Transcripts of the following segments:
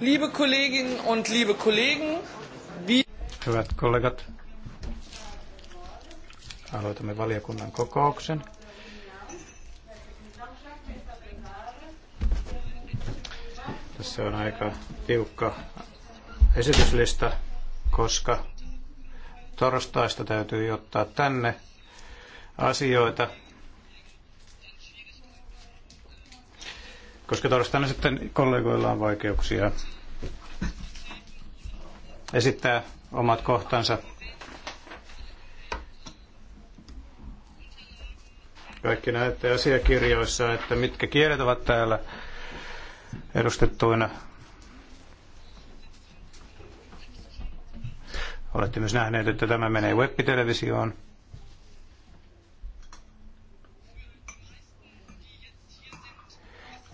Liebe Kolleginnen und liebe Kollegen, wie... Hyvät kollegat, aloitamme valiokunnan kokouksen. Tässä on aika tiukka esityslista, koska torstaista täytyy ottaa tänne asioita, koska torstaina sitten kollegoilla on vaikeuksia esittää omat kohtansa. Kaikki näette asiakirjoissa, että mitkä kielet ovat täällä edustettuina. Olette myös nähneet, että tämä menee web-televisioon.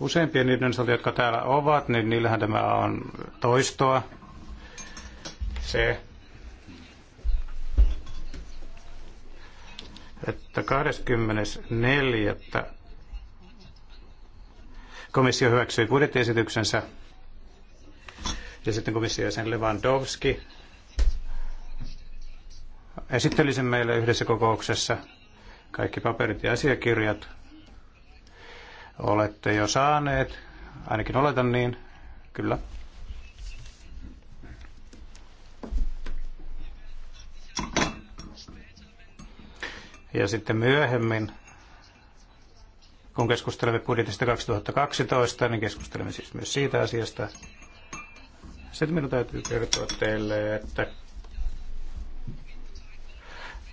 Useimpien niiden osalta, jotka täällä ovat, niin niillähän tämä on toistoa. Se, että 24. komissio hyväksyi budjettiesityksensä ja sitten komissio sen Lewandowski esitteli sen meille yhdessä kokouksessa kaikki paperit ja asiakirjat olette jo saaneet, ainakin oletan niin, kyllä. Ja sitten myöhemmin, kun keskustelemme budjetista 2012, niin keskustelemme siis myös siitä asiasta. Sitten minun täytyy kertoa teille, että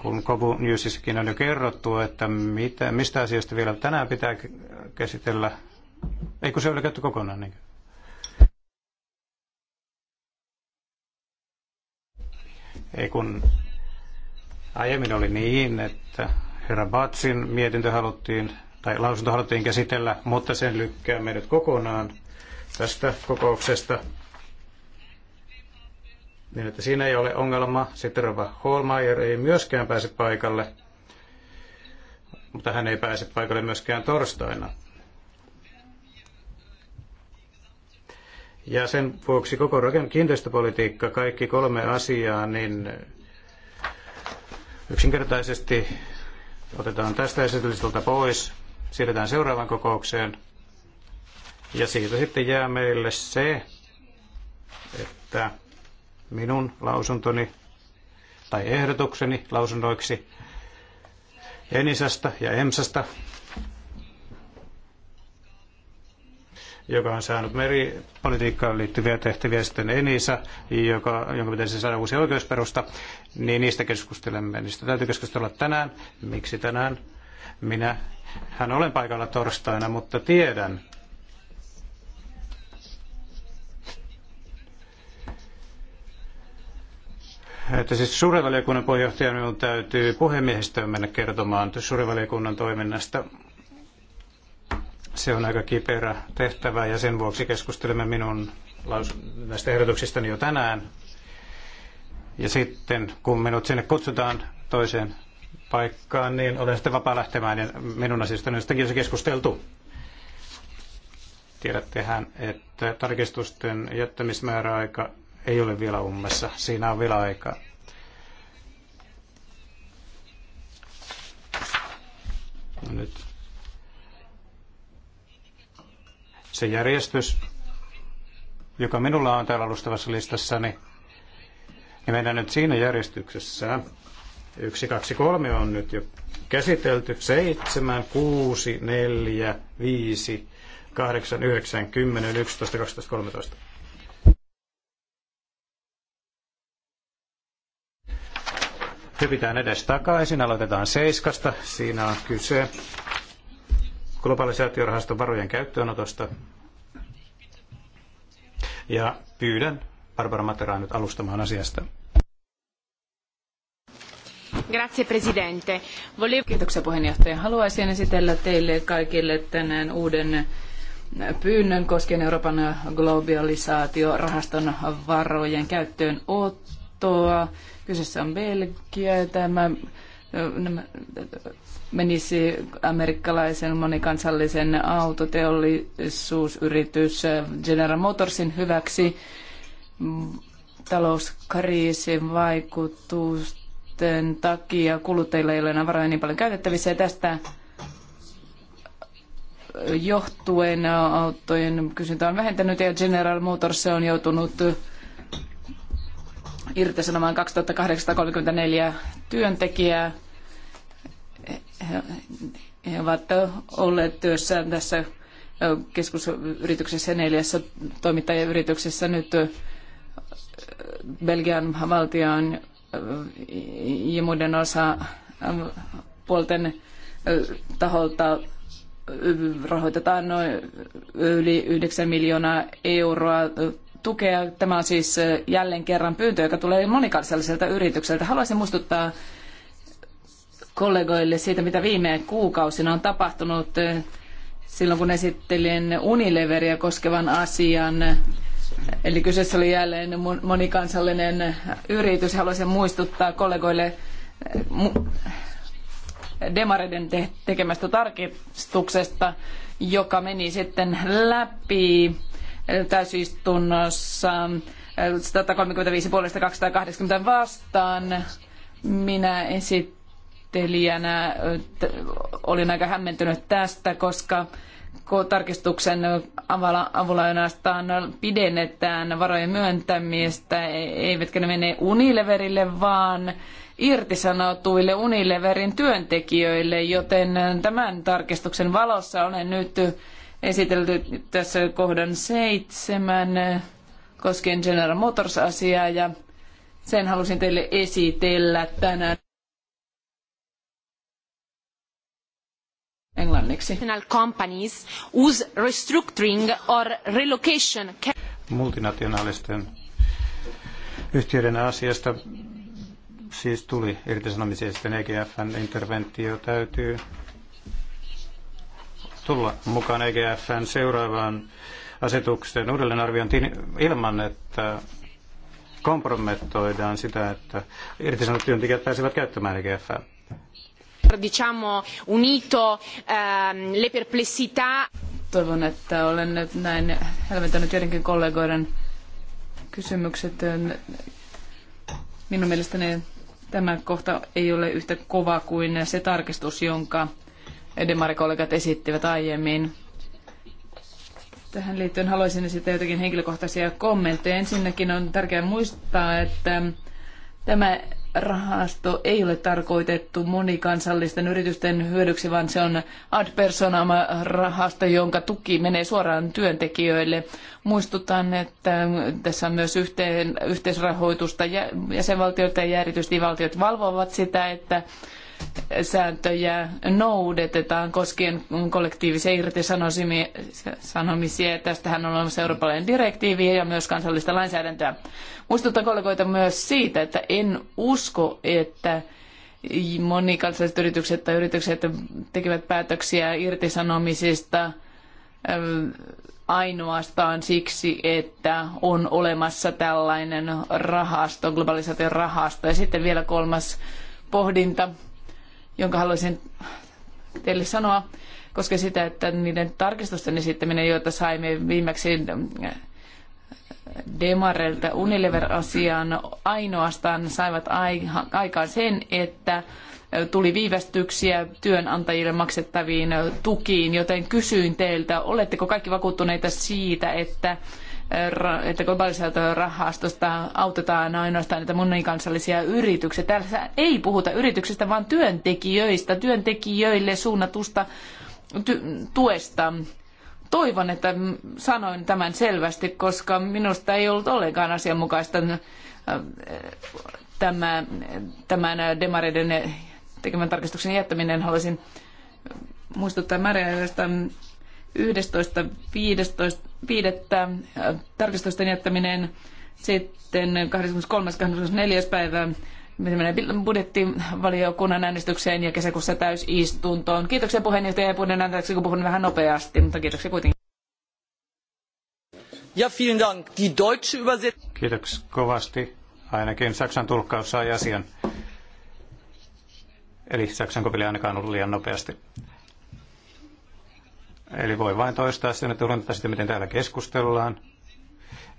kun Kobu Newsissakin on jo kerrottu, että mitä, mistä asioista vielä tänään pitää käsitellä. Ei kun se oli käytetty kokonaan. Niin. Ei kun aiemmin oli niin, että herra Batsin mietintö haluttiin, tai lausunto haluttiin käsitellä, mutta sen lykkää meidät kokonaan tästä kokouksesta niin että siinä ei ole ongelma. Sitten Rova Holmeier ei myöskään pääse paikalle, mutta hän ei pääse paikalle myöskään torstaina. Ja sen vuoksi koko kiinteistöpolitiikka, kaikki kolme asiaa, niin yksinkertaisesti otetaan tästä esityslistalta pois, siirretään seuraavaan kokoukseen. Ja siitä sitten jää meille se, että minun lausuntoni tai ehdotukseni lausunnoiksi Enisästä ja Emsasta, joka on saanut meripolitiikkaan liittyviä tehtäviä sitten Enisa, joka, jonka pitäisi saada uusi oikeusperusta, niin niistä keskustelemme. Niistä täytyy keskustella tänään. Miksi tänään? Minä hän olen paikalla torstaina, mutta tiedän, että siis suurevaliokunnan puheenjohtaja minun täytyy puhemiehistöön mennä kertomaan suurevaliokunnan toiminnasta. Se on aika kiperä tehtävä ja sen vuoksi keskustelemme minun näistä ehdotuksistani jo tänään. Ja sitten kun minut sinne kutsutaan toiseen paikkaan, niin olen sitten vapaa lähtemään ja minun asiastani on sittenkin se keskusteltu. Tiedättehän, että tarkistusten jättämismääräaika ei ole vielä ummessa. Siinä on vielä aikaa. No nyt. Se järjestys, joka minulla on täällä alustavassa listassani, niin, niin mennään nyt siinä järjestyksessä. Yksi, kaksi, kolme on nyt jo käsitelty. Seitsemän, kuusi, neljä, viisi, kahdeksan, yhdeksän, kymmenen, yksitoista, kaksitoista, kolmetoista. Hypitään edes takaisin, aloitetaan seiskasta. Siinä on kyse globalisaatiorahaston varojen käyttöönotosta. Ja pyydän Barbara Materaa nyt alustamaan asiasta. Grazie Presidente. Volevo... Kiitoksia puheenjohtaja. Haluaisin esitellä teille kaikille tänään uuden pyynnön koskien Euroopan globalisaatiorahaston varojen käyttöön ottoa kattoa. Kyseessä on Belgia. Tämä menisi amerikkalaisen monikansallisen autoteollisuusyritys General Motorsin hyväksi talouskriisin vaikutusten takia kuluttajilla ei ole enää varoja niin paljon käytettävissä ja tästä johtuen autojen kysyntä on vähentänyt ja General Motors on joutunut irtisanomaan 2834 työntekijää. He ovat olleet työssä tässä keskusyrityksessä neljässä toimittajayrityksessä nyt Belgian valtion ja muiden osa puolten taholta rahoitetaan noin yli 9 miljoonaa euroa tukea. Tämä on siis jälleen kerran pyyntö, joka tulee monikansalliselta yritykseltä. Haluaisin muistuttaa kollegoille siitä, mitä viime kuukausina on tapahtunut silloin, kun esittelin Unileveria koskevan asian. Eli kyseessä oli jälleen monikansallinen yritys. Haluaisin muistuttaa kollegoille demareiden tekemästä tarkistuksesta, joka meni sitten läpi täysistunnossa 135 puolesta 280 vastaan. Minä esittelijänä olin aika hämmentynyt tästä, koska tarkistuksen avulla ainoastaan pidennetään varojen myöntämistä, e, eivätkä ne mene Unileverille, vaan irtisanotuille Unileverin työntekijöille, joten tämän tarkistuksen valossa olen nyt esitelty tässä kohdan seitsemän koskien General Motors-asiaa ja sen halusin teille esitellä tänään. Englanniksi. Companies whose restructuring or relocation Multinationaalisten yhtiöiden asiasta siis tuli irtisanomisia sitten EGFn interventio täytyy tulla mukaan EGFn seuraavaan asetuksen uudelleenarviointiin ilman, että kompromettoidaan sitä, että irtisanotut työntekijät pääsevät käyttämään EGF. Diciamo unito ehm, le perplessità. Toivon, että olen nyt näin helventänyt joidenkin kollegoiden kysymykset. Minun mielestäni tämä kohta ei ole yhtä kova kuin se tarkistus, jonka Edemari-kollegat esittivät aiemmin. Tähän liittyen haluaisin esittää jotakin henkilökohtaisia kommentteja. Ensinnäkin on tärkeää muistaa, että tämä rahasto ei ole tarkoitettu monikansallisten yritysten hyödyksi, vaan se on ad personam rahasto, jonka tuki menee suoraan työntekijöille. Muistutan, että tässä on myös yhteen, yhteisrahoitusta jäsenvaltioita ja erityisesti valtiot valvovat sitä, että sääntöjä noudatetaan koskien kollektiivisia irtisanomisia. Tästähän on olemassa eurooppalainen direktiivi ja myös kansallista lainsäädäntöä. Muistutan kollegoita myös siitä, että en usko, että monikansalliset yritykset tai yritykset tekevät päätöksiä irtisanomisista ähm, ainoastaan siksi, että on olemassa tällainen rahasto, globalisaation rahasto. Ja sitten vielä kolmas pohdinta jonka haluaisin teille sanoa, koska sitä, että niiden tarkistusten esittäminen, joita saimme viimeksi äh, Demarelta Unilever-asiaan, ainoastaan saivat aikaan sen, että äh, tuli viivästyksiä työnantajille maksettaviin äh, tukiin, joten kysyin teiltä, oletteko kaikki vakuuttuneita siitä, että että globalisaation rahastosta autetaan ainoastaan näitä monikansallisia yrityksiä. Täällä ei puhuta yrityksistä, vaan työntekijöistä, työntekijöille suunnatusta tuesta. Toivon, että sanoin tämän selvästi, koska minusta ei ollut ollenkaan asianmukaista äh, tämä, tämän demareiden tekemän tarkistuksen jättäminen. Haluaisin muistuttaa Marianne 11.5. tarkistusten jättäminen sitten 23.24. päivä menee budjettivaliokunnan äänestykseen ja kesäkuussa täysistuntoon. Kiitoksia puheenjohtaja ja puheen anteeksi, kun puhun vähän nopeasti, mutta kiitoksia kuitenkin. Ja vielen dank. Die deutsche Übersetzung. Kiitoksia kovasti. Ainakin Saksan tulkkaus sai asian. Eli Saksan kopille ainakaan ollut liian nopeasti. Eli voi vain toistaa sen, että huolimatta sitä, miten täällä keskustellaan,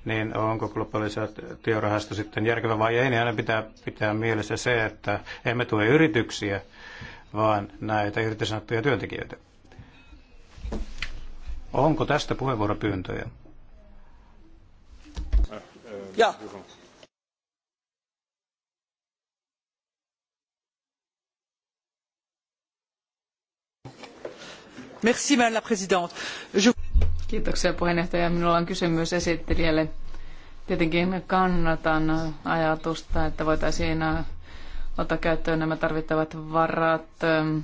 niin onko globalisaatiorahasto sitten järkevä vai ei, niin aina pitää pitää mielessä se, että emme tue yrityksiä, vaan näitä irtisanottuja työntekijöitä. Onko tästä puheenvuoropyyntöjä? Ja, Merci, madame Kiitoksia puheenjohtaja. Minulla on kysymys esittelijälle. Tietenkin kannatan ajatusta, että voitaisiin äh, ottaa käyttöön nämä tarvittavat varat ähm,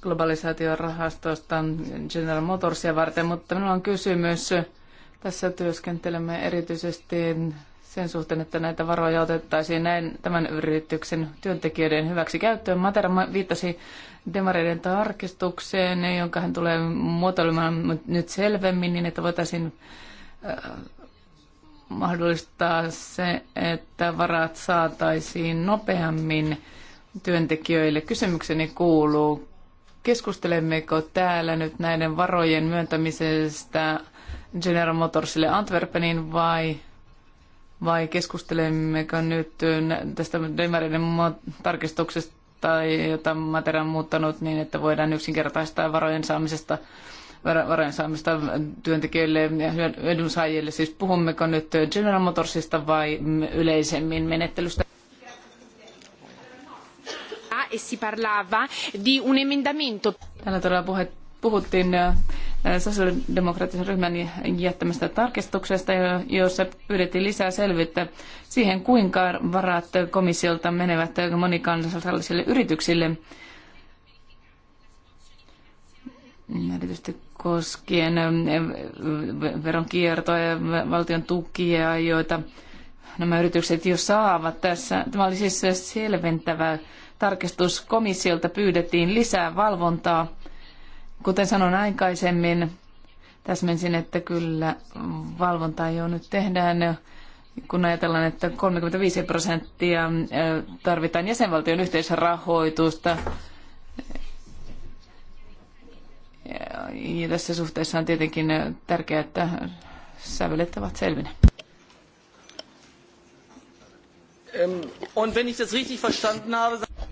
globalisaatiorahastosta General Motorsia varten, mutta minulla on kysymys. Tässä työskentelemme erityisesti sen suhteen, että näitä varoja otettaisiin näin tämän yrityksen työntekijöiden hyväksi käyttöön. Matera viittasi demareiden tarkistukseen, jonka hän tulee muotoilemaan nyt selvemmin, niin että voitaisiin äh, mahdollistaa se, että varat saataisiin nopeammin työntekijöille. Kysymykseni kuuluu, keskustelemmeko täällä nyt näiden varojen myöntämisestä General Motorsille Antwerpenin vai, vai keskustelemmeko nyt äh, tästä demareiden tarkistuksesta tai jota Matera on muuttanut niin, että voidaan yksinkertaistaa varojen saamisesta varojen saamista työntekijöille ja edunsaajille. Siis puhummeko nyt General Motorsista vai yleisemmin menettelystä? Ah, e Täällä todella puhuttiin äh, sosiaalidemokraattisen ryhmän jättämästä tarkistuksesta, jossa pyydettiin lisää selvyyttä siihen, kuinka varat komissiolta menevät monikansallisille yrityksille, erityisesti koskien ähm, veronkiertoa ja valtion tukia, joita nämä yritykset jo saavat tässä. Tämä oli siis selventävä tarkistus. Komissiolta pyydettiin lisää valvontaa Kuten sanon aikaisemmin, täsmensin, että kyllä valvontaa jo nyt tehdään, kun ajatellaan, että 35 prosenttia tarvitaan jäsenvaltion yhteisrahoitusta. Ja tässä suhteessa on tietenkin tärkeää, että sävelet ovat selvinä. Ähm,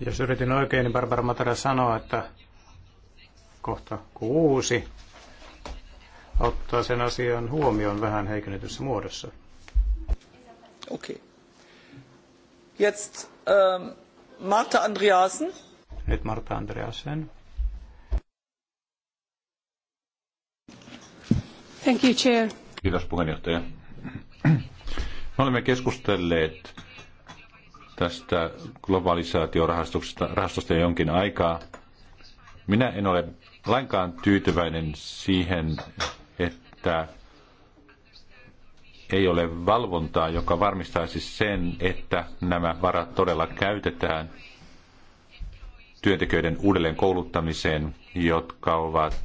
Jos yritin oikein, niin Barbara Matara sanoo, että kohta kuusi ottaa sen asian huomioon vähän heikennetyssä muodossa. Okei. Okay. Jetzt ähm, Marta Andreasen. Nyt Marta Andreasen. Thank you, Chair. Kiitos puheenjohtaja. Me olemme keskustelleet tästä globalisaatiorahastosta rahastosta jonkin aikaa. Minä en ole lainkaan tyytyväinen siihen, että ei ole valvontaa, joka varmistaisi sen, että nämä varat todella käytetään työntekijöiden uudelleen kouluttamiseen, jotka ovat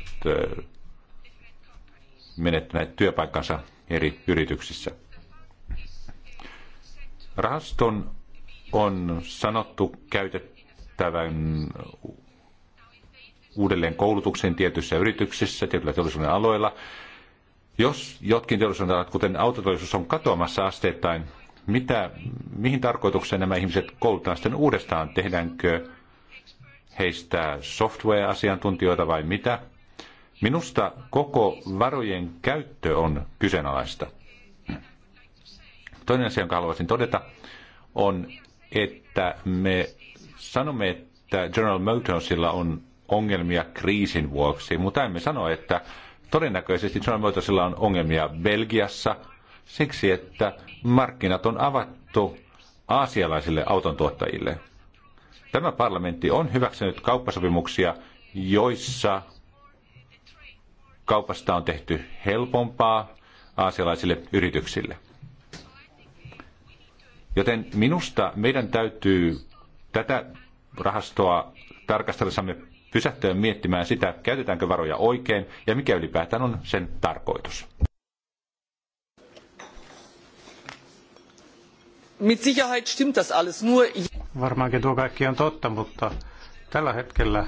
menettäneet työpaikkansa eri yrityksissä. Rahaston on sanottu käytettävän uudelleen koulutukseen tietyissä yrityksissä, tietyillä teollisuuden aloilla. Jos jotkin teollisuuden alat, kuten autoteollisuus, on katoamassa asteittain, mitä, mihin tarkoitukseen nämä ihmiset koulutetaan sitten uudestaan? Tehdäänkö heistä software-asiantuntijoita vai mitä? Minusta koko varojen käyttö on kyseenalaista. Toinen asia, jonka haluaisin todeta, on, että me sanomme, että General Motorsilla on ongelmia kriisin vuoksi, mutta emme sano, että todennäköisesti Tsunamimuutosilla on ongelmia Belgiassa siksi, että markkinat on avattu aasialaisille autontuottajille. Tämä parlamentti on hyväksynyt kauppasopimuksia, joissa kaupasta on tehty helpompaa aasialaisille yrityksille. Joten minusta meidän täytyy tätä rahastoa tarkastellessamme pysähtyä miettimään sitä, käytetäänkö varoja oikein ja mikä ylipäätään on sen tarkoitus. Mit Sicherheit stimmt das alles, nur... Varmaankin tuo kaikki on totta, mutta tällä hetkellä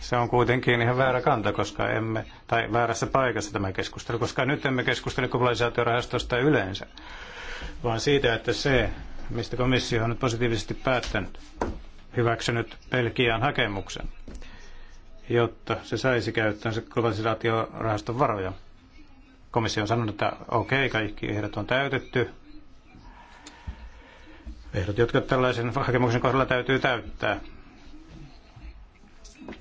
se on kuitenkin ihan väärä kanta, koska emme, tai väärässä paikassa tämä keskustelu, koska nyt emme keskustele globalisaatiorahastosta yleensä, vaan siitä, että se, mistä komissio on nyt positiivisesti päättänyt, hyväksynyt Belgian hakemuksen, jotta se saisi käyttöönsä globalisaatiorahaston varoja. Komissio on sanonut, että okei, okay, kaikki ehdot on täytetty. Ehdot, jotka tällaisen hakemuksen kohdalla täytyy täyttää.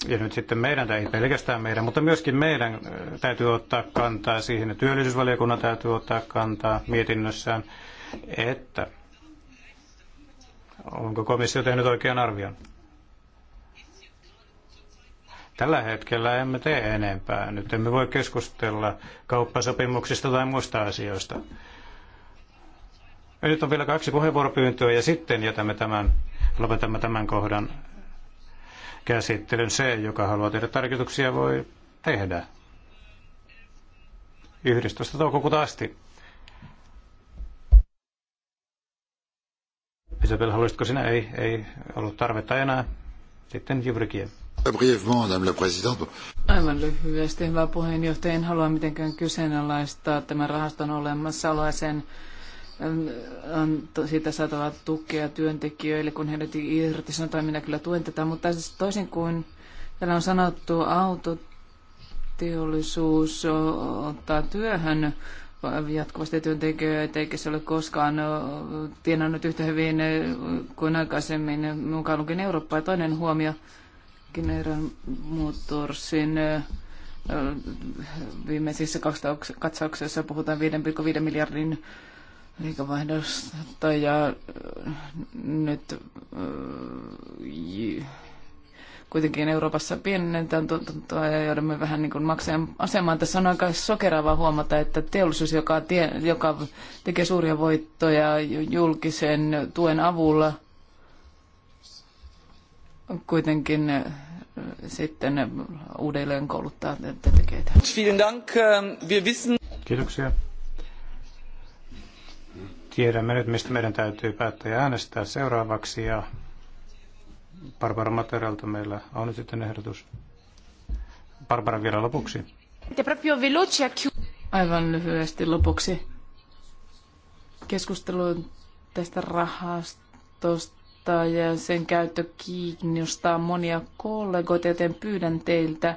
Ja nyt sitten meidän, tai ei pelkästään meidän, mutta myöskin meidän täytyy ottaa kantaa siihen, että työllisyysvaliokunnan täytyy ottaa kantaa mietinnössään, että Onko komissio tehnyt oikean arvion? Tällä hetkellä emme tee enempää. Nyt emme voi keskustella kauppasopimuksista tai muista asioista. Nyt on vielä kaksi puheenvuoropyyntöä ja sitten jätämme tämän, lopetamme tämän kohdan käsittelyn. Se, joka haluaa tehdä tarkoituksia, voi tehdä. 11. toukokuuta asti. Isabel, haluaisitko sinä? Ei, ei ollut tarvetta enää. Sitten Jybrikie. Aivan lyhyesti, hyvä puheenjohtaja. En halua mitenkään kyseenalaistaa tämän rahaston olemassaoloa sen ähm, on siitä saatavaa tukea työntekijöille, kun heidät sanotaan, Minä kyllä tuen tätä, mutta siis toisin kuin täällä on sanottu, autoteollisuus ottaa työhön jatkuvasti työntekijöitä, eikä se ole koskaan tienannut yhtä hyvin kuin aikaisemmin, mukaan lukien Eurooppaa. Toinen huomio, General Motorsin viimeisissä katsauksessa puhutaan 5,5 miljardin liikavaihdosta ja nyt kuitenkin Euroopassa pienennetään tuotantoa ja joudumme vähän niin kuin maksajan asemaan. Tässä on aika sokeravaa huomata, että teollisuus, joka, tie, joka tekee suuria voittoja julkisen tuen avulla, kuitenkin äh, sitten uudelleen kouluttaa tekeitä. Ähm, Kiitoksia. Tiedämme nyt, mistä meidän täytyy päättää ja äänestää seuraavaksi ja Barbara Materialta meillä on sitten ehdotus. Barbara vielä lopuksi. Aivan lyhyesti lopuksi. Keskustelu tästä rahastosta ja sen käyttö kiinnostaa monia kollegoita, joten pyydän teiltä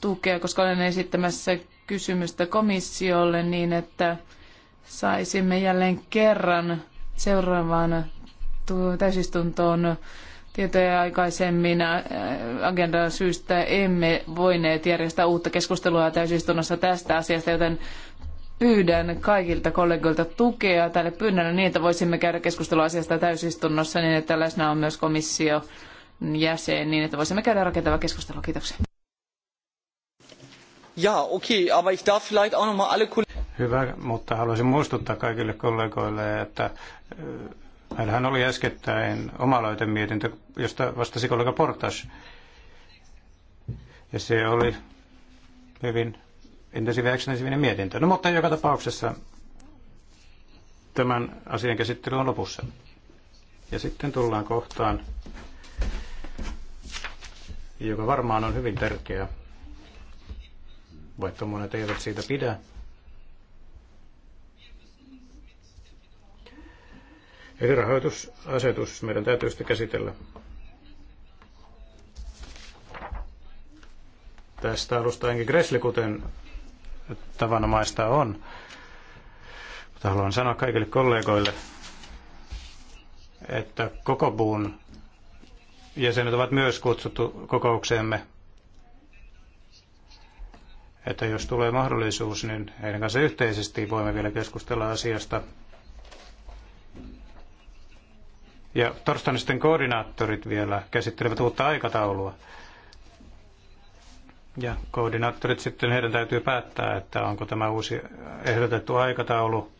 tukea, koska olen esittämässä kysymystä komissiolle niin, että saisimme jälleen kerran seuraavaan täysistuntoon tietoja aikaisemmin agendan syystä emme voineet järjestää uutta keskustelua täysistunnossa tästä asiasta, joten pyydän kaikilta kollegoilta tukea tälle pyynnölle niin, että voisimme käydä keskustelua asiasta täysistunnossa niin, että läsnä on myös komissio jäsen niin, että voisimme käydä rakentavaa keskustelua. Kiitoksia. Ja, okei, okay, aber ich darf vielleicht auch alle Hyvä, mutta haluaisin muistuttaa kaikille kollegoille, että Hänhän oli äskettäin oma mietintö, josta vastasi kollega Portas. Ja se oli hyvin intensiivinen mietintö. No mutta joka tapauksessa tämän asian käsittely on lopussa. Ja sitten tullaan kohtaan, joka varmaan on hyvin tärkeä, vaikka monet eivät siitä pidä. Eli rahoitusasetus meidän täytyy sitä käsitellä. Tästä alusta enkin Gressli, kuten tavanomaista on. Mutta haluan sanoa kaikille kollegoille, että koko puun jäsenet ovat myös kutsuttu kokoukseemme. Että jos tulee mahdollisuus, niin heidän kanssa yhteisesti voimme vielä keskustella asiasta Ja torstaina sitten koordinaattorit vielä käsittelevät uutta aikataulua. Ja koordinaattorit sitten, heidän täytyy päättää, että onko tämä uusi ehdotettu aikataulu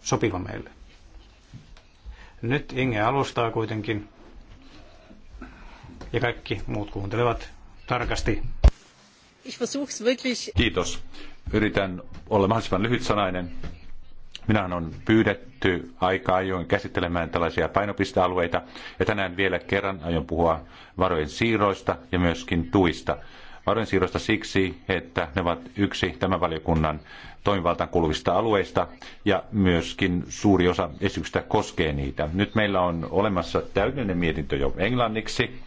sopiva meille. Nyt Inge alustaa kuitenkin ja kaikki muut kuuntelevat tarkasti. Kiitos. Yritän olla mahdollisimman sanainen. Minä on pyydetty aika ajoin käsittelemään tällaisia painopistealueita ja tänään vielä kerran aion puhua varojen siirroista ja myöskin tuista. Varojen siirroista siksi, että ne ovat yksi tämän valiokunnan toimivaltaan kuuluvista alueista ja myöskin suuri osa esityksistä koskee niitä. Nyt meillä on olemassa täydellinen mietintö jo englanniksi.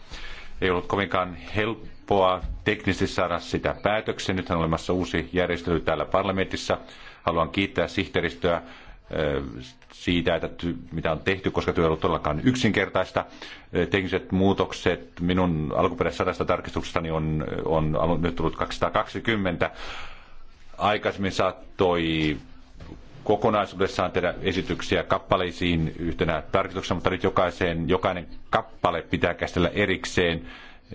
Ei ollut kovinkaan helppoa teknisesti saada sitä päätöksen. Nyt on olemassa uusi järjestely täällä parlamentissa – Haluan kiittää sihteeristöä siitä, että mitä on tehty, koska työ on ollut todellakaan yksinkertaista. Tekniset muutokset minun alkuperäisestä tarkistuksestani on, on, on nyt tullut 220. Aikaisemmin saattoi kokonaisuudessaan tehdä esityksiä kappaleisiin yhtenä tarkistuksena, mutta nyt jokaiseen, jokainen kappale pitää käsitellä erikseen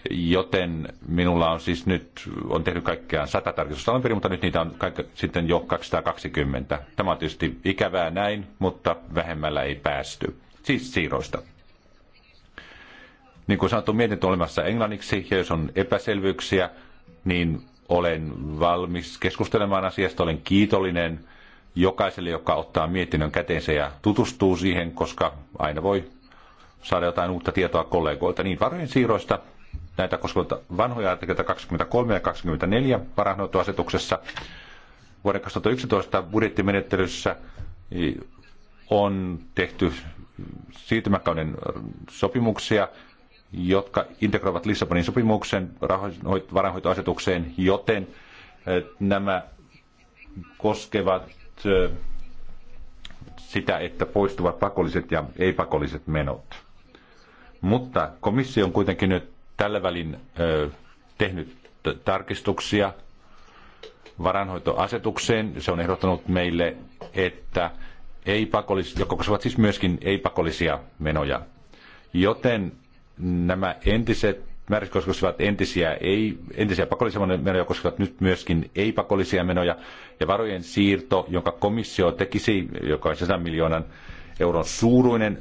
Joten minulla on siis nyt, on tehnyt kaikkiaan 100 tarkistusta alun perin, mutta nyt niitä on kaikki, sitten jo 220. Tämä on tietysti ikävää näin, mutta vähemmällä ei päästy. Siis siirroista. Niin kuin sanottu, mietintö olemassa englanniksi, ja jos on epäselvyyksiä, niin olen valmis keskustelemaan asiasta. Olen kiitollinen jokaiselle, joka ottaa mietinnön käteensä ja tutustuu siihen, koska aina voi saada jotain uutta tietoa kollegoilta niin varojen siirroista näitä koskevat vanhoja artikloita 23 ja 24 varainhoitoasetuksessa. Vuoden 2011 budjettimenettelyssä on tehty siirtymäkauden sopimuksia, jotka integroivat Lissabonin sopimuksen varainhoitoasetukseen, joten e, nämä koskevat e, sitä, että poistuvat pakolliset ja ei-pakolliset menot. Mutta komissio on kuitenkin nyt tällä välin tehnyt tarkistuksia varanhoitoasetukseen. Se on ehdottanut meille, että ei pakollis, jotka koskevat siis myöskin ei-pakollisia menoja. Joten nämä entiset määräykset koskevat entisiä, ei, entisiä pakollisia menoja, koskevat nyt myöskin ei-pakollisia menoja. Ja varojen siirto, jonka komissio tekisi, joka on 100 miljoonan euron suuruinen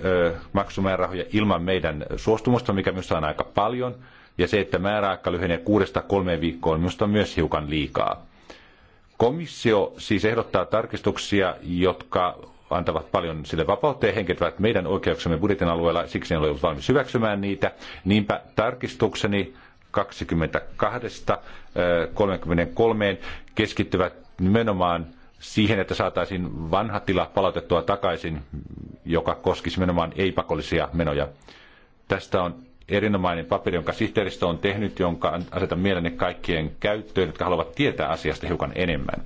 maksumäärärahoja ilman meidän suostumusta, mikä minusta on aika paljon. Ja se, että määräaika lyhenee kuudesta kolmeen viikkoon, minusta on myös hiukan liikaa. Komissio siis ehdottaa tarkistuksia, jotka antavat paljon sille vapautta ja henkentävät meidän oikeuksemme budjetin alueella, siksi en ole ollut valmis hyväksymään niitä. Niinpä tarkistukseni 22-33 keskittyvät nimenomaan siihen, että saataisiin vanha tila palautettua takaisin, joka koskisi nimenomaan ei-pakollisia menoja. Tästä on erinomainen paperi, jonka sihteeristö on tehnyt, jonka asetan mielenne kaikkien käyttöön, jotka haluavat tietää asiasta hiukan enemmän.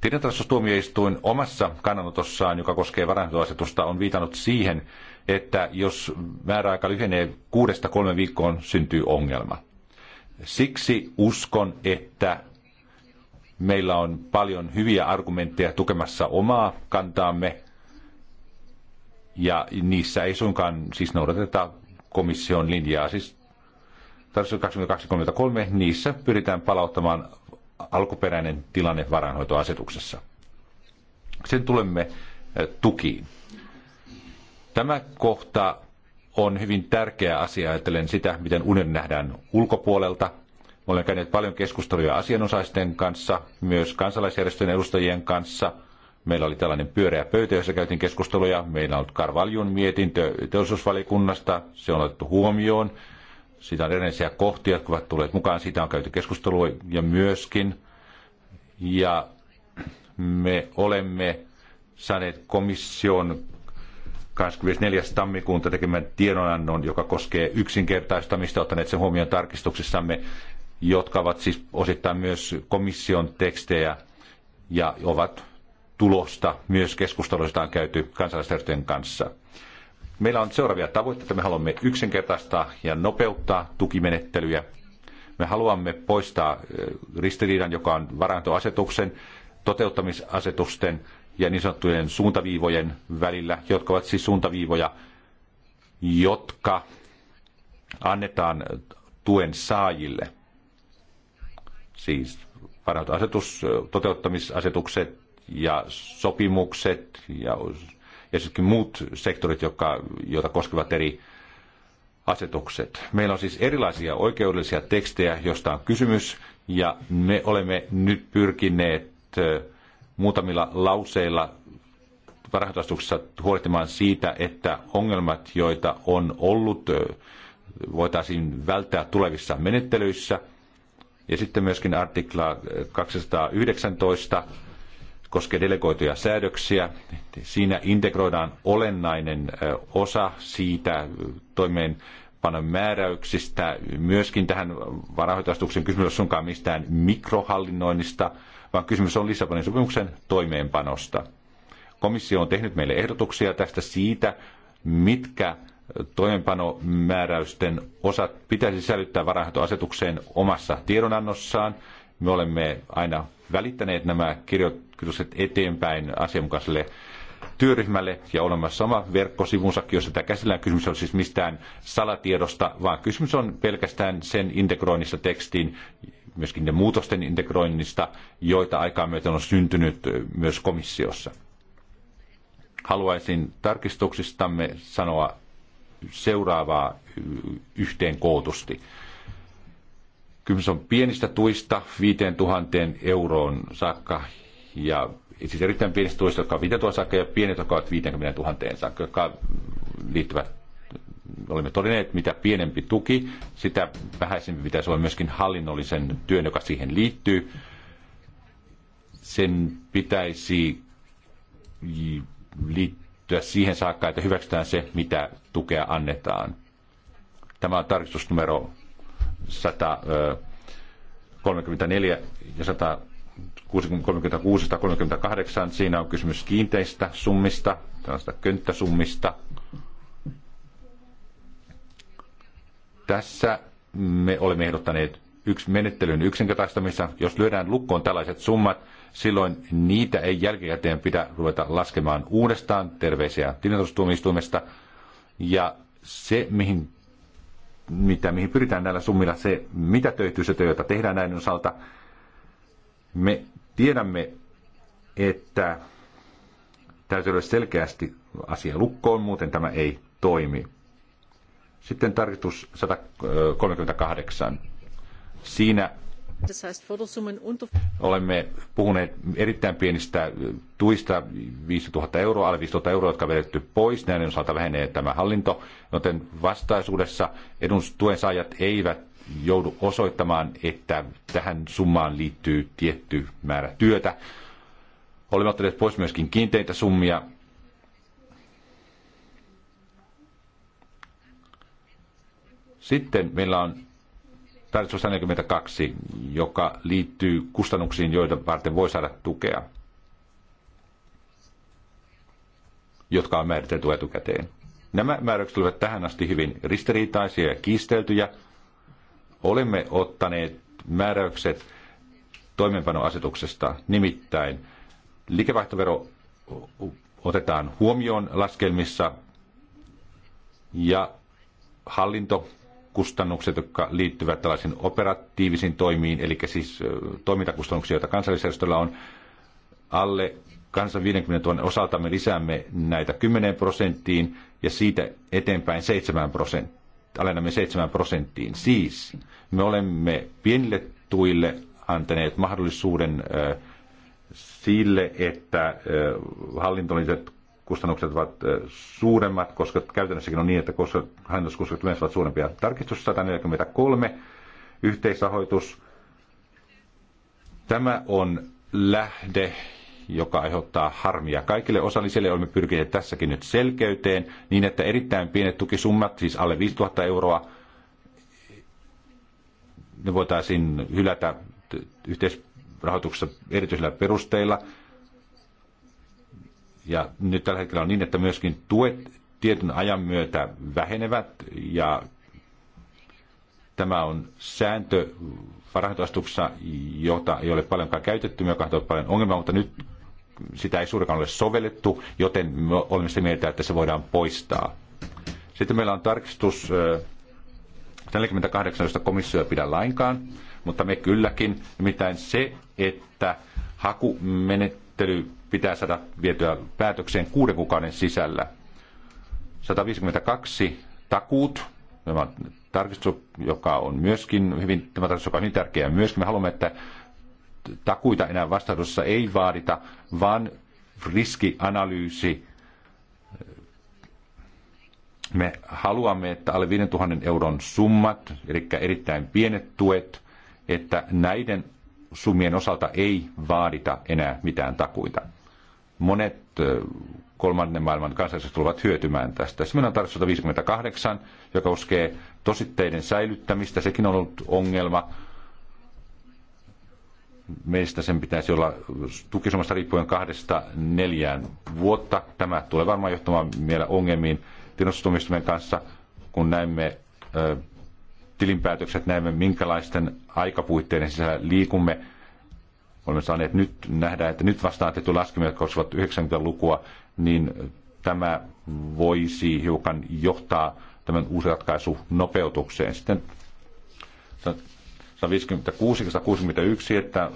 Tilintarkastustuomioistuin omassa kannanotossaan, joka koskee varainhoitoasetusta, on viitannut siihen, että jos määräaika lyhenee kuudesta kolme viikkoon, syntyy ongelma. Siksi uskon, että Meillä on paljon hyviä argumentteja tukemassa omaa kantaamme, ja niissä ei suinkaan siis noudateta komission linjaa. Siis 2023 niissä pyritään palauttamaan alkuperäinen tilanne varainhoitoasetuksessa. Sen tulemme eh, tukiin. Tämä kohta on hyvin tärkeä asia ajatellen sitä, miten unen nähdään ulkopuolelta. Olen käynyt paljon keskusteluja asianosaisten kanssa, myös kansalaisjärjestöjen edustajien kanssa. Meillä oli tällainen pyöreä pöytä, jossa käytiin keskusteluja. Meillä on ollut Karvaljun mietintö teollisuusvalikunnasta. Se on otettu huomioon. Siitä on erillisiä kohtia, jotka ovat tulleet mukaan. Siitä on käyty keskustelua ja myöskin. Ja me olemme saaneet komission 24. tammikuuta tekemän tiedonannon, joka koskee yksinkertaistamista, ottaneet sen huomioon tarkistuksissamme jotka ovat siis osittain myös komission tekstejä ja ovat tulosta myös keskusteluista on käyty kansalaisjärjestöjen kanssa. Meillä on seuraavia tavoitteita. Me haluamme yksinkertaistaa ja nopeuttaa tukimenettelyjä. Me haluamme poistaa ristiriidan, joka on varantoasetuksen, toteuttamisasetusten ja niin sanottujen suuntaviivojen välillä, jotka ovat siis suuntaviivoja, jotka annetaan tuen saajille – siis varautuasetus, toteuttamisasetukset ja sopimukset ja, ja sitten muut sektorit, jotka, joita koskevat eri asetukset. Meillä on siis erilaisia oikeudellisia tekstejä, joista on kysymys, ja me olemme nyt pyrkineet muutamilla lauseilla varhaisuudessa huolehtimaan siitä, että ongelmat, joita on ollut, voitaisiin välttää tulevissa menettelyissä – ja sitten myöskin artikla 219 koskee delegoituja säädöksiä. Siinä integroidaan olennainen osa siitä toimeen toimeenpanon määräyksistä, myöskin tähän varahoitoastuksen kysymys on suinkaan mistään mikrohallinnoinnista, vaan kysymys on Lissabonin sopimuksen toimeenpanosta. Komissio on tehnyt meille ehdotuksia tästä siitä, mitkä toimenpanomääräysten osat pitäisi säilyttää varainhoitoasetukseen omassa tiedonannossaan. Me olemme aina välittäneet nämä kirjoitukset eteenpäin asianmukaiselle työryhmälle ja olemassa oma verkkosivunsakin, jossa tämä käsillään kysymys on siis mistään salatiedosta, vaan kysymys on pelkästään sen integroinnista tekstiin, myöskin ne muutosten integroinnista, joita aikaa myöten on syntynyt myös komissiossa. Haluaisin tarkistuksistamme sanoa seuraavaa yhteen kootusti. Kysymys on pienistä tuista 5000 euroon saakka ja siis erittäin pienistä tuista, jotka ovat 5000 saakka ja pienet, jotka ovat 50 000 saakka, jotka liittyvät olemme todenneet, mitä pienempi tuki, sitä vähäisempi pitäisi olla myöskin hallinnollisen työn, joka siihen liittyy. Sen pitäisi liittyä päättyä siihen saakka, että hyväksytään se, mitä tukea annetaan. Tämä on tarkistus numero 134 ja 136 138. Siinä on kysymys kiinteistä summista, tällaista könttäsummista. Tässä me olemme ehdottaneet yksi menettelyn yksinkertaistamista. Jos lyödään lukkoon tällaiset summat, silloin niitä ei jälkikäteen pidä ruveta laskemaan uudestaan terveisiä tilintarkastustuomioistuimesta. Ja se, mihin, mitä, mihin pyritään näillä summilla, se mitä töityy se työ, tehdään näiden osalta, me tiedämme, että täytyy olla selkeästi asia lukkoon, muuten tämä ei toimi. Sitten tarkistus 138. Siinä Olemme puhuneet erittäin pienistä tuista, 5000 euroa, alle 5000 euroa, jotka on vedetty pois. Näiden osalta vähenee tämä hallinto, joten vastaisuudessa edun saajat eivät joudu osoittamaan, että tähän summaan liittyy tietty määrä työtä. Olemme ottaneet pois myöskin kiinteitä summia. Sitten meillä on tarkistus 42, joka liittyy kustannuksiin, joita varten voi saada tukea, jotka on määritelty etukäteen. Nämä määräykset olivat tähän asti hyvin ristiriitaisia ja kiisteltyjä. Olemme ottaneet määräykset toimeenpanoasetuksesta, nimittäin liikevaihtovero otetaan huomioon laskelmissa ja hallinto kustannukset, jotka liittyvät tällaisiin operatiivisiin toimiin, eli siis toimintakustannuksia, joita kansallisjärjestöllä on alle 50 000 osalta me lisäämme näitä 10 prosenttiin ja siitä eteenpäin 7 prosenttia. Alennamme 7 prosenttiin. Siis me olemme pienille tuille antaneet mahdollisuuden äh, sille, että äh, hallintoliitot kustannukset ovat suuremmat, koska käytännössäkin on niin, että koska handelskustannukset yleensä ovat suurempia. Tarkistus 143, yhteisrahoitus. Tämä on lähde, joka aiheuttaa harmia kaikille osallisille. Olemme pyrkineet tässäkin nyt selkeyteen niin, että erittäin pienet tukisummat, siis alle 5000 euroa, ne voitaisiin hylätä yhteisrahoituksessa erityisillä perusteilla – ja nyt tällä hetkellä on niin, että myöskin tuet tietyn ajan myötä vähenevät ja tämä on sääntö varainhoitoastuksessa, jota ei ole paljonkaan käytetty, joka on paljon ongelmaa, mutta nyt sitä ei suurikaan ole sovellettu, joten me olemme sitä mieltä, että se voidaan poistaa. Sitten meillä on tarkistus 48, josta komissio ei pidä lainkaan, mutta me kylläkin. Nimittäin se, että hakumenettely pitää saada vietyä päätökseen kuuden kuukauden sisällä. 152 takuut, tämä tarkistus, joka on myöskin hyvin, tämä tarkistus, joka on niin tärkeä myöskin. Me haluamme, että takuita enää vastaudussa ei vaadita, vaan riskianalyysi. Me haluamme, että alle 5000 euron summat, eli erittäin pienet tuet, että näiden summien osalta ei vaadita enää mitään takuita monet kolmannen maailman kansalaiset tulevat hyötymään tästä. Sitten on tarkoitus 58, joka koskee tositteiden säilyttämistä. Sekin on ollut ongelma. Meistä sen pitäisi olla tukisomasta riippuen kahdesta neljään vuotta. Tämä tulee varmaan johtamaan vielä ongelmiin tiedostustumistumien kanssa, kun näemme tilinpäätökset, näemme minkälaisten aikapuitteiden sisällä liikumme – olemme saaneet nyt nähdä, että nyt vastaan tehty laskemia, jotka olisivat 90-lukua, niin tämä voisi hiukan johtaa tämän uusi ratkaisu nopeutukseen. Sitten 156-161, että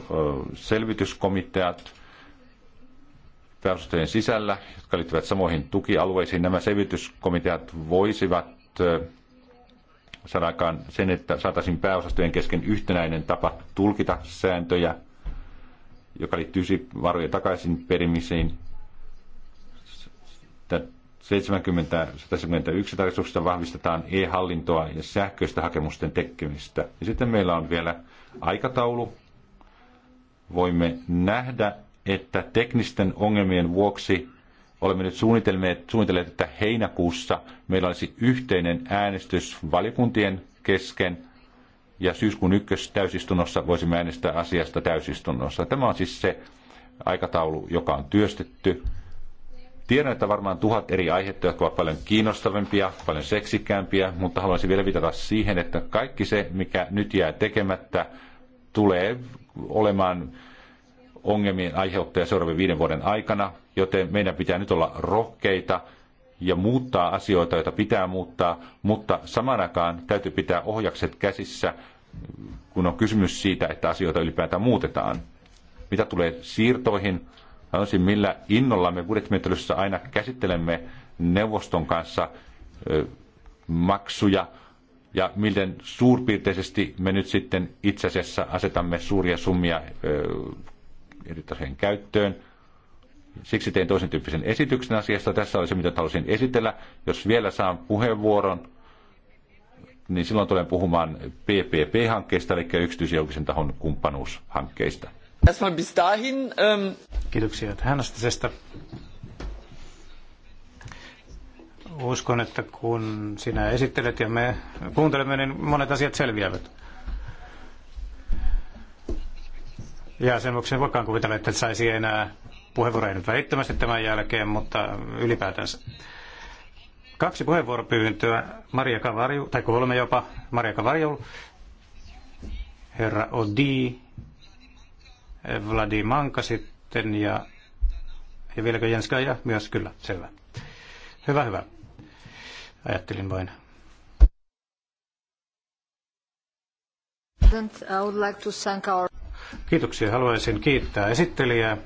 selvityskomiteat pääosastojen sisällä, jotka liittyvät samoihin tukialueisiin, nämä selvityskomiteat voisivat saada aikaan sen, että saataisiin pääosastojen kesken yhtenäinen tapa tulkita sääntöjä joka liittyy varojen takaisin perimiseen. 70, 171 tarkistuksesta vahvistetaan e-hallintoa ja sähköistä hakemusten tekemistä. Ja sitten meillä on vielä aikataulu. Voimme nähdä, että teknisten ongelmien vuoksi olemme nyt suunnitelleet, suunnitelleet, että heinäkuussa meillä olisi yhteinen äänestys valiokuntien kesken ja syyskuun ykkös täysistunnossa voisimme äänestää asiasta täysistunnossa. Tämä on siis se aikataulu, joka on työstetty. Tiedän, että varmaan tuhat eri aihetta, jotka ovat paljon kiinnostavampia, paljon seksikkäämpiä, mutta haluaisin vielä viitata siihen, että kaikki se, mikä nyt jää tekemättä, tulee olemaan ongelmien aiheuttaja seuraavien viiden vuoden aikana, joten meidän pitää nyt olla rohkeita – ja muuttaa asioita, joita pitää muuttaa, mutta samanakaan täytyy pitää ohjakset käsissä, kun on kysymys siitä, että asioita ylipäätään muutetaan. Mitä tulee siirtoihin, sanoisin millä innolla me budjettimietelyssä aina käsittelemme neuvoston kanssa maksuja ja miten suurpiirteisesti me nyt sitten itse asiassa asetamme suuria summia erityisen käyttöön. Siksi tein toisen tyyppisen esityksen asiasta. Tässä oli se, mitä halusin esitellä. Jos vielä saan puheenvuoron, niin silloin tulen puhumaan PPP-hankkeista, eli yksityisjoukisen tahon kumppanuushankkeista. Erstmal bis dahin. Ähm, Kiitoksia hänestäsestä. Uskon, että kun sinä esittelet ja me kuuntelemme, niin monet asiat selviävät. Ja sen vuoksi en voikaan kuvitella, että saisi enää puheenvuoroja nyt välittömästi tämän jälkeen, mutta ylipäätänsä. Kaksi puheenvuoropyyntöä, Maria Kavarju, tai kolme jopa, Maria Kavarju, herra Odi, Vladimanka sitten ja, ja vieläkö Jens Kaja? Myös kyllä, selvä. Hyvä, hyvä. Ajattelin vain. Kiitoksia. Haluaisin kiittää esittelijää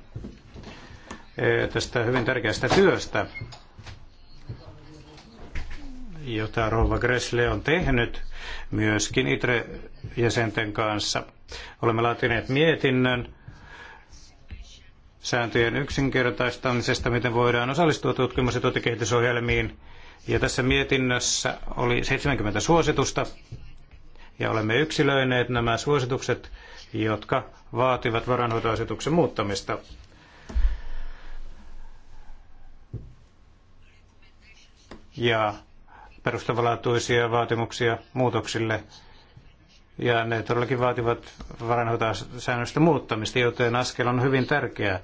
Eh, tästä hyvin tärkeästä työstä, jota Rova Gressle on tehnyt myöskin ITRE-jäsenten kanssa. Olemme laatineet mietinnön sääntöjen yksinkertaistamisesta, miten voidaan osallistua tutkimus- ja tuotekehitysohjelmiin. Ja tässä mietinnössä oli 70 suositusta, ja olemme yksilöineet nämä suositukset, jotka vaativat varainhoitoasetuksen muuttamista ja perustavanlaatuisia vaatimuksia muutoksille. Ja ne todellakin vaativat varainhoitajasäännöstä muuttamista, joten askel on hyvin tärkeä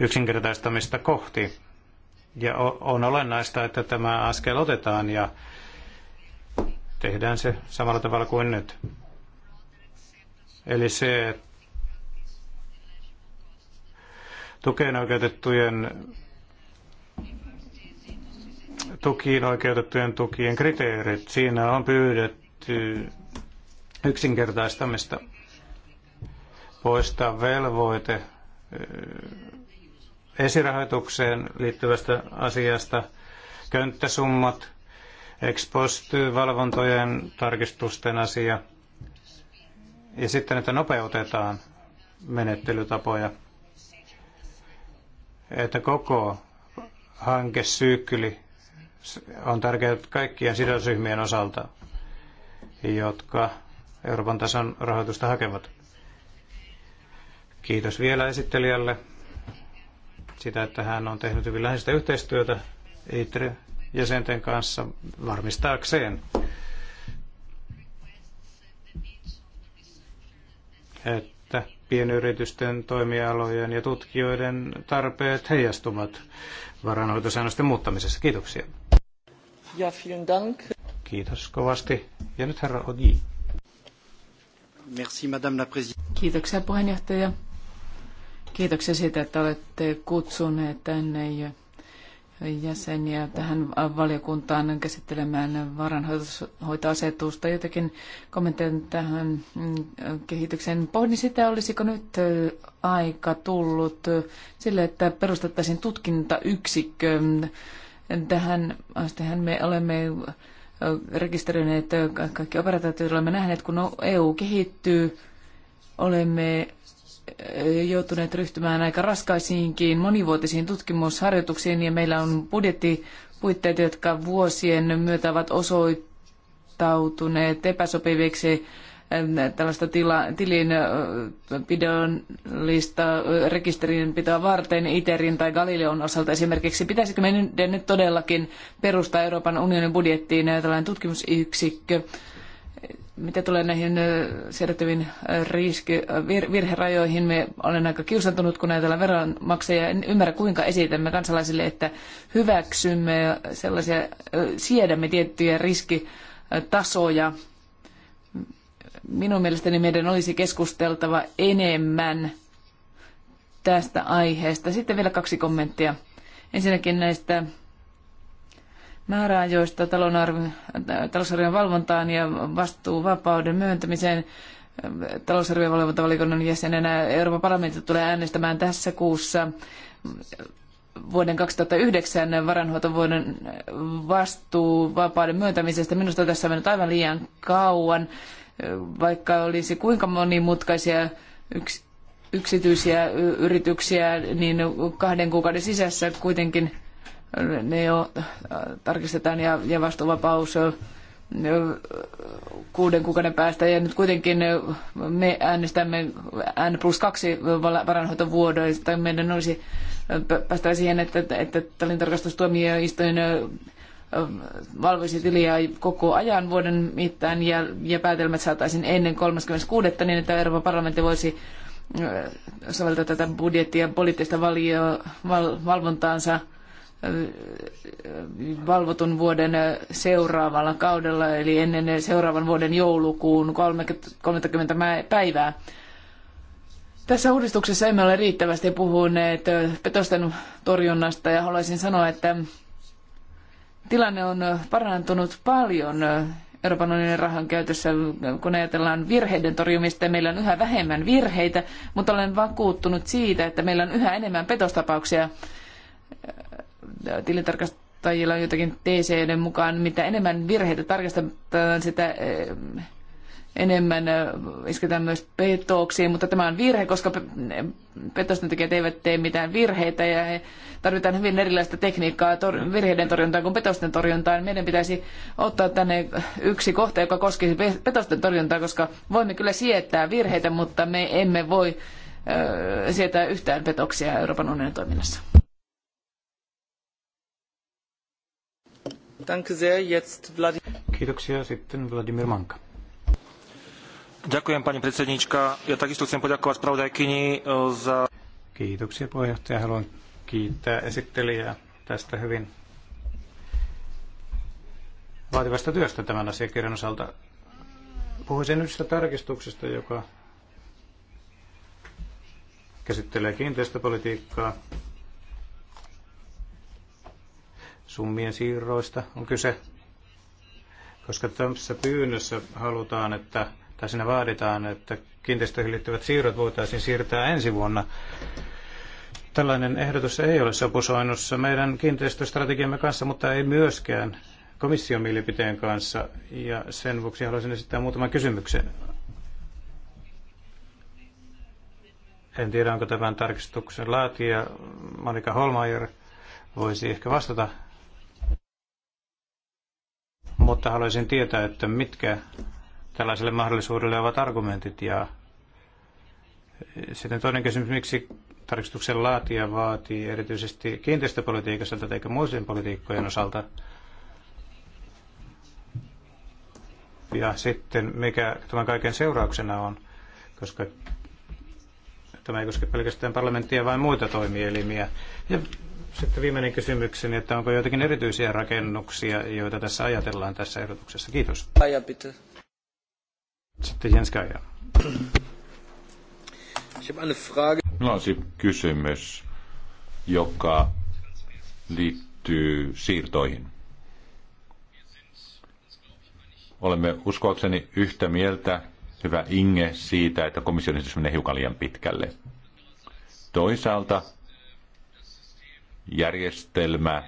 yksinkertaistamista kohti. Ja on olennaista, että tämä askel otetaan ja tehdään se samalla tavalla kuin nyt. Eli se tukeen oikeutettujen tukiin oikeutettujen tukien kriteerit. Siinä on pyydetty yksinkertaistamista, poistaa velvoite eh, esirahoitukseen liittyvästä asiasta, könttäsummat, ex post valvontojen tarkistusten asia ja sitten, että nopeutetaan menettelytapoja, että koko hankesyykkeli on tärkeää kaikkien sidosryhmien osalta, jotka Euroopan tason rahoitusta hakevat. Kiitos vielä esittelijälle sitä, että hän on tehnyt hyvin läheistä yhteistyötä ITRE-jäsenten kanssa varmistaakseen, että pienyritysten, toimialojen ja tutkijoiden tarpeet heijastuvat varanhoitosäännösten muuttamisessa. Kiitoksia. Ja, vielen dank. Kiitos kovasti. Ja nyt herra Ogi. Merci, madame la Kiitoksia puheenjohtaja. Kiitoksia siitä, että olette kutsuneet tänne jäseniä tähän valiokuntaan käsittelemään varanhoitoasetusta. Jotakin kommentteja tähän kehitykseen. Pohdin sitä, olisiko nyt aika tullut sille, että perustettaisiin tutkintayksikkö Tähän astehan me olemme rekisteröineet kaikki operaatiot, joilla olemme nähneet, kun EU kehittyy, olemme joutuneet ryhtymään aika raskaisiinkin monivuotisiin tutkimusharjoituksiin ja meillä on budjettipuitteet, jotka vuosien myötä ovat osoittautuneet epäsopiviksi Äh, tällaista tila, tilinpidollista äh, äh, rekisterinpitoa varten ITERin tai Galileon osalta esimerkiksi. Pitäisikö meidän nyt todellakin perustaa Euroopan unionin budjettiin tällainen tutkimusyksikkö? Mitä tulee näihin siirrettäviin riski, virherajoihin, me olen aika kiusantunut, kun ajatellaan veronmaksajia. En ymmärrä, kuinka esitämme kansalaisille, että hyväksymme sellaisia, siedämme tiettyjä riskitasoja Minun mielestäni meidän olisi keskusteltava enemmän tästä aiheesta. Sitten vielä kaksi kommenttia. Ensinnäkin näistä määräajoista talousarvion valvontaan ja vastuuvapauden myöntämiseen talousarvion valvontavaliokunnan jäsenenä. Euroopan parlamentti tulee äänestämään tässä kuussa vuoden 2009 varanhoitovuoden vastuuvapauden myöntämisestä. Minusta tässä on mennyt aivan liian kauan vaikka olisi kuinka monimutkaisia yks, yksityisiä yrityksiä, niin kahden kuukauden sisässä kuitenkin ne jo äh, tarkistetaan ja, ja vastuuvapaus äh, kuuden kuukauden päästä. Ja nyt kuitenkin äh, me äänestämme N plus kaksi varainhoitovuodoista. Meidän olisi päästä siihen, että, että talintarkastustuomioistuin valvoisi tiliä koko ajan vuoden mittaan ja, ja päätelmät saataisiin ennen 36. niin, että Euroopan parlamentti voisi äh, soveltaa tätä budjettia poliittista valio, val, valvontaansa äh, valvotun vuoden seuraavalla kaudella, eli ennen seuraavan vuoden joulukuun 30 päivää. Tässä uudistuksessa emme ole riittävästi puhuneet petosten torjunnasta ja haluaisin sanoa, että tilanne on parantunut paljon Euroopan unionin rahan käytössä, kun ajatellaan virheiden torjumista, meillä on yhä vähemmän virheitä, mutta olen vakuuttunut siitä, että meillä on yhä enemmän petostapauksia. Tilintarkastajilla on jotakin TCD mukaan, mitä enemmän virheitä tarkastetaan, sitä enemmän isketään myös petoksiin, mutta tämä on virhe, koska petosten eivät tee mitään virheitä ja he tarvitaan hyvin erilaista tekniikkaa tor- virheiden torjuntaan kuin petosten torjuntaan. Meidän pitäisi ottaa tänne yksi kohta, joka koskisi petosten torjuntaa, koska voimme kyllä sietää virheitä, mutta me emme voi ö, sietää yhtään petoksia Euroopan unionin toiminnassa. Kiitoksia. Sitten Vladimir Manka. Ďakujem, pani predsednička. Ja takisto chcem poďakovať spravodajkyni e, za... Kiitoksia puheenjohtaja. Haluan kiittää esittelijää tästä hyvin vaativasta työstä tämän asiakirjan osalta. Puhuisin yhdestä tarkistuksesta, joka käsittelee kiinteistöpolitiikkaa. Summien siirroista on kyse, koska tämmöisessä pyynnössä halutaan, että tai siinä vaaditaan, että kiinteistöihin liittyvät siirrot voitaisiin siirtää ensi vuonna. Tällainen ehdotus ei ole sopusoinnussa meidän kiinteistöstrategiamme kanssa, mutta ei myöskään komission mielipiteen kanssa, ja sen vuoksi haluaisin esittää muutaman kysymyksen. En tiedä, onko tämän tarkistuksen laatija Monika Holmeier voisi ehkä vastata, mutta haluaisin tietää, että mitkä tällaiselle mahdollisuudelle ovat argumentit. Ja sitten toinen kysymys, miksi tarkistuksen laatija vaatii erityisesti kiinteistöpolitiikassa tätä eikä muiden politiikkojen osalta. Ja sitten mikä tämän kaiken seurauksena on, koska tämä ei koske pelkästään parlamenttia, vaan muita toimielimiä. Ja sitten viimeinen kysymykseni, että onko joitakin erityisiä rakennuksia, joita tässä ajatellaan tässä ehdotuksessa. Kiitos. Aja pitää. Sitten Jens Kaija. Minulla on kysymys, joka liittyy siirtoihin. Olemme uskoakseni yhtä mieltä, hyvä Inge, siitä, että komission esitys menee hiukan liian pitkälle. Toisaalta järjestelmä,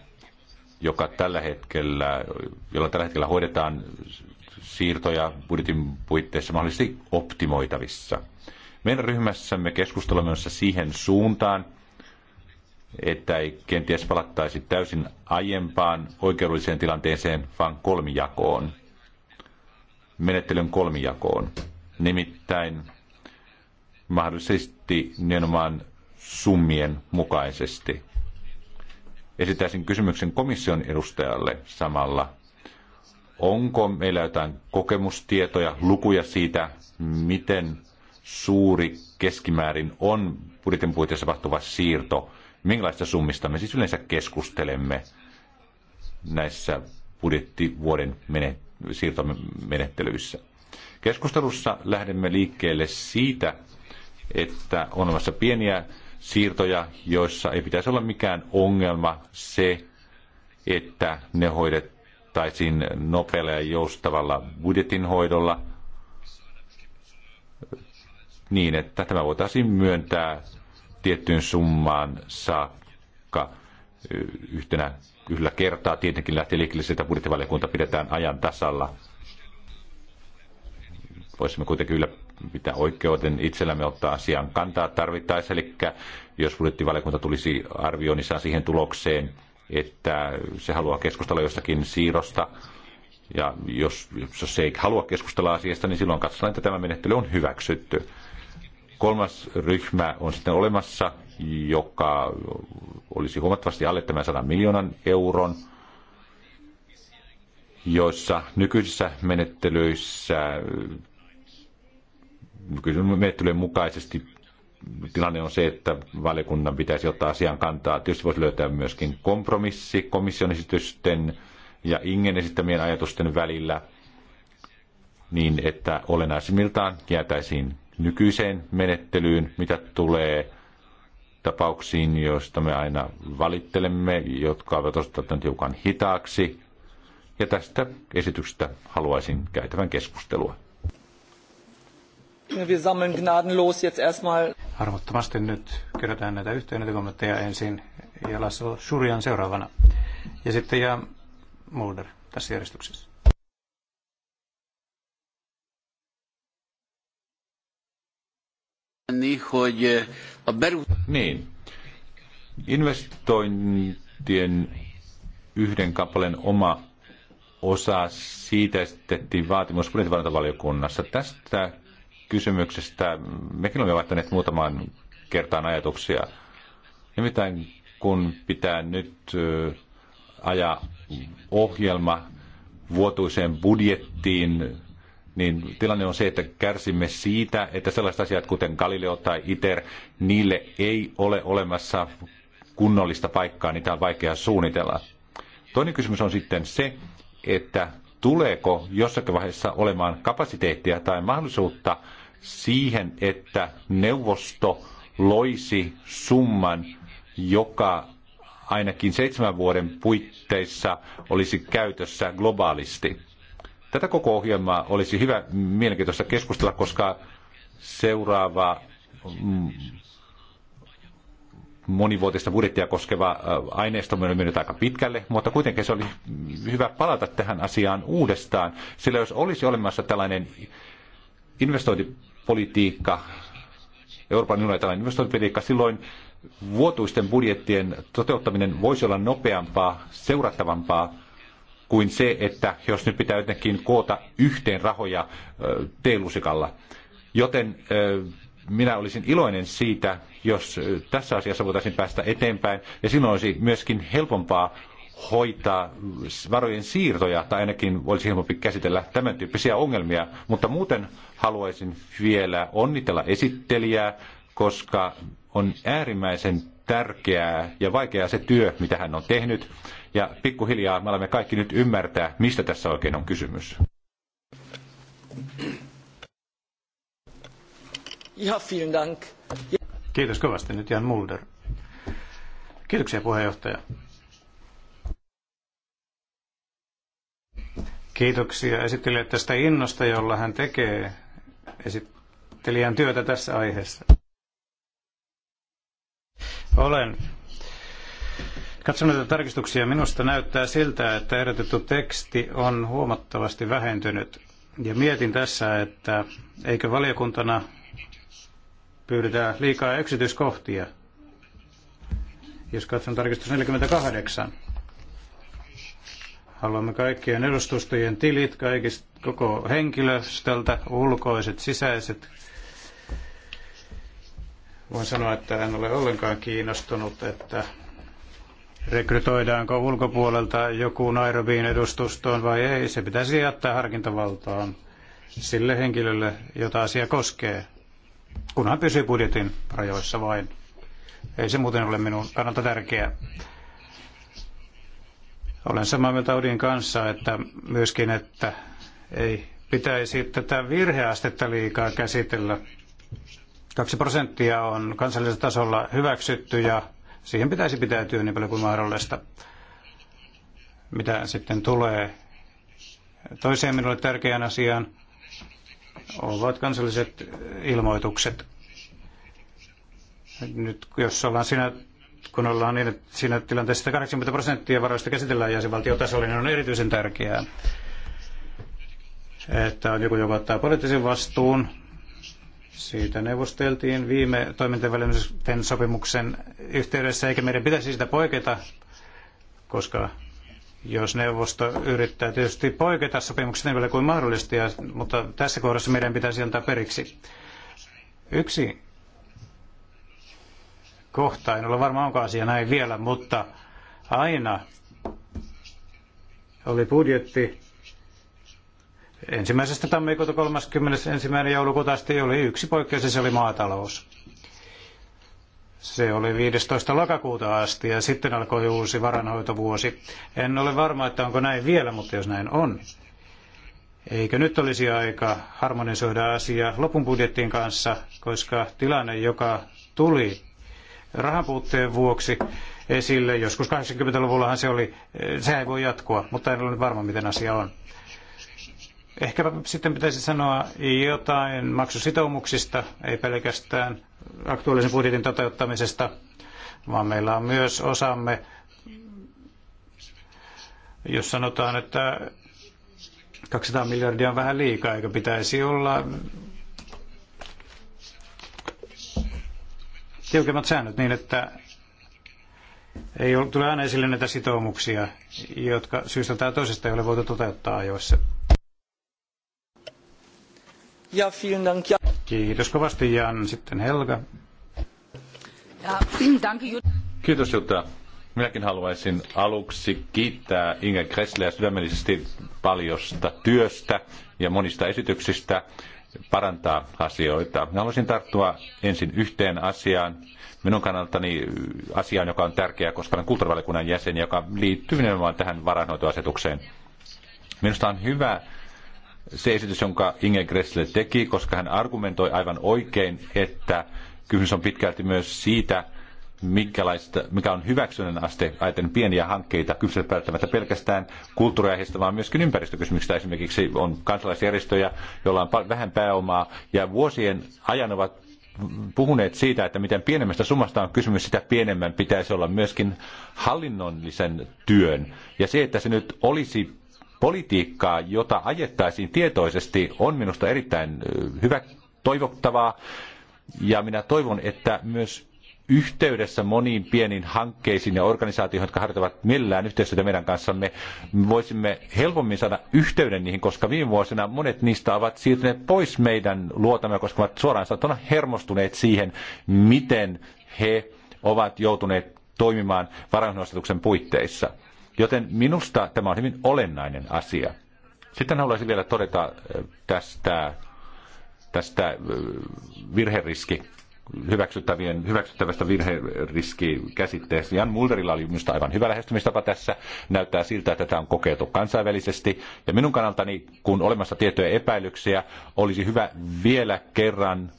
joka tällä hetkellä, jolla tällä hetkellä hoidetaan siirtoja budjetin puitteissa mahdollisesti optimoitavissa. Meidän ryhmässämme keskustelemme myös siihen suuntaan, että ei kenties palattaisi täysin aiempaan oikeudelliseen tilanteeseen, vaan kolmijakoon. Menettelyn kolmijakoon. Nimittäin mahdollisesti nimenomaan summien mukaisesti. Esittäisin kysymyksen komission edustajalle samalla. Onko meillä jotain kokemustietoja, lukuja siitä, miten suuri keskimäärin on budjetin puitteissa tapahtuva siirto? Minkälaista summista me siis yleensä keskustelemme näissä budjettivuoden mene- siirtomenettelyissä? Keskustelussa lähdemme liikkeelle siitä, että on olemassa pieniä siirtoja, joissa ei pitäisi olla mikään ongelma se, että ne hoidet, hoidettaisiin nopealla ja joustavalla budjetinhoidolla niin, että tämä voitaisiin myöntää tiettyyn summaan saakka yhtenä yhdellä kertaa. Tietenkin lähtee liikkeelle siitä, että budjettivaliokunta pidetään ajan tasalla. Voisimme kuitenkin yllä pitää oikeuden itsellämme ottaa asian kantaa tarvittaessa. Eli jos budjettivaliokunta tulisi arvioinnissaan siihen tulokseen, että se haluaa keskustella jostakin siirrosta. Ja jos, jos se ei halua keskustella asiasta, niin silloin katsotaan, että tämä menettely on hyväksytty. Kolmas ryhmä on sitten olemassa, joka olisi huomattavasti alle tämän 100 miljoonan euron, joissa nykyisissä menettelyissä nykyisen menettelyjen mukaisesti tilanne on se, että valiokunnan pitäisi ottaa asian kantaa. Tietysti voisi löytää myöskin kompromissi komission esitysten ja Ingen esittämien ajatusten välillä niin, että olennaisimmiltaan jäätäisiin nykyiseen menettelyyn, mitä tulee tapauksiin, joista me aina valittelemme, jotka ovat osoittaneet hiukan hitaaksi. Ja tästä esityksestä haluaisin käytävän keskustelua. Wir sammeln gnadenlos jetzt erstmal. Arvottomasti nyt kerätään näitä yhteen näitä kommentteja ensin ja Lasso Shurian seuraavana. Ja sitten ja Mulder tässä järjestyksessä. Niin. Investointien yhden kappaleen oma osa siitä esitettiin vaatimus budjettivalintavaliokunnassa. Tästä kysymyksestä. Mekin olemme vaihtaneet muutaman kertaan ajatuksia. Nimittäin kun pitää nyt ajaa ohjelma vuotuiseen budjettiin, niin tilanne on se, että kärsimme siitä, että sellaiset asiat kuten Galileo tai ITER, niille ei ole olemassa kunnollista paikkaa, niitä on vaikea suunnitella. Toinen kysymys on sitten se, että tuleeko jossakin vaiheessa olemaan kapasiteettia tai mahdollisuutta siihen, että neuvosto loisi summan, joka ainakin seitsemän vuoden puitteissa olisi käytössä globaalisti. Tätä koko ohjelmaa olisi hyvä mielenkiintoista keskustella, koska seuraava mm, monivuotista budjettia koskeva äh, aineisto on mennyt aika pitkälle, mutta kuitenkin se oli hyvä palata tähän asiaan uudestaan, sillä jos olisi olemassa tällainen investointi politiikka, Euroopan unionin tällainen investointipolitiikka, silloin vuotuisten budjettien toteuttaminen voisi olla nopeampaa, seurattavampaa kuin se, että jos nyt pitää jotenkin koota yhteen rahoja teelusikalla. Joten minä olisin iloinen siitä, jos tässä asiassa voitaisiin päästä eteenpäin, ja silloin olisi myöskin helpompaa hoitaa varojen siirtoja, tai ainakin olisi helpompi käsitellä tämän tyyppisiä ongelmia, mutta muuten haluaisin vielä onnitella esittelijää, koska on äärimmäisen tärkeää ja vaikeaa se työ, mitä hän on tehnyt. Ja pikkuhiljaa me olemme kaikki nyt ymmärtää, mistä tässä oikein on kysymys. Ja, vielen dank. Kiitos kovasti nyt Jan Mulder. Kiitoksia puheenjohtaja. Kiitoksia esittelijä tästä innosta, jolla hän tekee esittelijän työtä tässä aiheessa. Olen Katson näitä tarkistuksia. Minusta näyttää siltä, että ehdotettu teksti on huomattavasti vähentynyt. Ja mietin tässä, että eikö valiokuntana pyydetä liikaa yksityiskohtia. Jos katson tarkistus 48, Haluamme kaikkien edustustojen tilit kaikista, koko henkilöstöltä, ulkoiset, sisäiset. Voin sanoa, että en ole ollenkaan kiinnostunut, että rekrytoidaanko ulkopuolelta joku Nairobiin edustustoon vai ei. Se pitäisi jättää harkintavaltaan sille henkilölle, jota asia koskee, kunhan pysyy budjetin rajoissa vain. Ei se muuten ole minun kannalta tärkeää. Olen samaa mieltä Odin kanssa, että myöskin, että ei pitäisi tätä virheastetta liikaa käsitellä. Kaksi prosenttia on kansallisella tasolla hyväksytty ja siihen pitäisi pitäytyä niin paljon kuin mahdollista. Mitä sitten tulee toiseen minulle tärkeään asiaan, ovat kansalliset ilmoitukset. Nyt jos ollaan siinä kun ollaan niin, että siinä tilanteessa 80 prosenttia varoista käsitellään jäsenvaltiotasolla, niin on erityisen tärkeää, että on joku, joka ottaa poliittisen vastuun. Siitä neuvosteltiin viime toimintavälisen sopimuksen yhteydessä, eikä meidän pitäisi sitä poiketa, koska jos neuvosto yrittää tietysti poiketa sopimuksen niin paljon kuin mahdollista, mutta tässä kohdassa meidän pitäisi antaa periksi. Yksi kohta. En ole varma, onko asia näin vielä, mutta aina oli budjetti ensimmäisestä tammikuuta 31. joulukuuta asti oli yksi poikkeus ja se oli maatalous. Se oli 15. lokakuuta asti ja sitten alkoi uusi varanhoitovuosi. En ole varma, että onko näin vielä, mutta jos näin on, Eikö nyt olisi aika harmonisoida asia lopun budjettiin kanssa, koska tilanne, joka tuli rahanpuutteen vuoksi esille. Joskus 80-luvullahan se oli, sehän ei voi jatkua, mutta en ole nyt varma, miten asia on. Ehkäpä sitten pitäisi sanoa jotain maksusitoumuksista, ei pelkästään aktuaalisen budjetin toteuttamisesta, vaan meillä on myös osamme, jos sanotaan, että 200 miljardia on vähän liikaa, eikä pitäisi olla tiukemmat säännöt niin, että ei ole, tule aina esille näitä sitoumuksia, jotka syystä tai toisesta ei ole voitu toteuttaa ajoissa. Ja, dank, ja. Kiitos kovasti Jan. Sitten Helga. Ja, danke, Jut- Kiitos Jutta. Minäkin haluaisin aluksi kiittää Inge Kressleä sydämellisesti paljosta työstä ja monista esityksistä parantaa asioita. Haluaisin tarttua ensin yhteen asiaan, minun kannaltani asiaan, joka on tärkeä, koska olen kulttuurivaliokunnan jäsen, joka liittyy nimenomaan tähän varainhoitoasetukseen. Minusta on hyvä se esitys, jonka Inge Gressle teki, koska hän argumentoi aivan oikein, että kysymys on pitkälti myös siitä, mikä on hyväksynnän aste ajatellen pieniä hankkeita, kysymys välttämättä pelkästään kulttuuriaiheista, vaan myöskin ympäristökysymyksistä. Esimerkiksi on kansalaisjärjestöjä, joilla on vähän pääomaa, ja vuosien ajan ovat puhuneet siitä, että miten pienemmästä summasta on kysymys, sitä pienemmän pitäisi olla myöskin hallinnollisen työn. Ja se, että se nyt olisi politiikkaa, jota ajettaisiin tietoisesti, on minusta erittäin hyvä toivottavaa. Ja minä toivon, että myös yhteydessä moniin pieniin hankkeisiin ja organisaatioihin, jotka harjoittavat millään yhteistyötä meidän kanssamme, voisimme helpommin saada yhteyden niihin, koska viime vuosina monet niistä ovat siirtyneet pois meidän luotamme, koska ovat suoraan sanottuna hermostuneet siihen, miten he ovat joutuneet toimimaan varainhoidostetuksen puitteissa. Joten minusta tämä on hyvin olennainen asia. Sitten haluaisin vielä todeta äh, tästä, tästä äh, virheriski hyväksyttävien, hyväksyttävästä virheriskikäsitteestä. Jan Mulderilla oli minusta aivan hyvä lähestymistapa tässä. Näyttää siltä, että tämä on kokeiltu kansainvälisesti. Ja minun kannaltani, kun olemassa tietoja epäilyksiä, olisi hyvä vielä kerran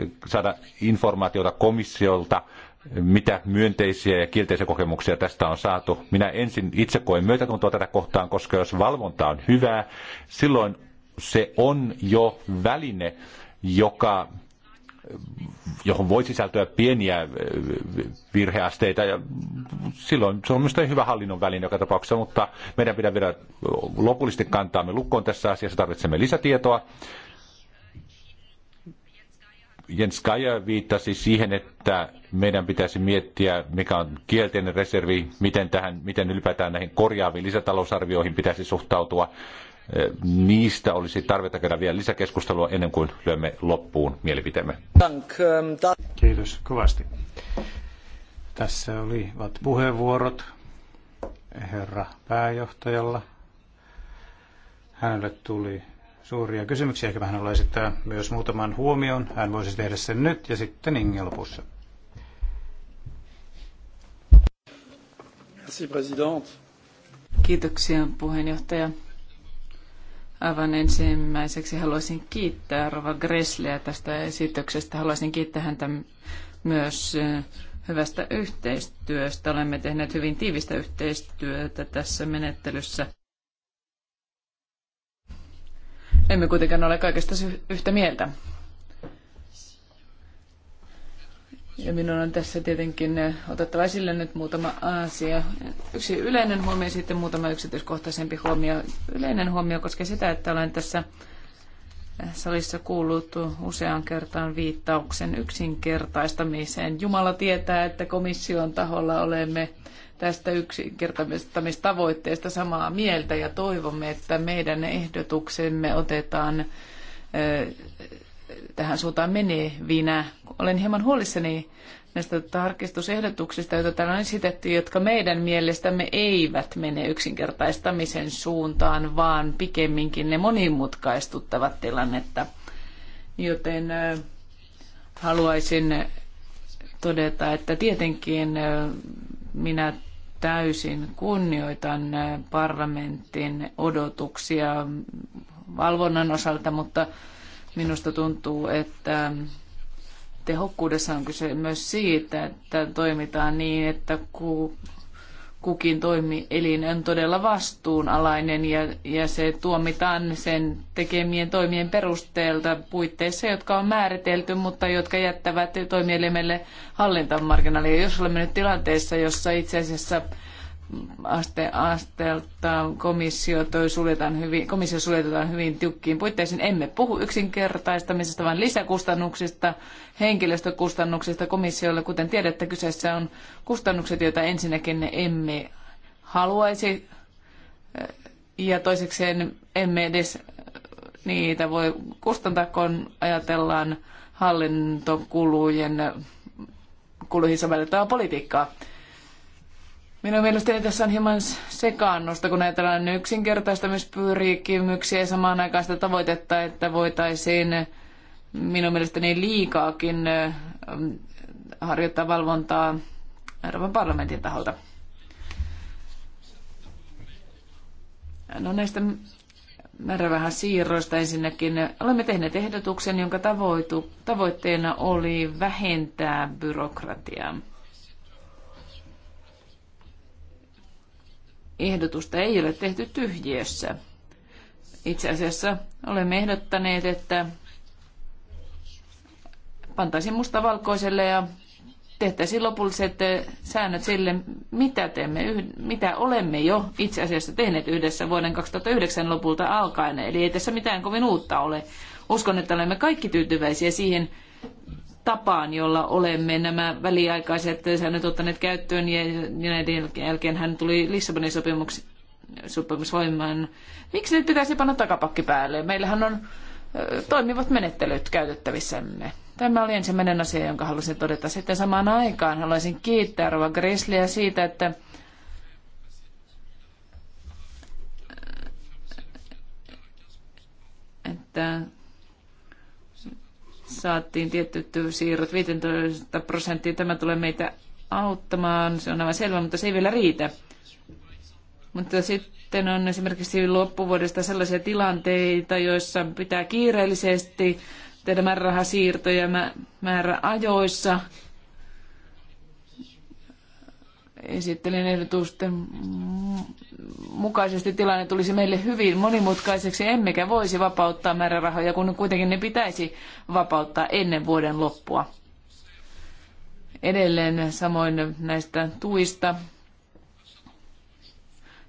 eh, saada informaatiota komissiolta, mitä myönteisiä ja kielteisiä kokemuksia tästä on saatu. Minä ensin itse koen myötätuntoa tätä kohtaan, koska jos valvonta on hyvää, silloin se on jo väline, joka johon voi sisältyä pieniä äh, virheasteita ja silloin se on mielestäni hyvä hallinnon väline joka tapauksessa, mutta meidän pitää vielä lopullisesti kantaa me lukkoon tässä asiassa, tarvitsemme lisätietoa. Jens Kaja viittasi siihen, että meidän pitäisi miettiä, mikä on kielteinen reservi, miten, tähän, miten ylipäätään näihin korjaaviin lisätalousarvioihin pitäisi suhtautua. Eh, niistä olisi tarvetta käydä vielä lisäkeskustelua ennen kuin lyömme loppuun mielipiteemme. Ähm, Kiitos kovasti. Tässä olivat puheenvuorot herra pääjohtajalla. Hänelle tuli suuria kysymyksiä, ehkä hän haluaa esittää myös muutaman huomion. Hän voisi tehdä sen nyt ja sitten Inge lopussa. Kiitoksia puheenjohtaja. Aivan ensimmäiseksi haluaisin kiittää Rova Gressleä tästä esityksestä. Haluaisin kiittää häntä myös hyvästä yhteistyöstä. Olemme tehneet hyvin tiivistä yhteistyötä tässä menettelyssä. Emme kuitenkaan ole kaikesta yhtä mieltä. Ja minun on tässä tietenkin eh, otettava esille nyt muutama asia. Yksi yleinen huomio ja sitten muutama yksityiskohtaisempi huomio. Yleinen huomio koskee sitä, että olen tässä eh, salissa kuullut useaan kertaan viittauksen yksinkertaistamiseen. Jumala tietää, että komission taholla olemme tästä yksinkertaistamistavoitteesta samaa mieltä ja toivomme, että meidän ehdotuksemme otetaan eh, tähän suuntaan menevinä. Olen hieman huolissani näistä tarkistusehdotuksista, joita täällä on esitetty, jotka meidän mielestämme eivät mene yksinkertaistamisen suuntaan, vaan pikemminkin ne monimutkaistuttavat tilannetta. Joten haluaisin todeta, että tietenkin minä täysin kunnioitan parlamentin odotuksia valvonnan osalta, mutta Minusta tuntuu, että tehokkuudessa on kyse myös siitä, että toimitaan niin, että kukin toimielin on todella vastuunalainen ja, ja se tuomitaan sen tekemien toimien perusteelta puitteissa, jotka on määritelty, mutta jotka jättävät toimielimelle hallintamarginaalia. Jos olemme nyt tilanteessa, jossa itse asiassa aste asteelta komissio, toi suljetaan hyvin, komissio suljetaan hyvin tiukkiin puitteisiin. Emme puhu yksinkertaistamisesta, vaan lisäkustannuksista, henkilöstökustannuksista komissiolle. Kuten tiedätte, kyseessä on kustannukset, joita ensinnäkin emme haluaisi ja toisekseen emme edes niitä voi kustantaa, kun ajatellaan hallintokulujen kuluihin sovellettavaa politiikkaa. Minun mielestäni tässä on hieman sekaannusta, kun ajatellaan yksinkertaistamispyrkimyksiä ja samaan aikaan sitä tavoitetta, että voitaisiin minun mielestäni liikaakin harjoittaa valvontaa Euroopan parlamentin taholta. No näistä määrävähän siirroista ensinnäkin. Olemme tehneet ehdotuksen, jonka tavoitteena oli vähentää byrokratiaa. ehdotusta ei ole tehty tyhjiössä. Itse asiassa olemme ehdottaneet, että pantaisiin mustavalkoiselle ja tehtäisiin lopulliset eh, säännöt sille, mitä, teemme, mitä olemme jo itse asiassa tehneet yhdessä vuoden 2009 lopulta alkaen. Eli ei tässä mitään kovin uutta ole. Uskon, että olemme kaikki tyytyväisiä siihen, tapaan, jolla olemme nämä väliaikaiset säännöt ottaneet käyttöön ja näiden jälkeen hän tuli Lissabonin sopimuksi, sopimus voimaan. Miksi nyt pitäisi panna takapakki päälle? Meillähän on toimivat menettelyt käytettävissämme. Tämä oli ensimmäinen asia, jonka halusin todeta. Sitten samaan aikaan haluaisin kiittää Rova Gresliä siitä, että että saatiin tietyt siirrot 15 prosenttia. Tämä tulee meitä auttamaan, se on aivan selvä, mutta se ei vielä riitä. Mutta sitten on esimerkiksi loppuvuodesta sellaisia tilanteita, joissa pitää kiireellisesti tehdä määrärahasiirtoja määräajoissa. ajoissa esittelin ehdotusten mukaisesti tilanne tulisi meille hyvin monimutkaiseksi, emmekä voisi vapauttaa määrärahoja, kun kuitenkin ne pitäisi vapauttaa ennen vuoden loppua. Edelleen samoin näistä tuista.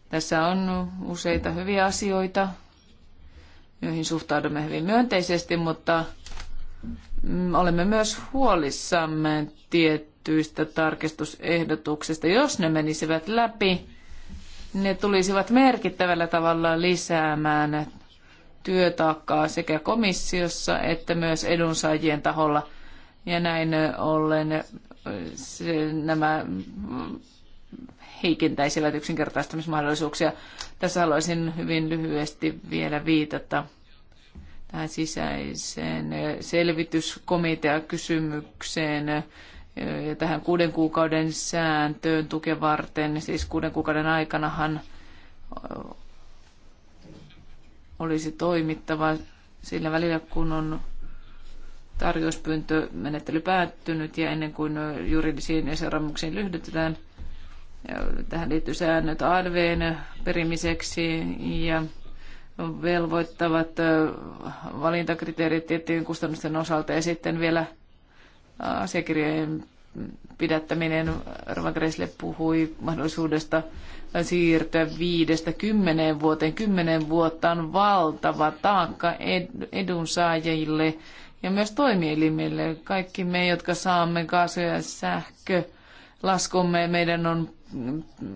Tässä on useita hyviä asioita, joihin suhtaudumme hyvin myönteisesti, mutta Mm, olemme myös huolissamme tiettyistä tarkistusehdotuksista. Jos ne menisivät läpi, ne tulisivat merkittävällä tavalla lisäämään työtaakkaa sekä komissiossa että myös edunsaajien taholla. Ja näin ollen se, nämä heikentäisivät yksinkertaistamismahdollisuuksia. Tässä haluaisin hyvin lyhyesti vielä viitata tähän sisäiseen selvityskomitea-kysymykseen ja tähän kuuden kuukauden sääntöön tuke varten. Siis kuuden kuukauden aikanahan olisi toimittava sillä välillä, kun on tarjouspyyntömenettely päättynyt ja ennen kuin juridisiin seuraamuksiin lyhdytetään. Tähän liittyy säännöt ARVn perimiseksi ja velvoittavat valintakriteerit tiettyjen kustannusten osalta ja sitten vielä asiakirjojen pidättäminen. Rova Gressle puhui mahdollisuudesta siirtyä viidestä kymmeneen vuoteen. Kymmenen vuotta on valtava taakka edunsaajille ja myös toimielimille. Kaikki me, jotka saamme kaasu- ja sähkö laskumme. Meidän on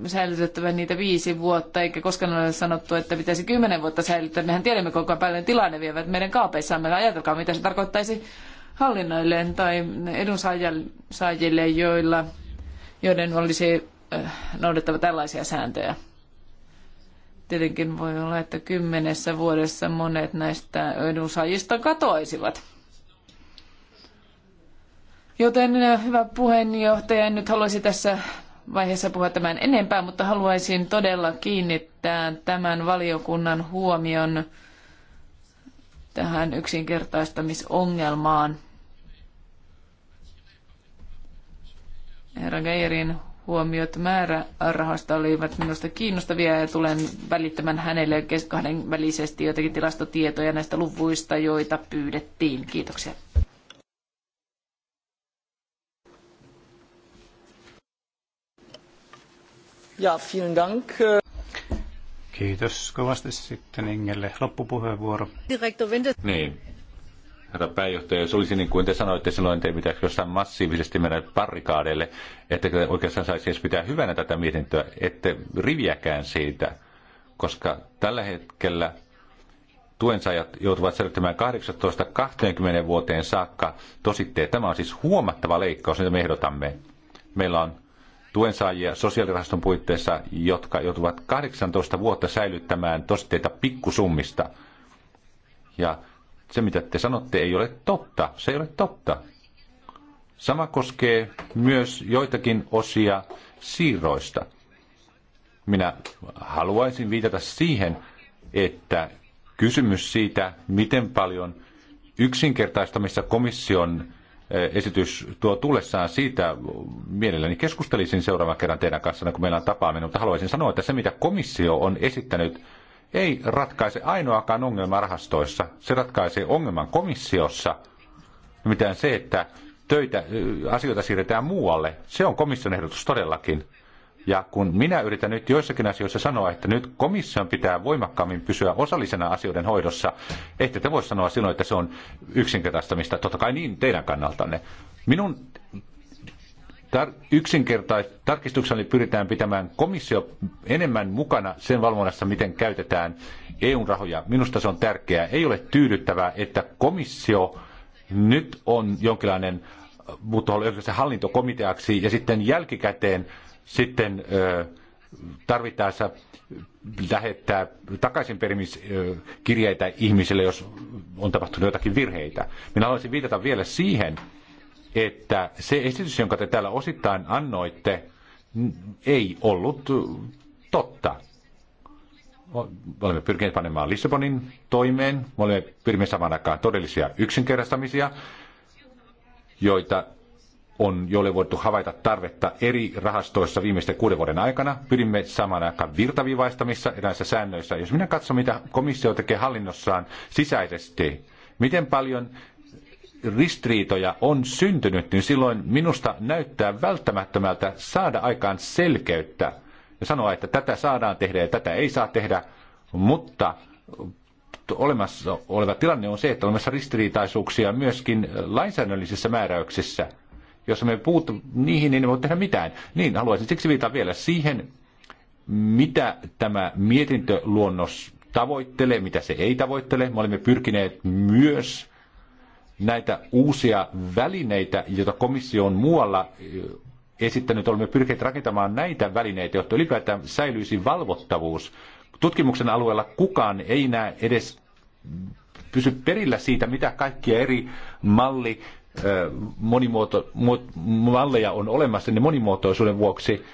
säilytettävä niitä viisi vuotta, eikä koskaan ole sanottu, että pitäisi kymmenen vuotta säilyttää. Mehän tiedämme koko ajan tilanne vievät meidän kaapeissamme. Ajatelkaa, mitä se tarkoittaisi hallinnoilleen tai edunsaajille, joilla, joiden olisi äh, noudattava tällaisia sääntöjä. Tietenkin voi olla, että kymmenessä vuodessa monet näistä edunsaajista katoaisivat. Joten hyvä puheenjohtaja, en nyt haluaisi tässä vaiheessa puhua tämän enempää, mutta haluaisin todella kiinnittää tämän valiokunnan huomion tähän yksinkertaistamisongelmaan. Herra Geirin huomiot määrärahasta olivat minusta kiinnostavia ja tulen välittämään hänelle kahden välisesti jotakin tilastotietoja näistä luvuista, joita pyydettiin. Kiitoksia. Ja, vielen dank. Kiitos kovasti sitten Ingelle. Loppupuheenvuoro. Direktor Winter. Niin. Herra pääjohtaja, jos olisi niin kuin te sanoitte silloin, te pitäisi jostain massiivisesti mennä parrikaadeille, että oikeastaan saisi edes pitää hyvänä tätä mietintöä, ette riviäkään siitä, koska tällä hetkellä tuensaajat joutuvat selvittämään 18-20 vuoteen saakka tositteet. Tämä on siis huomattava leikkaus, mitä me ehdotamme. Meillä on tuensaajia sosiaalirahaston puitteissa, jotka joutuvat 18 vuotta säilyttämään tositeita pikkusummista. Ja se, mitä te sanotte, ei ole totta. Se ei ole totta. Sama koskee myös joitakin osia siirroista. Minä haluaisin viitata siihen, että kysymys siitä, miten paljon yksinkertaistamissa komission Eh, esitys tuo tullessaan siitä mielelläni keskustelisin seuraavan kerran teidän kanssa, kun meillä on tapaaminen, mutta haluaisin sanoa, että se mitä komissio on esittänyt, ei ratkaise ainoakaan ongelmaa rahastoissa. Se ratkaisee ongelman komissiossa. Mitään se, että töitä, eh, asioita siirretään muualle, se on komission ehdotus todellakin. Ja kun minä yritän nyt joissakin asioissa sanoa, että nyt komission pitää voimakkaammin pysyä osallisena asioiden hoidossa, ette te voi sanoa silloin, että se on yksinkertaistamista. Totta kai niin teidän kannaltanne. Minun tar- yksinkertais- pyritään pitämään komissio enemmän mukana sen valvonnassa, miten käytetään EUn rahoja. Minusta se on tärkeää. Ei ole tyydyttävää, että komissio nyt on jonkinlainen hallintokomiteaksi ja sitten jälkikäteen sitten tarvittaessa lähettää takaisinperimiskirjeitä ihmisille, jos on tapahtunut jotakin virheitä. Minä haluaisin viitata vielä siihen, että se esitys, jonka te täällä osittain annoitte, ei ollut totta. olemme pyrkineet panemaan Lissabonin toimeen, me olemme pyrkineet samaan aikaan todellisia yksinkertaistamisia, joita on, jolle voitu havaita tarvetta eri rahastoissa viimeisten kuuden vuoden aikana. Pyrimme samaan aikaan virtaviivaistamissa eräissä säännöissä. Jos minä katson, mitä komissio tekee hallinnossaan sisäisesti, miten paljon ristiriitoja on syntynyt, niin silloin minusta näyttää välttämättömältä saada aikaan selkeyttä ja sanoa, että tätä saadaan tehdä ja tätä ei saa tehdä, mutta olemassa oleva tilanne on se, että olemassa ristiriitaisuuksia myöskin lainsäädännöllisissä määräyksissä – jos me puuttu niihin, niin ne voi tehdä mitään. Niin, haluaisin siksi viitata vielä siihen, mitä tämä mietintöluonnos tavoittelee, mitä se ei tavoittele. Me olemme pyrkineet myös näitä uusia välineitä, joita komissio on muualla eh, esittänyt, olemme pyrkineet rakentamaan näitä välineitä, jotta ylipäätään säilyisi valvottavuus. Tutkimuksen alueella kukaan ei näe edes pysy perillä siitä, mitä kaikkia eri malli monimuoto, malleja on olemassa, niin monimuotoisuuden vuoksi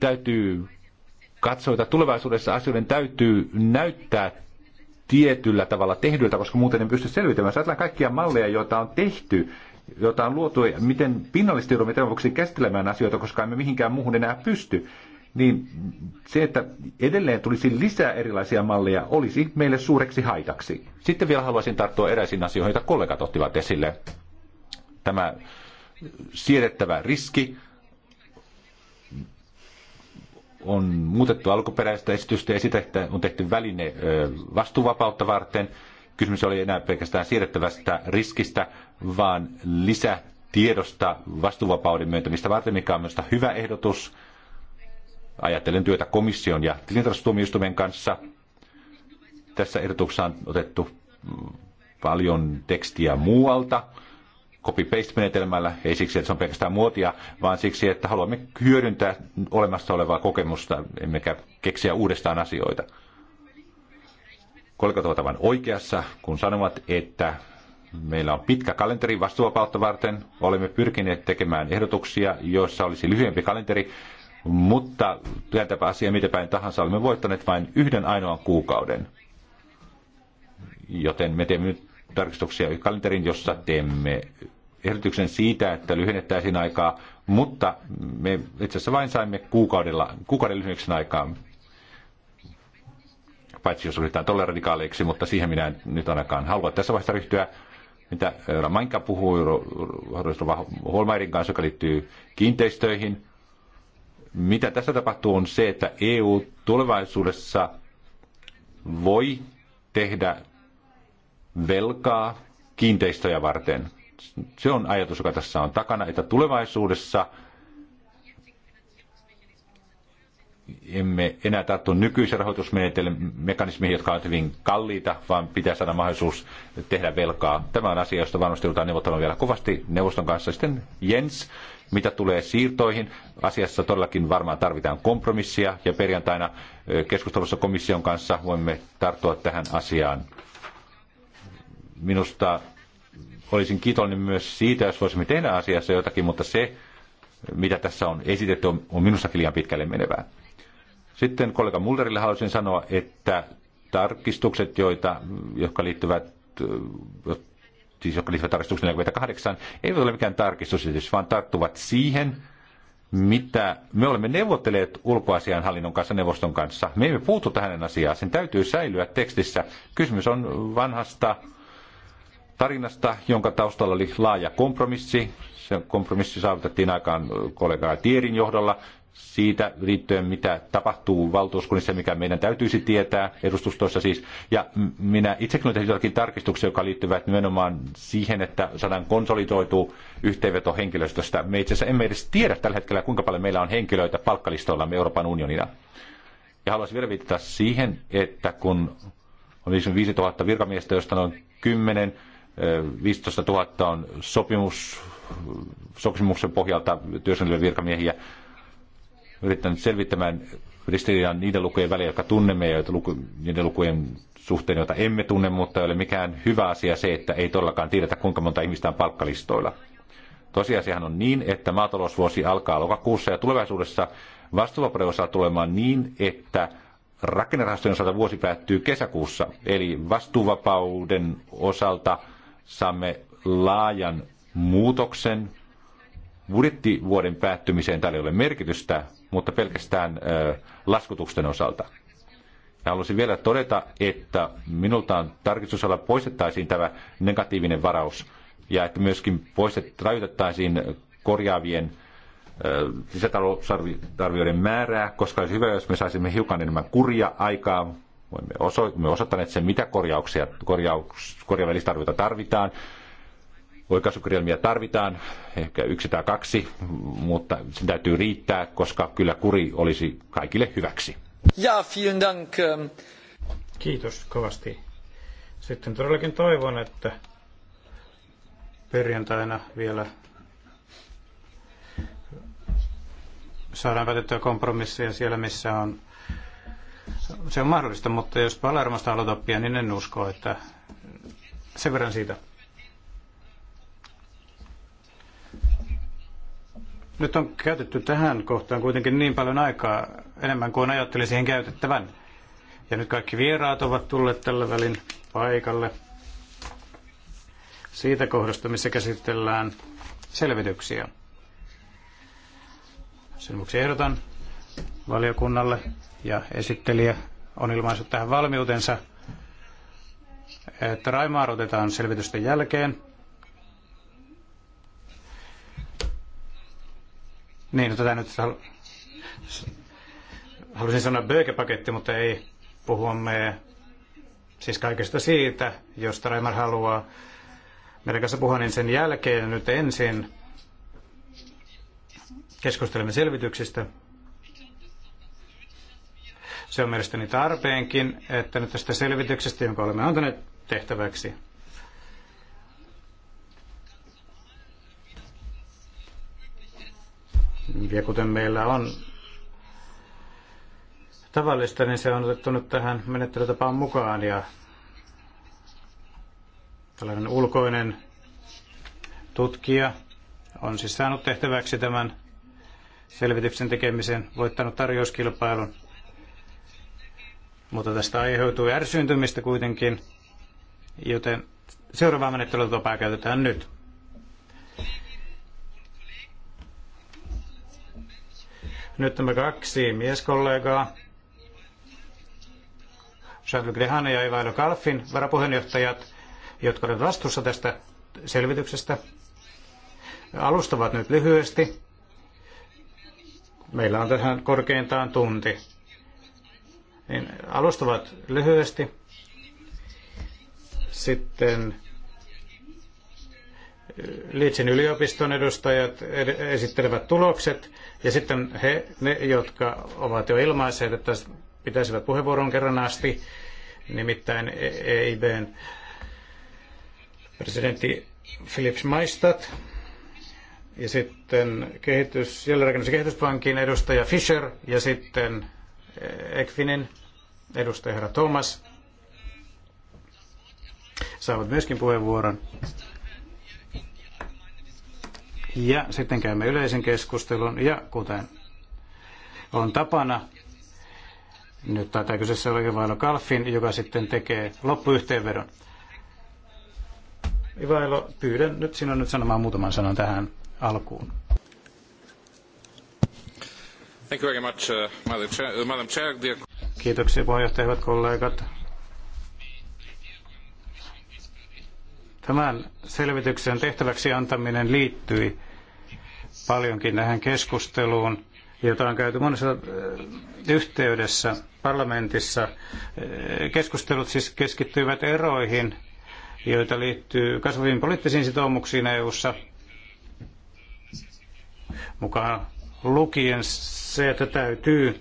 täytyy katsoa, että tulevaisuudessa asioiden täytyy näyttää tietyllä tavalla tehdyltä, koska muuten ei pysty selvitämään. Jos ajatellaan kaikkia malleja, joita on tehty, joita on luotu, miten pinnallisesti joudumme tämän vuoksi käsittelemään asioita, koska emme mihinkään muuhun enää pysty niin se, että edelleen tulisi lisää erilaisia malleja, olisi meille suureksi haitaksi. Sitten vielä haluaisin tarttua eräisiin asioihin, joita kollegat ottivat esille. Tämä siedettävä riski on muutettu alkuperäistä esitystä ja sitä, että on tehty väline vastuuvapautta varten. Kysymys oli enää pelkästään siirrettävästä riskistä, vaan lisätiedosta vastuuvapauden myöntämistä varten, mikä on myös hyvä ehdotus ajatellen työtä komission ja tilintarkastustuomioistuimen kanssa. Tässä ehdotuksessa on otettu paljon tekstiä muualta copy-paste-menetelmällä, ei siksi, että se on pelkästään muotia, vaan siksi, että haluamme hyödyntää olemassa olevaa kokemusta, emmekä keksiä uudestaan asioita. Kollegat ovat aivan oikeassa, kun sanovat, että meillä on pitkä kalenteri vastuuvapautta varten. Olemme pyrkineet tekemään ehdotuksia, joissa olisi lyhyempi kalenteri, mutta kääntäpä asia mitä päin tahansa, olemme voittaneet vain yhden ainoan kuukauden. Joten me teemme nyt tarkistuksia kalenterin, jossa teemme ehdotuksen siitä, että lyhennettäisiin aikaa, mutta me itse asiassa vain saimme kuukaudella, kuukauden lyhennyksen aikaa, paitsi jos ryhdytään tolle radikaaleiksi, mutta siihen minä en nyt ainakaan halua tässä vaiheessa ryhtyä. Mitä Ramanka puhuu Holmairin kanssa, joka liittyy kiinteistöihin, mitä tässä tapahtuu on se, että EU tulevaisuudessa voi tehdä velkaa kiinteistöjä varten. Se on ajatus, joka tässä on takana, että tulevaisuudessa emme enää tarttu nykyisiin rahoitusmekanismeihin, jotka ovat hyvin kalliita, vaan pitää saada mahdollisuus tehdä velkaa. Tämä on asia, josta varmasti joudutaan neuvottelemaan vielä kovasti neuvoston kanssa. Sitten Jens, mitä tulee siirtoihin, asiassa todellakin varmaan tarvitaan kompromissia ja perjantaina keskustelussa komission kanssa voimme tarttua tähän asiaan. Minusta olisin kiitollinen myös siitä, jos voisimme tehdä asiassa jotakin, mutta se, mitä tässä on esitetty, on minustakin liian pitkälle menevää. Sitten kollega Mulderille haluaisin sanoa, että tarkistukset, joita, jotka liittyvät siis jotka liittyvät tarkistuksen 48, eivät ole mikään tarkistusesitys, vaan tarttuvat siihen, mitä me olemme neuvotteleet ulkoasianhallinnon kanssa, neuvoston kanssa. Me emme puutu tähän asiaan, sen täytyy säilyä tekstissä. Kysymys on vanhasta tarinasta, jonka taustalla oli laaja kompromissi. Se kompromissi saavutettiin aikaan kollega Tierin johdolla, siitä liittyen, mitä tapahtuu valtuuskunnissa, mikä meidän täytyisi tietää edustustoissa siis. Ja minä itsekin olen tehnyt jotakin tarkistuksia, jotka liittyvät nimenomaan siihen, että saadaan konsolidoitu yhteenveto henkilöstöstä. Me itse asiassa emme edes tiedä tällä hetkellä, kuinka paljon meillä on henkilöitä palkkalistoillamme Euroopan unionina. Ja haluaisin vielä viitata siihen, että kun on 55 000 virkamiestä, joista noin 10, 15 000 on sopimus, sopimuksen pohjalta työskenteleviä virkamiehiä, yrittänyt selvittämään ristiriidan niiden lukujen välillä, jotka tunnemme ja luku, niiden lukujen suhteen, joita emme tunne, mutta ei ole mikään hyvä asia se, että ei todellakaan tiedetä, kuinka monta ihmistä on palkkalistoilla. Tosiasiahan on niin, että maatalousvuosi alkaa lokakuussa ja tulevaisuudessa vastuuvapauden osaa tulemaan niin, että rakennerahastojen osalta vuosi päättyy kesäkuussa. Eli vastuuvapauden osalta saamme laajan muutoksen. Budjettivuoden päättymiseen Täällä ei ole merkitystä, mutta pelkästään laskutusten osalta. Ja haluaisin vielä todeta, että minulta on tarkistusalla poistettaisiin tämä negatiivinen varaus ja että myöskin poistet, rajoitettaisiin korjaavien lisätalousarvioiden määrää, koska olisi hyvä, jos me saisimme hiukan enemmän kuria aikaa. Voimme osoittaneet sen, mitä korjauksia, korjaus, korjaavia tarvitaan Oikaisukirjelmiä tarvitaan, ehkä yksi tai kaksi, mutta sen täytyy riittää, koska kyllä kuri olisi kaikille hyväksi. Ja, vielen dank. Ähm. Kiitos kovasti. Sitten todellakin toivon, että perjantaina vielä saadaan päätettyä kompromisseja siellä, missä on se on mahdollista, mutta jos Palermosta haluat oppia, niin en usko, että sen verran siitä. Nyt on käytetty tähän kohtaan kuitenkin niin paljon aikaa enemmän kuin ajattelin siihen käytettävän. Ja nyt kaikki vieraat ovat tulleet tällä välin paikalle siitä kohdasta, missä käsitellään selvityksiä. Sen vuoksi ehdotan valiokunnalle ja esittelijä on ilmaissut tähän valmiutensa, että Raimaa otetaan selvitysten jälkeen Niin, no tätä nyt hal... halusin sanoa bögepaketti, mutta ei puhumme siis kaikesta siitä, josta Raimar haluaa meidän kanssa puhua, niin sen jälkeen nyt ensin keskustelemme selvityksistä. Se on mielestäni tarpeenkin, että nyt tästä selvityksestä, jonka olemme antaneet tehtäväksi Ja kuten meillä on tavallista, niin se on otettu nyt tähän menettelytapaan mukaan ja tällainen ulkoinen tutkija on siis saanut tehtäväksi tämän selvityksen tekemisen, voittanut tarjouskilpailun. Mutta tästä aiheutui ärsyyntymistä kuitenkin, joten seuraavaa menettelytapaa käytetään nyt. Nyt me kaksi mieskollegaa, Charles Grehane ja Ivailo Kalfin varapuheenjohtajat, jotka olivat vastuussa tästä selvityksestä, alustavat nyt lyhyesti. Meillä on tähän korkeintaan tunti. Niin alustavat lyhyesti. Sitten Liitsin yliopiston edustajat esittelevät tulokset ja sitten he, ne, jotka ovat jo ilmaisseet, että pitäisivät puheenvuoron kerran asti, nimittäin EIBn e presidentti Philips Maistat ja sitten kehitys, jälleenrakennus- ja kehityspankin edustaja Fischer ja sitten Ekfinin edustaja herra Thomas saavat myöskin puheenvuoron. Ja sitten käymme yleisen keskustelun ja kuten on tapana, nyt taitaa kyseessä olla Ivailo Kalfin, joka sitten tekee loppuyhteenvedon. Ivailo, pyydän nyt sinun nyt sanomaan muutaman sanan tähän alkuun. Thank you very much, uh, Madam Chair. Uh, dear... Kiitoksia puheenjohtaja, hyvät kollegat. Tämän selvityksen tehtäväksi antaminen liittyi paljonkin tähän keskusteluun, jota on käyty monessa äh, yhteydessä parlamentissa. Äh, keskustelut siis keskittyivät eroihin, joita liittyy kasvaviin poliittisiin sitoumuksiin EU-ssa, mukaan lukien se, että täytyy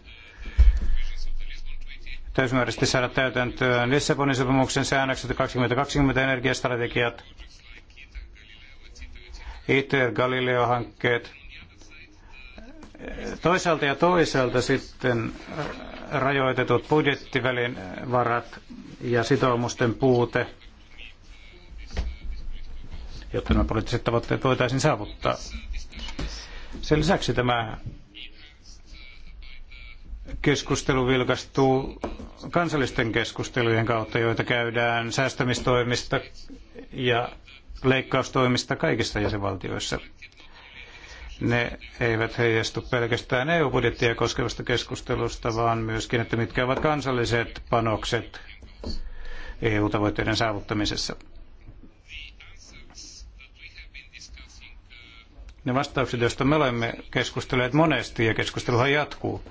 täysimääräisesti saada täytäntöön Lissabonin sopimuksen säännökset ja 2020 energiastrategiat – ITER, Galileo-hankkeet. Toisaalta ja toisaalta sitten äh, rajoitetut budjettivälin varat ja sitoumusten puute, jotta nämä poliittiset tavoitteet voitaisiin saavuttaa. Sen lisäksi tämä keskustelu vilkastuu kansallisten keskustelujen kautta, joita käydään säästämistoimista ja leikkaustoimista kaikissa jäsenvaltioissa. Ne eivät heijastu pelkästään EU-budjettia koskevasta keskustelusta, vaan myöskin, että mitkä ovat kansalliset panokset EU-tavoitteiden saavuttamisessa. Ne vastaukset, joista me olemme keskustelleet monesti, ja keskusteluhan jatkuu,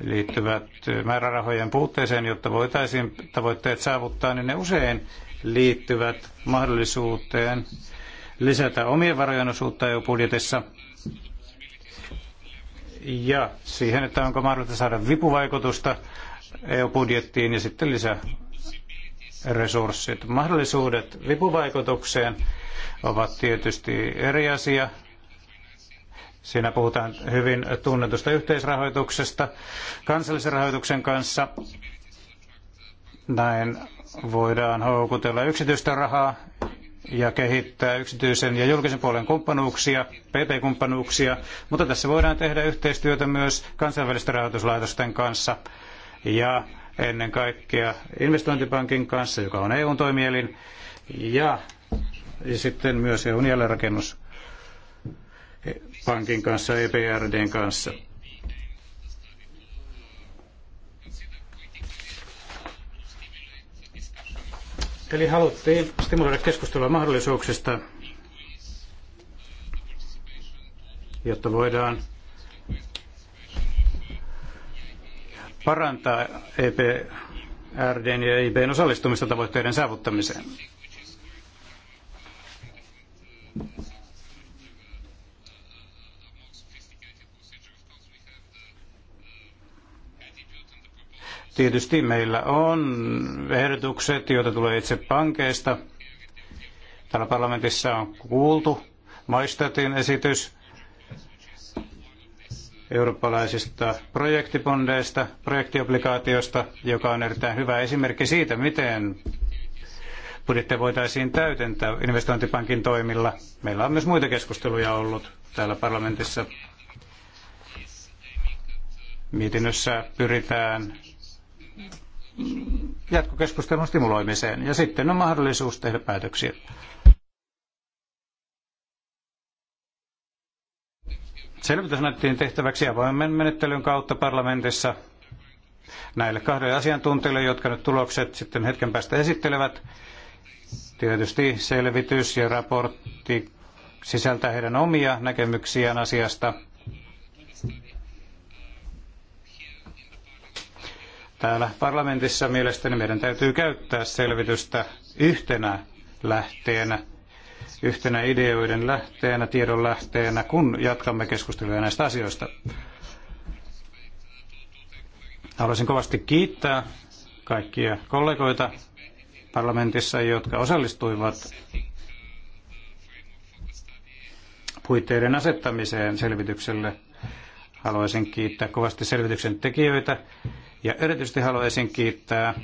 liittyvät määrärahojen puutteeseen, jotta voitaisiin tavoitteet saavuttaa, niin ne usein liittyvät mahdollisuuteen lisätä omien varojen osuutta EU-budjetissa ja siihen, että onko mahdollista saada vipuvaikutusta EU-budjettiin ja sitten lisää resurssit. Mahdollisuudet vipuvaikutukseen ovat tietysti eri asia. Siinä puhutaan hyvin tunnetusta yhteisrahoituksesta kansallisen rahoituksen kanssa. Näin voidaan houkutella yksityistä rahaa ja kehittää yksityisen ja julkisen puolen kumppanuuksia, PP-kumppanuuksia, mutta tässä voidaan tehdä yhteistyötä myös kansainvälisten rahoituslaitosten kanssa ja ennen kaikkea investointipankin kanssa, joka on eu toimielin, ja, ja sitten myös EUn jälleenrakennuspankin kanssa, EBRDn kanssa. Eli haluttiin stimuloida keskustelua mahdollisuuksista, jotta voidaan parantaa EPRDn ja EIBn osallistumista tavoitteiden saavuttamiseen. Tietysti meillä on ehdotukset, joita tulee itse pankeista. Täällä parlamentissa on kuultu Maistatin esitys eurooppalaisista projektibondeista, projektioplikaatiosta, joka on erittäin hyvä esimerkki siitä, miten budjettia voitaisiin täytentää investointipankin toimilla. Meillä on myös muita keskusteluja ollut täällä parlamentissa. Mietinnössä pyritään jatkokeskustelun stimuloimiseen. Ja sitten on mahdollisuus tehdä päätöksiä. Selvitys annettiin tehtäväksi avoimen menettelyn kautta parlamentissa näille kahdelle asiantuntijalle, jotka nyt tulokset sitten hetken päästä esittelevät. Tietysti selvitys ja raportti sisältää heidän omia näkemyksiään asiasta Täällä parlamentissa mielestäni meidän täytyy käyttää selvitystä yhtenä lähteenä, yhtenä ideoiden lähteenä, tiedon lähteenä, kun jatkamme keskustelua näistä asioista. Haluaisin kovasti kiittää kaikkia kollegoita parlamentissa, jotka osallistuivat puitteiden asettamiseen selvitykselle. Haluaisin kiittää kovasti selvityksen tekijöitä ja erityisesti haluaisin kiittää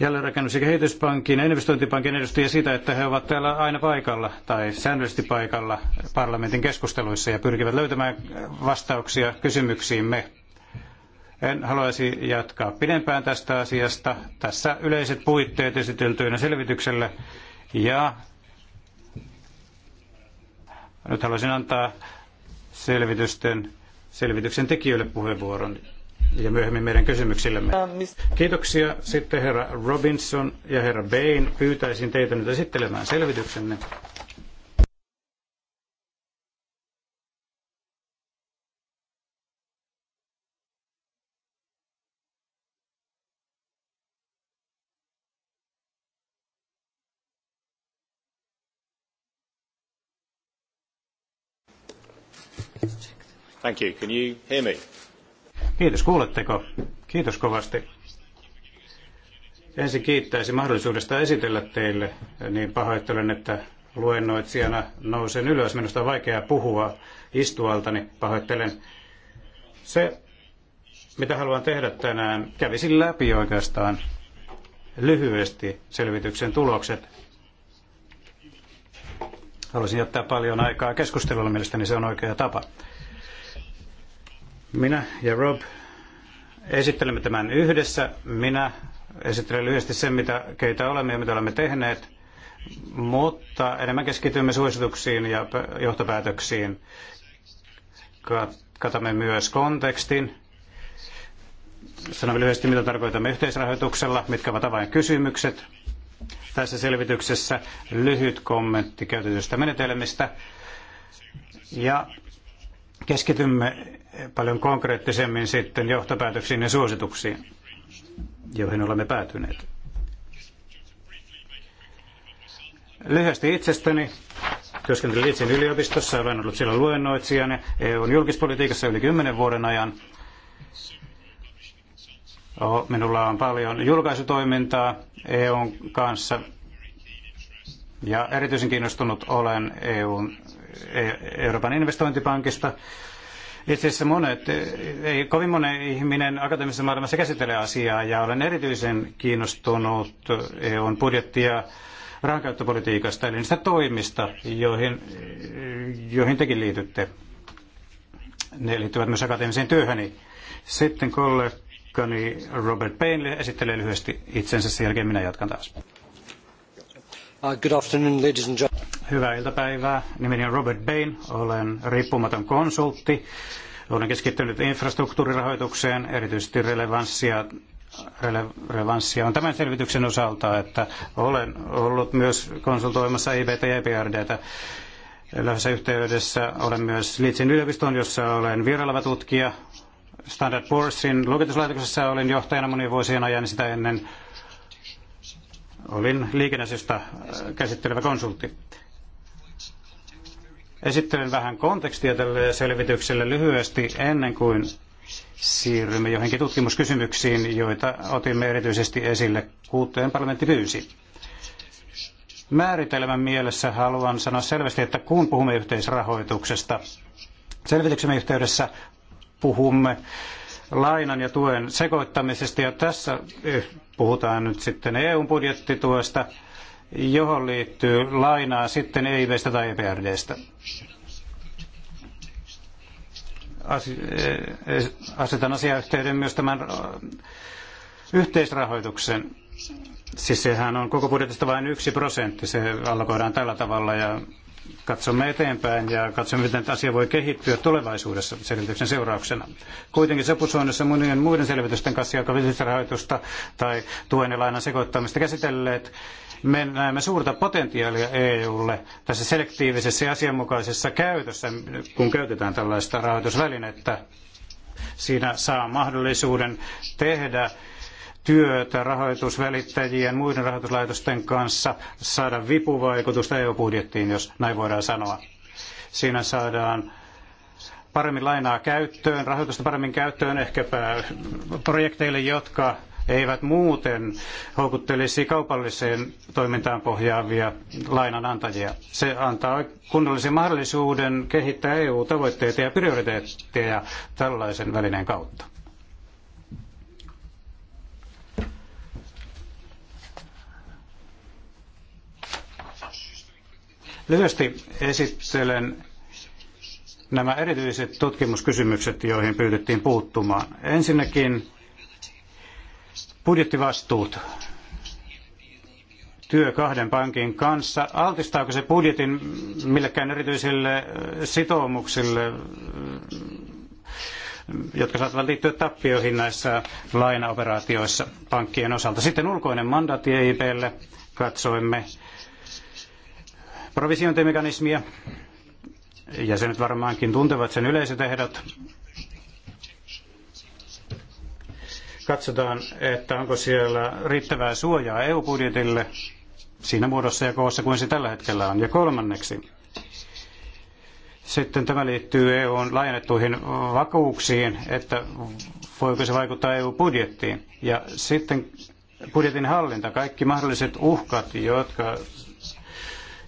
jälleenrakennus- ja kehityspankin ja investointipankin edustajia siitä, että he ovat täällä aina paikalla tai säännöllisesti paikalla parlamentin keskusteluissa ja pyrkivät löytämään vastauksia kysymyksiimme. En haluaisi jatkaa pidempään tästä asiasta. Tässä yleiset puitteet esiteltyinä selvityksellä. ja nyt haluaisin antaa selvitysten selvityksen tekijöille puheenvuoron ja myöhemmin meidän kysymyksillämme. Ähm, Kiitoksia. Sitten herra Robinson ja herra Bain, pyytäisin teitä nyt esittelemään selvityksenne. Thank you. Can you hear me? Kiitos, kuuletteko? Kiitos kovasti. Ensin kiittäisin mahdollisuudesta esitellä teille, niin pahoittelen, että luennoitsijana nousen ylös. Minusta on vaikea puhua istualtani, pahoittelen. Se, mitä haluan tehdä tänään, kävisin läpi oikeastaan lyhyesti selvityksen tulokset. Halusin jättää paljon aikaa keskustelulle, mielestäni se on oikea tapa. Minä ja Rob esittelemme tämän yhdessä. Minä esittelen lyhyesti sen, mitä, keitä olemme ja mitä olemme tehneet, mutta enemmän keskitymme suosituksiin ja johtopäätöksiin. Katamme myös kontekstin. Sanomme lyhyesti, mitä tarkoitamme yhteisrahoituksella, mitkä ovat avainkysymykset. Tässä selvityksessä lyhyt kommentti käytetystä menetelmistä. Ja keskitymme paljon konkreettisemmin sitten johtopäätöksiin ja suosituksiin, joihin olemme päätyneet. Lyhyesti itsestäni. Työskentelin itse yliopistossa, olen ollut siellä luennoitsijana EUn julkispolitiikassa yli kymmenen vuoden ajan. Oh, minulla on paljon julkaisutoimintaa EUn kanssa ja erityisen kiinnostunut olen EUn, e- Euroopan investointipankista, itse asiassa monet, ei kovin monen ihminen akateemisessa maailmassa käsittelee asiaa ja olen erityisen kiinnostunut EUn ja rahankäyttöpolitiikasta, eli niistä toimista, joihin, joihin tekin liitytte. Ne liittyvät myös akateemiseen työhöni. Sitten kollegani Robert Payne esittelee lyhyesti itsensä, sen jälkeen minä jatkan taas. Uh, good afternoon, ladies and gentlemen. Hyvää iltapäivää. Nimeni on Robert Bain. Olen riippumaton konsultti. Olen keskittynyt infrastruktuurirahoitukseen, erityisesti relevanssia relevanssia on tämän selvityksen osalta, että olen ollut myös konsultoimassa IBT ja EBRDtä lähdössä yhteydessä. Olen myös Liitsin yliopiston, jossa olen vieraileva tutkija. Standard Poor'sin luokituslaitoksessa olin johtajana monien vuosien ajan sitä ennen olin liikenneasioista käsittelevä konsultti. Esittelen vähän kontekstia tälle selvitykselle lyhyesti ennen kuin siirrymme johonkin tutkimuskysymyksiin, joita otimme erityisesti esille kuuteen parlamentti pyysi. Määritelmän mielessä haluan sanoa selvästi, että kun puhumme yhteisrahoituksesta, selvityksemme yhteydessä puhumme lainan ja tuen sekoittamisesta ja tässä eh, puhutaan nyt sitten EUn budjettituesta johon liittyy lainaa sitten EIVstä tai EPRDstä. E- e- asetan asiayhteyden myös tämän yhteisrahoituksen. Siis sehän on koko budjetista vain yksi prosentti, se allokoidaan tällä tavalla ja katsomme eteenpäin ja katsomme, miten asia voi kehittyä tulevaisuudessa selvityksen seurauksena. Kuitenkin sopusuunnassa monien muiden selvitysten kanssa, jotka rahoitusta tai tuen ja lainan sekoittamista käsitelleet, me näemme suurta potentiaalia EUlle tässä selektiivisessä ja asianmukaisessa käytössä, kun käytetään tällaista rahoitusvälinettä. Siinä saa mahdollisuuden tehdä työtä rahoitusvälittäjien muiden rahoituslaitosten kanssa, saada vipuvaikutusta EU-budjettiin, jos näin voidaan sanoa. Siinä saadaan paremmin lainaa käyttöön, rahoitusta paremmin käyttöön ehkäpä projekteille, jotka eivät muuten houkuttelisi kaupalliseen toimintaan pohjaavia lainanantajia. Se antaa kunnollisen mahdollisuuden kehittää EU-tavoitteita ja prioriteetteja tällaisen välineen kautta. Lyhyesti esittelen nämä erityiset tutkimuskysymykset, joihin pyydettiin puuttumaan. Ensinnäkin budjettivastuut työ kahden pankin kanssa. Altistaako se budjetin millekään erityisille äh, sitoumuksille, äh, jotka saattavat liittyä tappioihin näissä lainaoperaatioissa pankkien osalta? Sitten ulkoinen mandaatti EIPlle katsoimme provisiointimekanismia. Jäsenet varmaankin tuntevat sen yleiset ehdot katsotaan, että onko siellä riittävää suojaa EU-budjetille siinä muodossa ja koossa kuin se tällä hetkellä on. Ja kolmanneksi, sitten tämä liittyy EUn laajennettuihin vakuuksiin, että voiko se vaikuttaa EU-budjettiin. Ja sitten budjetin hallinta, kaikki mahdolliset uhkat, jotka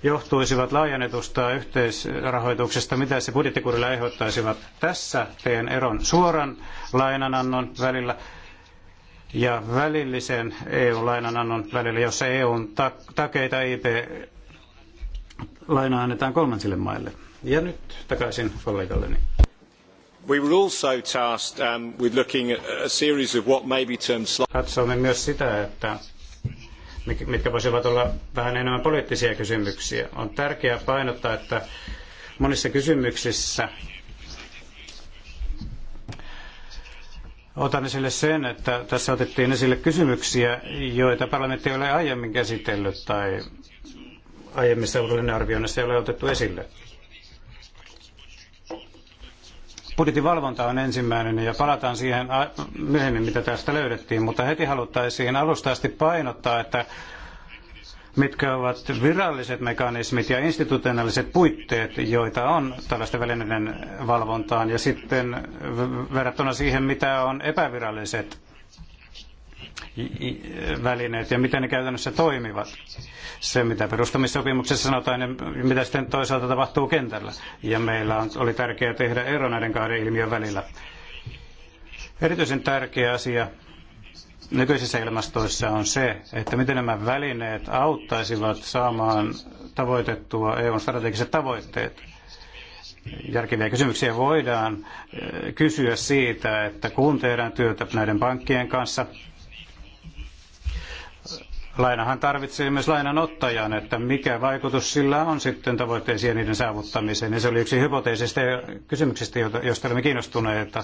johtuisivat laajennetusta yhteisrahoituksesta, mitä se budjettikurilla aiheuttaisivat. Tässä teen eron suoran lainanannon välillä ja välillisen EU-lainanannon välillä, jossa EUn takeita IP lainaa annetaan kolmansille maille. Ja nyt takaisin kollegalleni. We were also tasked um, with looking at a series of what may be termed... Katsomme myös sitä, että mitkä voisivat olla vähän enemmän poliittisia kysymyksiä. On tärkeää painottaa, että monissa kysymyksissä Otan esille sen, että tässä otettiin esille kysymyksiä, joita parlamentti ei ole aiemmin käsitellyt tai aiemmissa uudelleen arvioinnissa ei ole otettu esille. Budjetin valvonta on ensimmäinen ja palataan siihen myöhemmin, mitä tästä löydettiin, mutta heti haluttaisiin alusta painottaa, että mitkä ovat viralliset mekanismit ja institutionaaliset puitteet, joita on tällaisten välineiden valvontaan, ja sitten verrattuna siihen, mitä on epäviralliset välineet ja miten ne käytännössä toimivat. Se, mitä perustamissopimuksessa sanotaan ja mitä sitten toisaalta tapahtuu kentällä. Ja meillä on, oli tärkeää tehdä ero näiden kahden ilmiön välillä. Erityisen tärkeä asia nykyisissä ilmastoissa on se, että miten nämä välineet auttaisivat saamaan tavoitettua EUn strategiset tavoitteet. Järkeviä kysymyksiä voidaan eh, kysyä siitä, että kun tehdään työtä näiden pankkien kanssa, lainahan tarvitsee myös lainanottajan, että mikä vaikutus sillä on sitten tavoitteisiin ja niiden saavuttamiseen. Ja se oli yksi hypoteesista ja kysymyksistä, joista olemme kiinnostuneita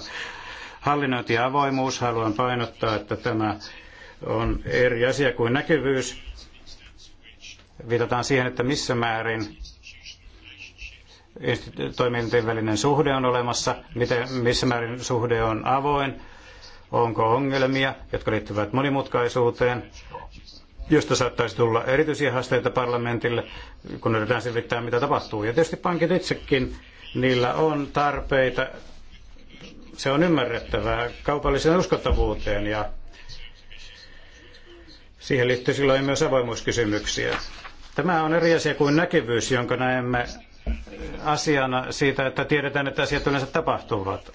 Hallinnointi ja avoimuus, haluan painottaa, että tämä on eri asia kuin näkyvyys. Viitataan siihen, että missä määrin toimintien välinen suhde on olemassa, miten, missä määrin suhde on avoin, onko ongelmia, jotka liittyvät monimutkaisuuteen, josta saattaisi tulla erityisiä haasteita parlamentille, kun yritetään selvittää, mitä tapahtuu. Ja tietysti pankit itsekin, niillä on tarpeita se on ymmärrettävää kaupalliseen uskottavuuteen ja siihen liittyy silloin myös avoimuuskysymyksiä. Tämä on eri asia kuin näkyvyys, jonka näemme asiana siitä, että tiedetään, että asiat yleensä tapahtuvat.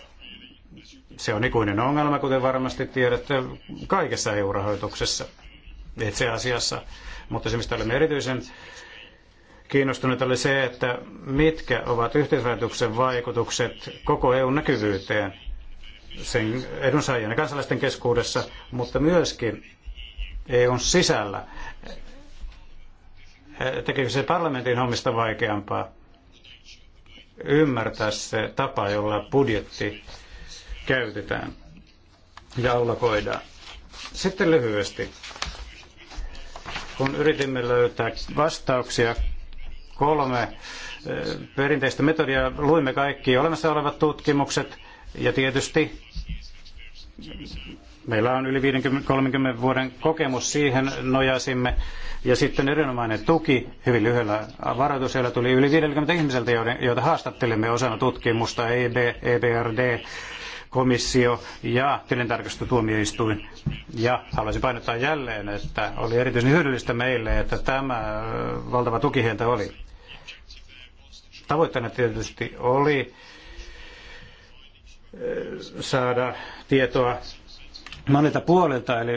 Se on ikuinen ongelma, kuten varmasti tiedätte, kaikessa EU-rahoituksessa itse asiassa. Mutta se, mistä olemme erityisen kiinnostuneita, oli se, että mitkä ovat yhteisrahoituksen vaikutukset koko EUn näkyvyyteen sen edunsaajien ja kansalaisten keskuudessa, mutta myöskin EUn sisällä. Tekeekö se parlamentin hommista vaikeampaa ymmärtää se tapa, jolla budjetti käytetään ja allokoidaan? Sitten lyhyesti, kun yritimme löytää vastauksia kolme eh, perinteistä metodia, luimme kaikki olemassa olevat tutkimukset, ja tietysti meillä on yli 50, 30 vuoden kokemus, siihen nojasimme. Ja sitten erinomainen tuki, hyvin lyhyellä varoitusajalla tuli yli 50 ihmiseltä, joita haastattelimme osana tutkimusta, EB, EBRD, komissio ja tilintarkastustuomioistuin. Ja haluaisin painottaa jälleen, että oli erityisen hyödyllistä meille, että tämä äh, valtava tuki heiltä oli. Tavoitteena tietysti oli saada tietoa monilta puolilta, eli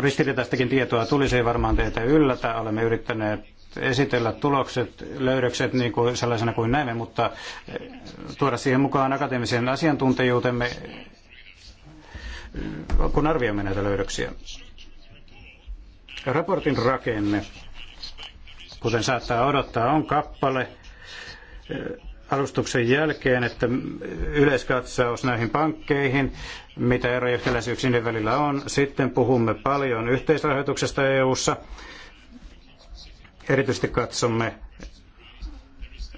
ristiriitaistakin tietoa tulisi, ei varmaan teitä yllätä. Olemme yrittäneet esitellä tulokset, löydökset niin kuin sellaisena kuin näemme, mutta eh, tuoda siihen mukaan akateemisen asiantuntijuutemme, eh, kun arvioimme näitä löydöksiä. Raportin rakenne, kuten saattaa odottaa, on kappale eh, alustuksen jälkeen, että yleiskatsaus näihin pankkeihin, mitä eroja yhtäläisyyksien välillä on. Sitten puhumme paljon yhteisrahoituksesta EU-ssa. Erityisesti katsomme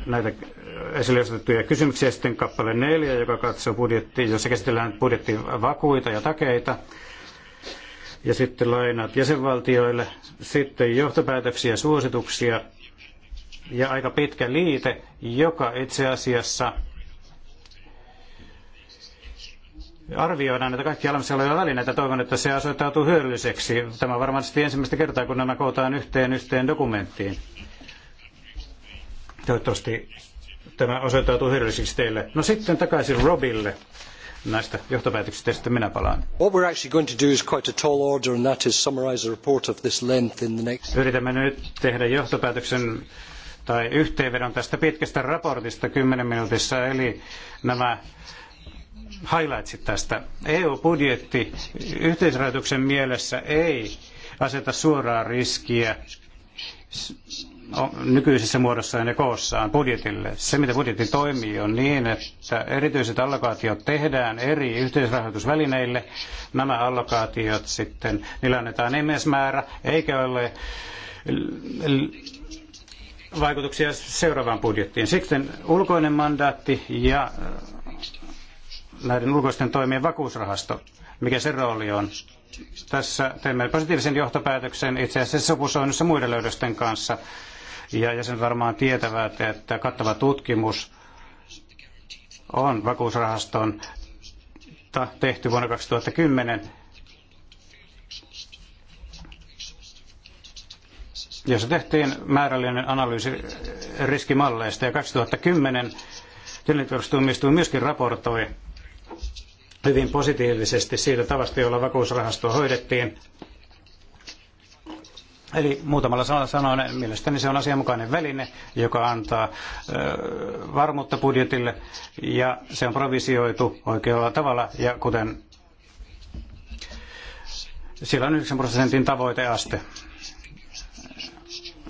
näitä esille nostettuja kysymyksiä. Sitten kappale neljä, joka katsoo budjetti, jossa käsitellään budjettivakuita ja takeita. Ja sitten lainat jäsenvaltioille. Sitten johtopäätöksiä ja suosituksia ja aika pitkä liite, joka itse asiassa arvioidaan näitä kaikkia olemassa olevia välineitä. Toivon, että se asoittautuu hyödylliseksi. Tämä on varmasti ensimmäistä kertaa, kun nämä kootaan yhteen yhteen dokumenttiin. Toivottavasti tämä osoittautuu hyödylliseksi teille. No sitten takaisin Robille näistä johtopäätöksistä ja sitten minä palaan. What we're actually going to do is quite a tall order and that is a report of this length in the next... Yritämme nyt tehdä johtopäätöksen tai yhteenvedon tästä pitkästä raportista 10 minuutissa, eli nämä highlightsit tästä. EU-budjetti yhteisrahoituksen mielessä ei aseta suoraa riskiä nykyisessä muodossaan ja koossaan budjetille. Se, mitä budjetti toimii, on niin, että erityiset allokaatiot tehdään eri yhteisrahoitusvälineille. Nämä allokaatiot sitten, niillä annetaan nimesmäärä, eikä ole vaikutuksia seuraavaan budjettiin. Sitten ulkoinen mandaatti ja äh, näiden ulkoisten toimien vakuusrahasto, mikä se rooli on. Tässä teemme positiivisen johtopäätöksen itse asiassa sopusoinnussa muiden löydösten kanssa. Ja jäsenet varmaan tietävät, että kattava tutkimus on vakuusrahaston tehty vuonna 2010 jossa tehtiin määrällinen analyysi riskimalleista ja 2010 tilintarkastustuomioistuin myöskin raportoi hyvin positiivisesti siitä tavasta, jolla vakuusrahastoa hoidettiin. Eli muutamalla sanoen mielestäni se on asianmukainen väline, joka antaa varmuutta budjetille ja se on provisioitu oikealla tavalla ja kuten siellä on 9 prosentin tavoiteaste.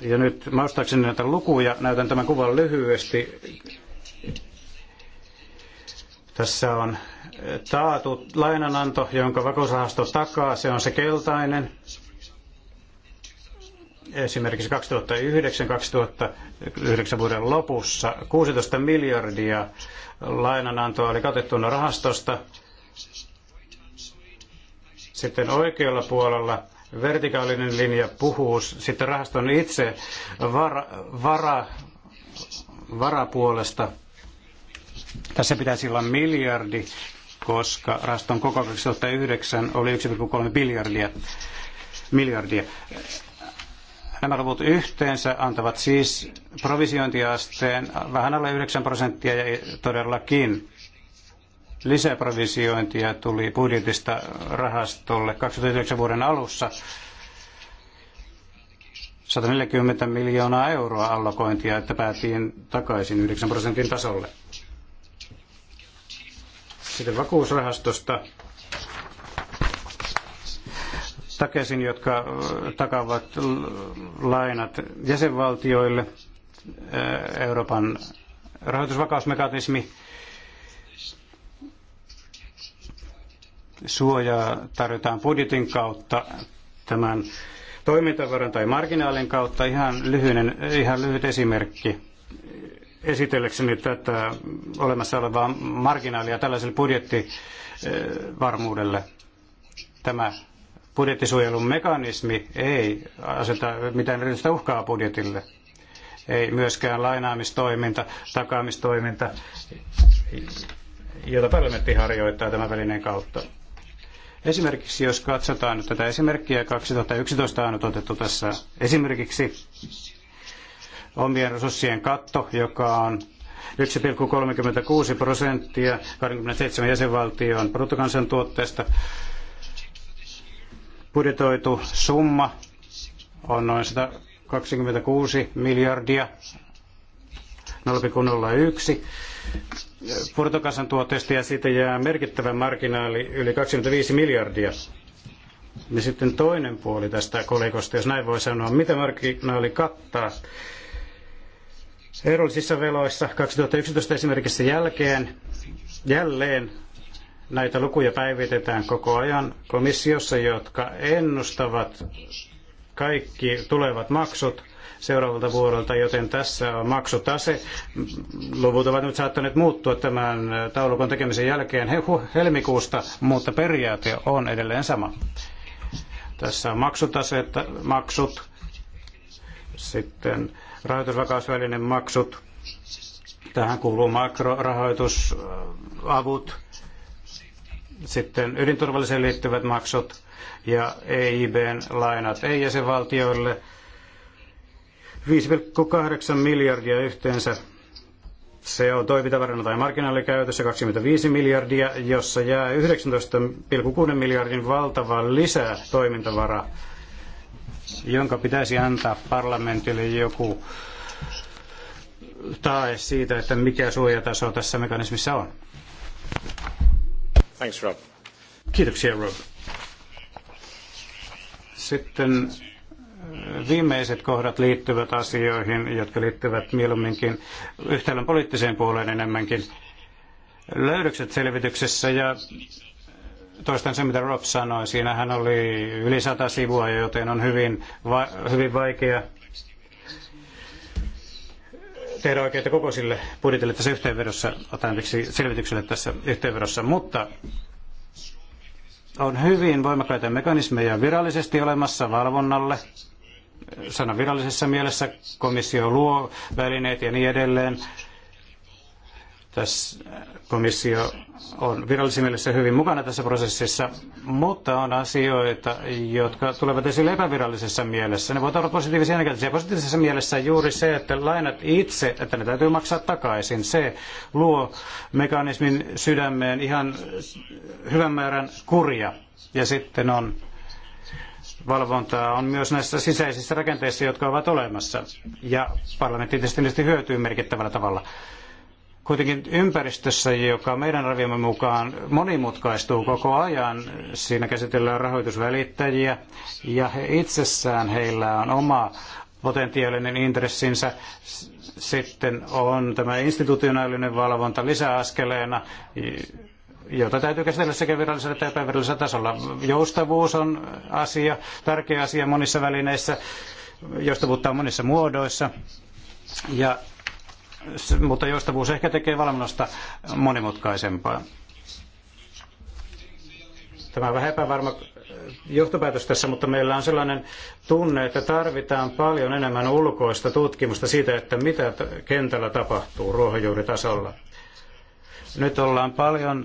Ja nyt ostaakseni näitä lukuja, näytän tämän kuvan lyhyesti. Tässä on taatu lainananto, jonka vakuusrahasto takaa. Se on se keltainen. Esimerkiksi 2009-2009 vuoden lopussa 16 miljardia lainanantoa oli katettuna rahastosta. Sitten oikealla puolella vertikaalinen linja puhuu sitten rahaston itse vara, vara, varapuolesta. Tässä pitäisi olla miljardi, koska rahaston koko 2009 oli 1,3 miljardia. miljardia. Nämä luvut yhteensä antavat siis provisiointiasteen vähän alle 9 prosenttia ja todellakin lisäprovisiointia tuli budjetista rahastolle 2009 vuoden alussa. 140 miljoonaa euroa allokointia, että päätiin takaisin 9 prosentin tasolle. Sitten vakuusrahastosta takesin, jotka takavat lainat jäsenvaltioille. Euroopan rahoitusvakausmekanismi suojaa tarjotaan budjetin kautta tämän toimintavaran tai marginaalin kautta. Ihan, lyhyinen, ihan lyhyt esimerkki esitelläkseni tätä olemassa olevaa marginaalia tällaiselle budjettivarmuudelle. Tämä budjettisuojelun mekanismi ei aseta mitään erityistä uhkaa budjetille. Ei myöskään lainaamistoiminta, takaamistoiminta, jota parlamentti harjoittaa tämän välineen kautta. Esimerkiksi jos katsotaan nyt tätä esimerkkiä, 2011 on nyt otettu tässä esimerkiksi omien resurssien katto, joka on 1,36 prosenttia 27 jäsenvaltion bruttokansantuotteesta. Budjetoitu summa on noin 126 miljardia 0,01 bruttokansan ja siitä jää merkittävä marginaali yli 25 miljardia. Ja sitten toinen puoli tästä kolikosta, jos näin voi sanoa, mitä marginaali kattaa edullisissa veloissa 2011 esimerkiksi jälkeen jälleen näitä lukuja päivitetään koko ajan komissiossa, jotka ennustavat kaikki tulevat maksut seuraavalta vuodelta, joten tässä on maksutase. Luvut ovat nyt saattaneet muuttua tämän taulukon tekemisen jälkeen helmikuusta, mutta periaate on edelleen sama. Tässä on maksutase, maksut, sitten rahoitusvakausvälinen maksut, tähän kuuluu makrorahoitusavut, sitten ydinturvalliseen liittyvät maksut ja EIBn lainat ei jäsenvaltioille 5,8 miljardia yhteensä se on toimintavarana tai markkinaalikäytössä 25 miljardia, jossa jää 19,6 miljardin valtava lisää toimintavara, jonka pitäisi antaa parlamentille joku tae siitä, että mikä suojataso tässä mekanismissa on. Thanks, Rob. Kiitoksia, Rob. Sitten viimeiset kohdat liittyvät asioihin, jotka liittyvät mieluumminkin yhtälön poliittiseen puoleen enemmänkin. Löydökset selvityksessä ja toistan sen, mitä Rob sanoi. Siinähän oli yli sata sivua, joten on hyvin, va- hyvin vaikea tehdä oikeita koko sille budjetille tässä yhteenvedossa, tai selvitykselle tässä yhteenvedossa, mutta on hyvin voimakkaita mekanismeja virallisesti olemassa valvonnalle, sanan virallisessa mielessä komissio luo välineet ja niin edelleen. Tässä komissio on virallisessa mielessä hyvin mukana tässä prosessissa, mutta on asioita, jotka tulevat esille epävirallisessa mielessä. Ne voivat olla positiivisia ja negatiivisia. Positiivisessa mielessä juuri se, että lainat itse, että ne täytyy maksaa takaisin, se luo mekanismin sydämeen ihan hyvän määrän kuria. Ja sitten on valvontaa on myös näissä sisäisissä rakenteissa, jotka ovat olemassa. Ja parlamentti tietysti hyötyy merkittävällä tavalla. Kuitenkin ympäristössä, joka meidän arviomme mukaan monimutkaistuu koko ajan, siinä käsitellään rahoitusvälittäjiä ja he itsessään heillä on oma potentiaalinen intressinsä. Sitten on tämä institutionaalinen valvonta lisäaskeleena, jota täytyy käsitellä sekä virallisella että epävirallisella tasolla. Joustavuus on asia, tärkeä asia monissa välineissä, joustavuutta on monissa muodoissa, ja, mutta joustavuus ehkä tekee valmennusta monimutkaisempaa. Tämä on vähän epävarma äh, johtopäätös tässä, mutta meillä on sellainen tunne, että tarvitaan paljon enemmän ulkoista tutkimusta siitä, että mitä kentällä tapahtuu ruohonjuuritasolla. Nyt ollaan paljon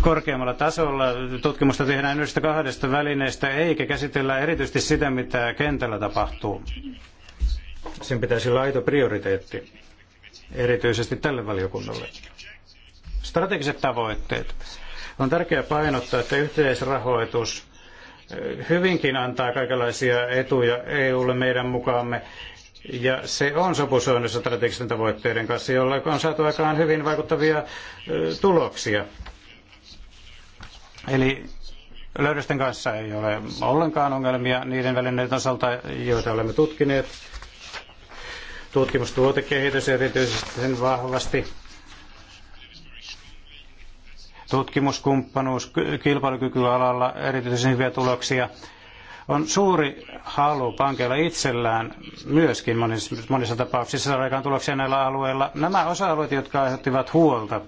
korkeammalla tasolla. Tutkimusta tehdään yhdestä kahdesta välineestä, eikä käsitellä erityisesti sitä, mitä kentällä tapahtuu. Sen pitäisi olla aito prioriteetti, erityisesti tälle valiokunnalle. Strategiset tavoitteet. On tärkeää painottaa, että yhteisrahoitus eh, hyvinkin antaa kaikenlaisia etuja EUlle meidän mukaamme ja se on sopusoinnussa strategisten tavoitteiden kanssa, jolla on saatu aikaan hyvin vaikuttavia tuloksia. Eli löydösten kanssa ei ole ollenkaan ongelmia niiden välineiden osalta, joita olemme tutkineet. Tutkimustuotekehitys erityisesti sen vahvasti. Tutkimuskumppanuus kilpailukykyalalla erityisen hyviä tuloksia. On suuri halu pankeilla itsellään myöskin monissa, monissa tapauksissa saada aikaan tuloksia näillä alueilla. Nämä osa-alueet, jotka aiheuttivat huolta,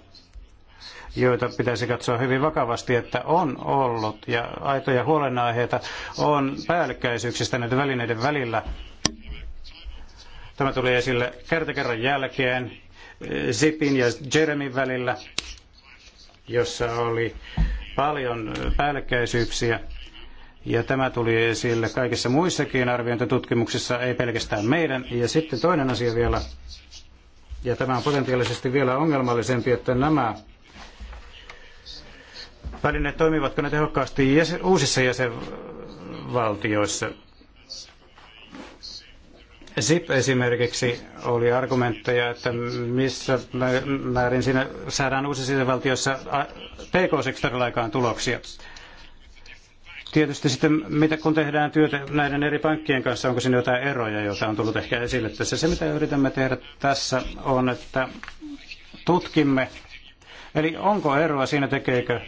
joita pitäisi katsoa hyvin vakavasti, että on ollut ja aitoja huolenaiheita on päällekkäisyyksistä näiden välineiden välillä. Tämä tuli esille kerta kerran jälkeen Zipin ja Jeremin välillä, jossa oli paljon päällekkäisyyksiä. Ja tämä tuli esille kaikissa muissakin arviointitutkimuksissa, ei pelkästään meidän. Ja sitten toinen asia vielä, ja tämä on potentiaalisesti vielä ongelmallisempi, että nämä välineet toimivatko ne tehokkaasti jäsen, uusissa jäsenvaltioissa. SIP esimerkiksi oli argumentteja, että missä määrin siinä saadaan uusissa jäsenvaltioissa pk-sektorilla aikaan tuloksia. Tietysti sitten, mitä kun tehdään työtä näiden eri pankkien kanssa, onko siinä jotain eroja, joita on tullut ehkä esille tässä. Se, mitä yritämme tehdä tässä, on, että tutkimme, eli onko eroa siinä tekeekö,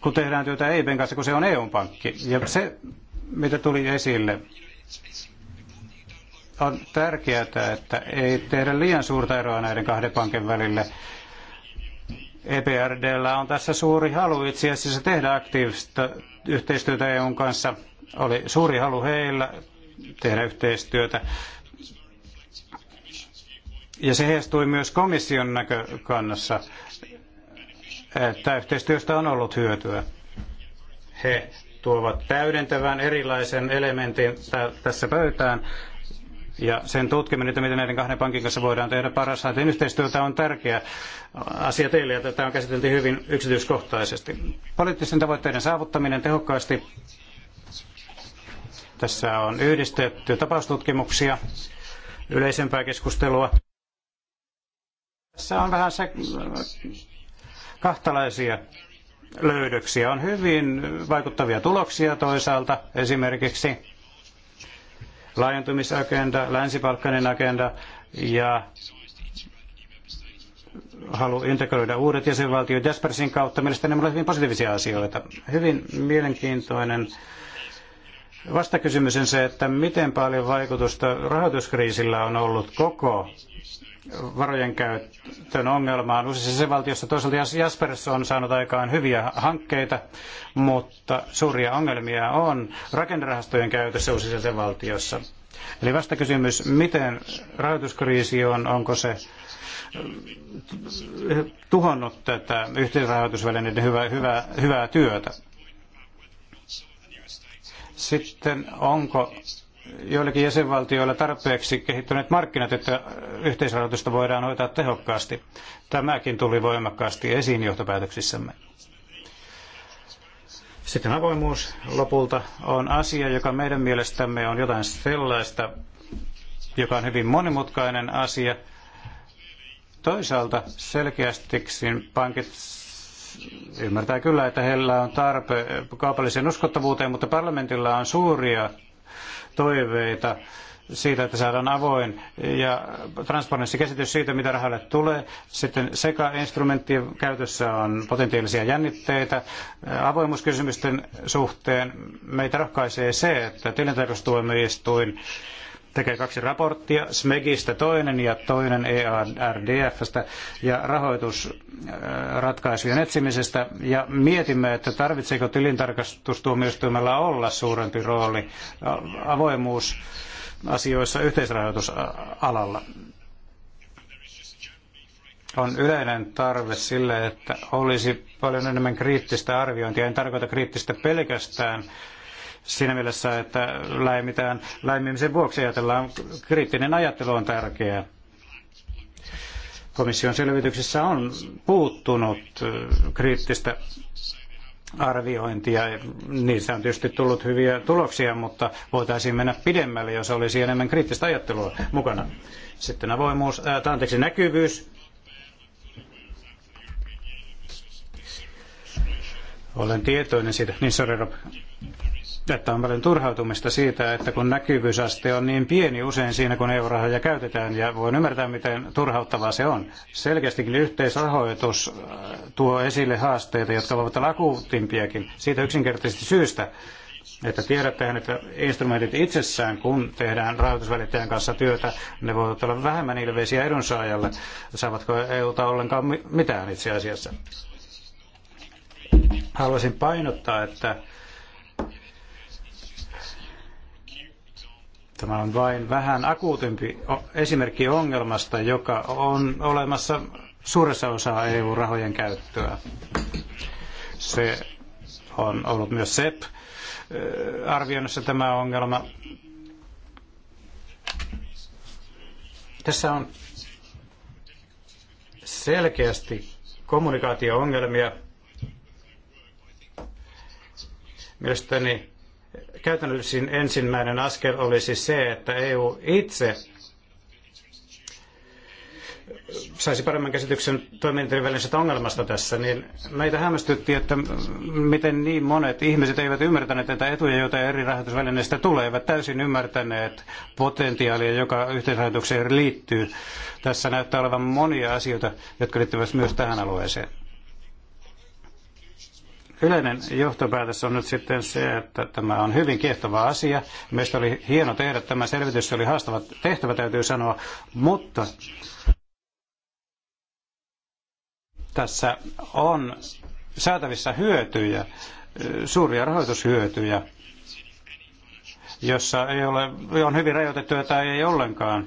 kun tehdään työtä EIBn kanssa, kun se on EU-pankki. Ja se, mitä tuli esille, on tärkeää, että ei tehdä liian suurta eroa näiden kahden pankin välille. EPRDllä on tässä suuri halu itse asiassa tehdä aktiivista yhteistyötä EUn kanssa. Oli suuri halu heillä tehdä yhteistyötä. Ja se heijastui myös komission näkökannassa, että yhteistyöstä on ollut hyötyä. He tuovat täydentävän erilaisen elementin tässä pöytään ja sen tutkiminen, että miten näiden kahden pankin kanssa voidaan tehdä parhaiten yhteistyötä, on tärkeä asia teille, ja tätä on käsitelty hyvin yksityiskohtaisesti. Poliittisten tavoitteiden saavuttaminen tehokkaasti. Tässä on yhdistetty tapaustutkimuksia, yleisempää keskustelua. Tässä on vähän se kahtalaisia löydöksiä. On hyvin vaikuttavia tuloksia toisaalta esimerkiksi laajentumisagenda, Länsi-Balkanin agenda ja halu integroida uudet jäsenvaltiot Jaspersin kautta. Mielestäni ne ovat hyvin positiivisia asioita. Hyvin mielenkiintoinen vastakysymys on se, että miten paljon vaikutusta rahoituskriisillä on ollut koko varojen käytön ongelmaan. Useissa jäsenvaltioissa toisaalta Jaspers on saanut aikaan hyviä hankkeita, mutta suuria ongelmia on rakennerahastojen käytössä useissa jäsenvaltioissa. Eli vasta kysymys, miten rahoituskriisi on, onko se eh, tuhonnut tätä yhteisrahoitusvälineiden hyvää, hyvää, hyvää työtä. Sitten onko joillakin jäsenvaltioilla tarpeeksi kehittyneet markkinat, että yhteisrahoitusta voidaan hoitaa tehokkaasti. Tämäkin tuli voimakkaasti esiin johtopäätöksissämme. Sitten avoimuus lopulta on asia, joka meidän mielestämme on jotain sellaista, joka on hyvin monimutkainen asia. Toisaalta selkeästikin pankit ymmärtää kyllä, että heillä on tarpe kaupalliseen uskottavuuteen, mutta parlamentilla on suuria toiveita siitä, että saadaan avoin ja transparenssi käsitys siitä, mitä rahalle tulee. Sitten sekä instrumenttien käytössä on potentiaalisia jännitteitä. Avoimuuskysymysten suhteen meitä rohkaisee se, että tilintarkastustuomioistuin tekee kaksi raporttia, SMEGistä toinen ja toinen EARDFstä ja rahoitusratkaisujen etsimisestä. Ja mietimme, että tarvitseeko tilintarkastustuomioistuimella olla suurempi rooli avoimuus asioissa yhteisrahoitusalalla on yleinen tarve sille, että olisi paljon enemmän kriittistä arviointia. En tarkoita kriittistä pelkästään siinä mielessä, että läimitään läimimisen vuoksi ajatellaan, kriittinen ajattelu on tärkeää. Komission selvityksessä on puuttunut äh, kriittistä arviointia. Niissä on tietysti tullut hyviä tuloksia, mutta voitaisiin mennä pidemmälle, jos olisi enemmän kriittistä ajattelua mukana. Sitten avoimuus, ää, äh, anteeksi, näkyvyys. Olen tietoinen siitä, niin sorry Rob että on paljon turhautumista siitä, että kun näkyvyysaste on niin pieni usein siinä, kun eurorahoja käytetään, ja voin ymmärtää, miten turhauttavaa se on. Selkeästikin yhteisrahoitus äh, tuo esille haasteita, jotka voivat olla akuutimpiakin, siitä yksinkertaisesti syystä, että tiedättehän, että instrumentit itsessään, kun tehdään rahoitusvälittäjän kanssa työtä, ne voivat olla vähemmän ilmeisiä edunsaajalle. Saavatko EUta ollenkaan mitään itse asiassa? Haluaisin painottaa, että Tämä on vain vähän akuutempi esimerkki ongelmasta, joka on olemassa suuressa osaa EU-rahojen käyttöä. Se on ollut myös SEP arvioinnissa tämä ongelma. Tässä on selkeästi kommunikaatio-ongelmia. Mielestäni käytännöllisin ensimmäinen askel olisi se, että EU itse saisi paremman käsityksen toimintojen välisestä ongelmasta tässä, niin meitä hämmästytti, että miten niin monet ihmiset eivät ymmärtäneet tätä etuja, joita eri rahoitusvälineistä tulee, eivät täysin ymmärtäneet potentiaalia, joka yhteisrahoitukseen liittyy. Tässä näyttää olevan monia asioita, jotka liittyvät myös tähän alueeseen. Yleinen johtopäätös on nyt sitten se, että tämä on hyvin kiehtova asia. Meistä oli hieno tehdä tämä selvitys, se oli haastava tehtävä täytyy sanoa, mutta tässä on saatavissa hyötyjä, suuria rahoitushyötyjä, jossa ei ole, on hyvin rajoitettuja tai ei ollenkaan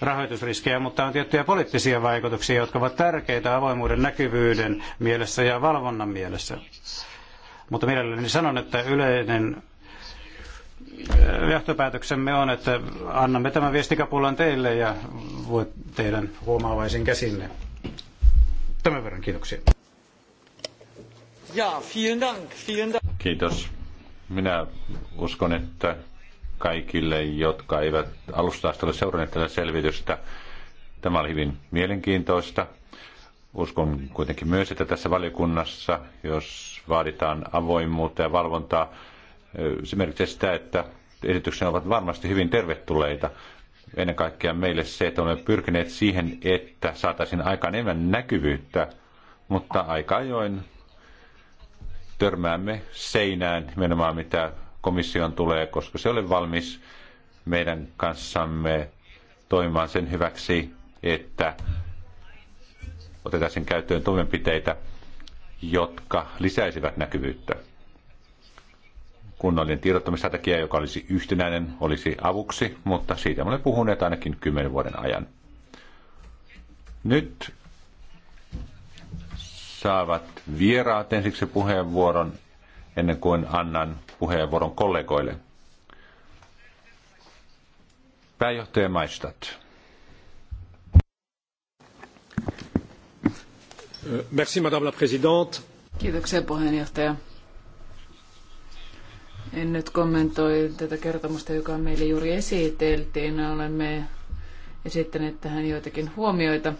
rahoitusriskejä, mutta on tiettyjä poliittisia vaikutuksia, jotka ovat tärkeitä avoimuuden näkyvyyden mielessä ja valvonnan mielessä. Mutta mielelläni sanon, että yleinen äh, johtopäätöksemme on, että annamme tämän viestikapulan teille ja voit teidän huomaavaisin käsinne. Tämän verran kiitoksia. Ja, vielen dank, vielen dank. Kiitos. Minä uskon, että kaikille, jotka eivät alusta asti ole seuranneet tätä selvitystä, tämä oli hyvin mielenkiintoista. Uskon kuitenkin myös, että tässä valiokunnassa, jos vaaditaan avoimuutta ja valvontaa. Se merkitsee sitä, että esitykset ovat varmasti hyvin tervetulleita. Ennen kaikkea meille se, että olemme pyrkineet siihen, että saataisiin aikaan enemmän näkyvyyttä, mutta aika ajoin törmäämme seinään nimenomaan mitä komission tulee, koska se oli valmis meidän kanssamme toimimaan sen hyväksi, että otetaan sen käyttöön toimenpiteitä, jotka lisäisivät näkyvyyttä. Kunnallinen tiedottamistrategia, joka olisi yhtenäinen, olisi avuksi, mutta siitä olen puhunut ainakin kymmenen vuoden ajan. Nyt saavat vieraat ensiksi puheenvuoron ennen kuin annan puheenvuoron kollegoille. Pääjohtaja Maistat. Euh, merci, Madame la Présidente. Kiitoksia puheenjohtaja. En nyt kommentoi tätä kertomusta, joka meille juuri esiteltiin. Olemme esittäneet tähän joitakin huomioita.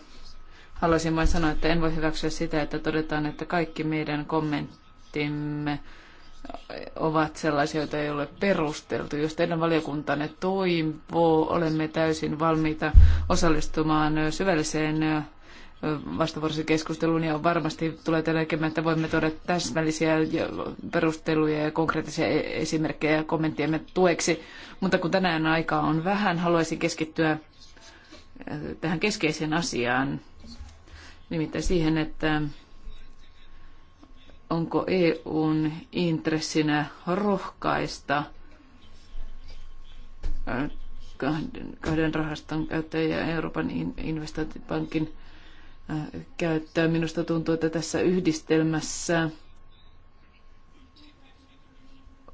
Haluaisin vain sanoa, että en voi hyväksyä sitä, että todetaan, että kaikki meidän kommenttimme ovat sellaisia, joita ei ole perusteltu. Jos teidän valiokuntanne toivoo, olemme täysin valmiita osallistumaan syvälliseen vastavuoroisen ja varmasti tulee tällä että voimme tuoda täsmällisiä perusteluja ja konkreettisia e- esimerkkejä ja kommenttiemme tueksi. Mutta kun tänään aikaa on vähän, haluaisin keskittyä äh, tähän keskeiseen asiaan, nimittäin siihen, että onko EUn intressinä rohkaista äh, kahden, kahden rahaston käyttäjiä Euroopan investointipankin käyttää. Minusta tuntuu, että tässä yhdistelmässä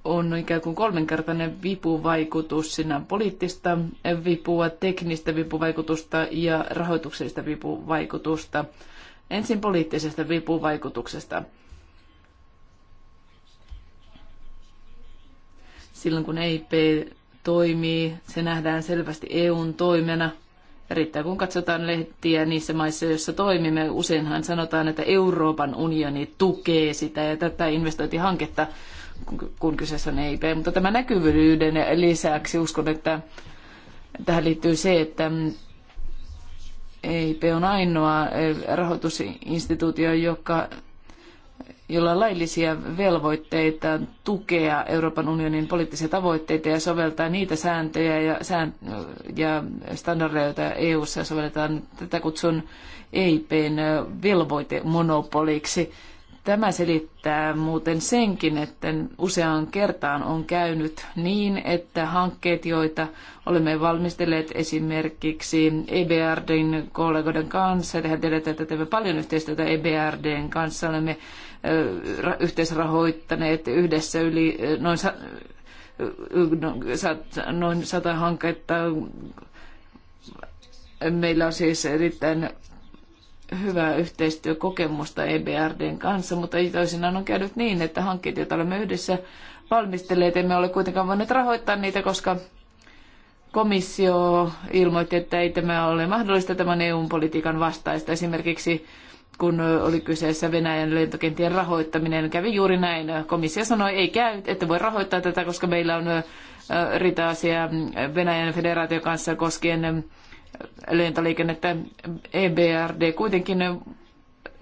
on ikään kuin kolmenkertainen vipuvaikutus. Siinä on poliittista vipua, teknistä vipuvaikutusta ja rahoituksellista vipuvaikutusta. Ensin poliittisesta vipuvaikutuksesta. Silloin kun EIP toimii, se nähdään selvästi EUn toimena – Riittää kun katsotaan lehtiä niissä maissa, joissa toimimme. Useinhan sanotaan, että Euroopan unioni tukee sitä ja tätä investointihanketta, kun kyseessä on EIP. Mutta tämä näkyvyyden lisäksi uskon, että tähän liittyy se, että EIP on ainoa rahoitusinstituutio, joka jolla on laillisia velvoitteita tukea Euroopan unionin poliittisia tavoitteita ja soveltaa niitä sääntöjä ja, sään, ja standardeja, joita EU-ssa sovelletaan. Tätä kutsun EIPn velvoitemonopoliksi. Tämä selittää muuten senkin, että useaan kertaan on käynyt niin, että hankkeet, joita olemme valmistelleet esimerkiksi EBRDin kollegoiden kanssa, tehän tiedetään, että teemme paljon yhteistyötä EBRDn kanssa, olemme yhteisrahoittaneet yhdessä yli noin, no, sa, noin sata hanketta. Meillä on siis erittäin hyvää yhteistyökokemusta EBRDn kanssa, mutta toisinaan on käynyt niin, että hankkeet, joita olemme yhdessä valmistelleet, emme ole kuitenkaan voineet rahoittaa niitä, koska komissio ilmoitti, että ei tämä ole mahdollista, tämän EU-politiikan vastaista. Esimerkiksi kun oli kyseessä Venäjän lentokenttien rahoittaminen. Kävi juuri näin. Komissio sanoi, ei käy, että voi rahoittaa tätä, koska meillä on rita-asia Venäjän federaation kanssa koskien lentoliikennettä. EBRD kuitenkin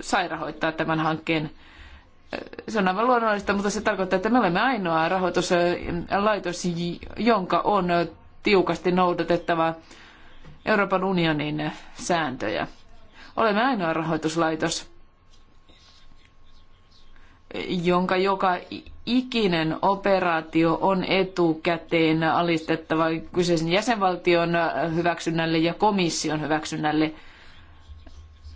sai rahoittaa tämän hankkeen. Se on aivan luonnollista, mutta se tarkoittaa, että me olemme ainoa rahoituslaitos, jonka on tiukasti noudatettava Euroopan unionin sääntöjä. Olemme ainoa rahoituslaitos, jonka joka ikinen operaatio on etukäteen alistettava kyseisen jäsenvaltion hyväksynnälle ja komission hyväksynnälle.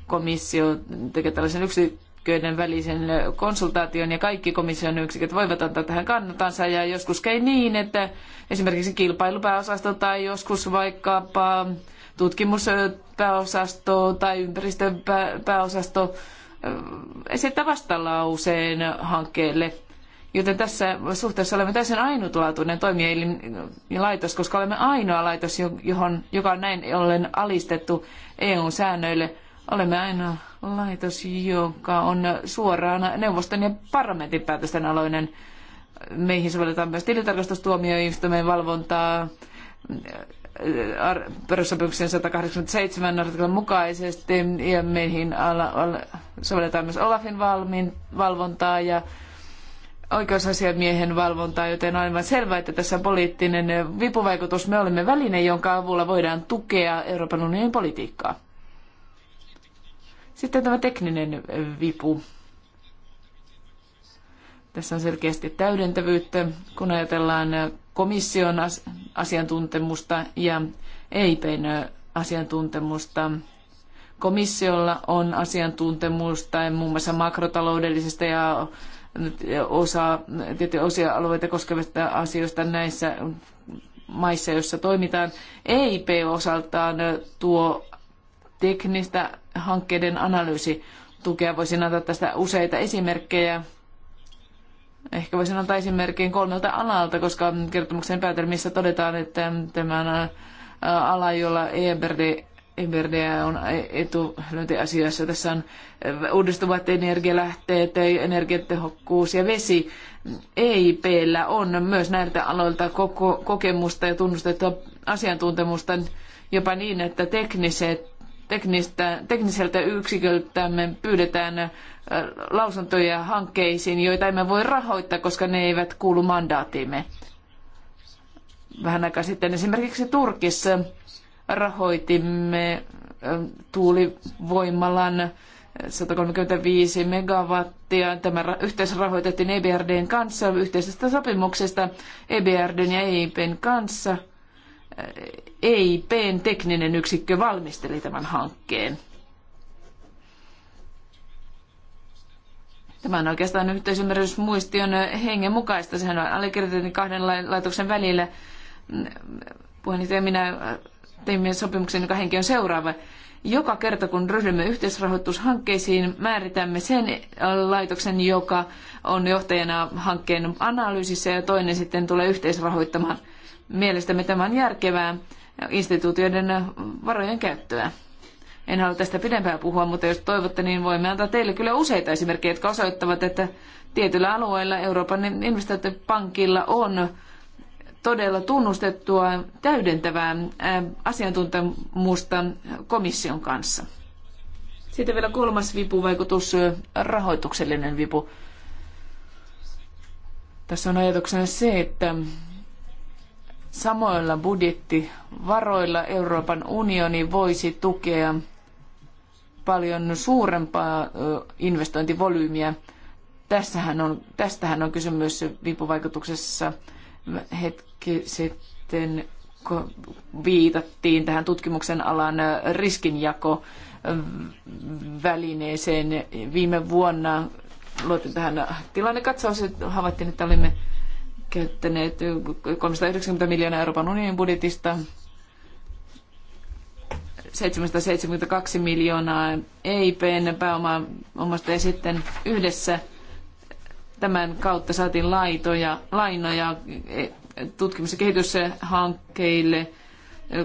Komissio tekee tällaisen yksiköiden välisen konsultaation ja kaikki komission yksiköt voivat antaa tähän kannatansa ja joskus käy niin, että esimerkiksi kilpailupääosasto tai joskus vaikkapa tutkimus pääosasto tai ympäristön pääosasto äh, esittää vastalauseen hankkeelle. Joten tässä suhteessa olemme täysin ainutlaatuinen toimijaelin laitos, koska olemme ainoa laitos, johon, joka on näin ollen alistettu EU-säännöille. Olemme ainoa laitos, joka on suoraan neuvoston ja parlamentin päätösten aloinen. Meihin sovelletaan myös tilintarkastustuomioistuimen valvontaa, perussopimuksen 187 artiklan mukaisesti ja meihin ala, ala, sovelletaan myös Olafin valvontaa ja oikeusasiamiehen valvontaa, joten on aivan selvää, että tässä on poliittinen vipuvaikutus. Me olemme väline, jonka avulla voidaan tukea Euroopan unionin politiikkaa. Sitten tämä tekninen vipu. Tässä on selkeästi täydentävyyttä, kun ajatellaan komission asiantuntemusta ja EIPn asiantuntemusta. Komissiolla on asiantuntemusta muun muassa makrotaloudellisesta ja osa, tiettyjä osia alueita koskevista asioista näissä maissa, joissa toimitaan. EIP osaltaan tuo teknistä hankkeiden analyysitukea. Voisin antaa tästä useita esimerkkejä Ehkä voisin antaa esimerkin kolmelta alalta, koska kertomuksen päätelmissä todetaan, että tämän ala, jolla EBRD EBRD on etulyöntiasiassa. Tässä on uudistuvat energialähteet, energiatehokkuus ja vesi. EIP on myös näiltä aloilta koko, kokemusta ja tunnustettua asiantuntemusta jopa niin, että tekniset teknistä, tekniseltä yksiköltämme pyydetään lausuntoja hankkeisiin, joita emme voi rahoittaa, koska ne eivät kuulu mandaatiimme. Vähän aikaa sitten esimerkiksi Turkissa rahoitimme tuulivoimalan 135 megawattia. Tämä yhteisrahoitettiin EBRDn kanssa yhteisestä sopimuksesta EBRDn ja EIPn kanssa – EIPn tekninen yksikkö valmisteli tämän hankkeen. Tämä on oikeastaan yhteisymmärrysmuistion hengen mukaista. Sehän on allekirjoitettu kahden laitoksen välillä. Puheenjohtaja minä teimme sopimuksen, joka henki on seuraava. Joka kerta, kun ryhdymme yhteisrahoitushankkeisiin, määritämme sen laitoksen, joka on johtajana hankkeen analyysissä ja toinen sitten tulee yhteisrahoittamaan – Mielestämme tämä on järkevää instituutioiden varojen käyttöä. En halua tästä pidempään puhua, mutta jos toivotte, niin voimme antaa teille kyllä useita esimerkkejä, jotka osoittavat, että tietyillä alueilla Euroopan investointipankilla on todella tunnustettua täydentävää asiantuntemusta komission kanssa. Sitten vielä kolmas vipuvaikutus, rahoituksellinen vipu. Tässä on ajatuksena se, että Samoilla budjettivaroilla Euroopan unioni voisi tukea paljon suurempaa investointivolyymiä. Tässähän on, tästähän on kysymys vipuvaikutuksessa hetki sitten kun viitattiin tähän tutkimuksen alan riskinjako välineeseen viime vuonna. Luotin tähän tilannekatsaus, havaittiin, että olimme käyttäneet 390 miljoonaa Euroopan unionin budjetista, 772 miljoonaa EIPn pääomaa omasta ja sitten yhdessä tämän kautta saatiin laitoja, lainoja e, tutkimus- ja kehityshankkeille 6,3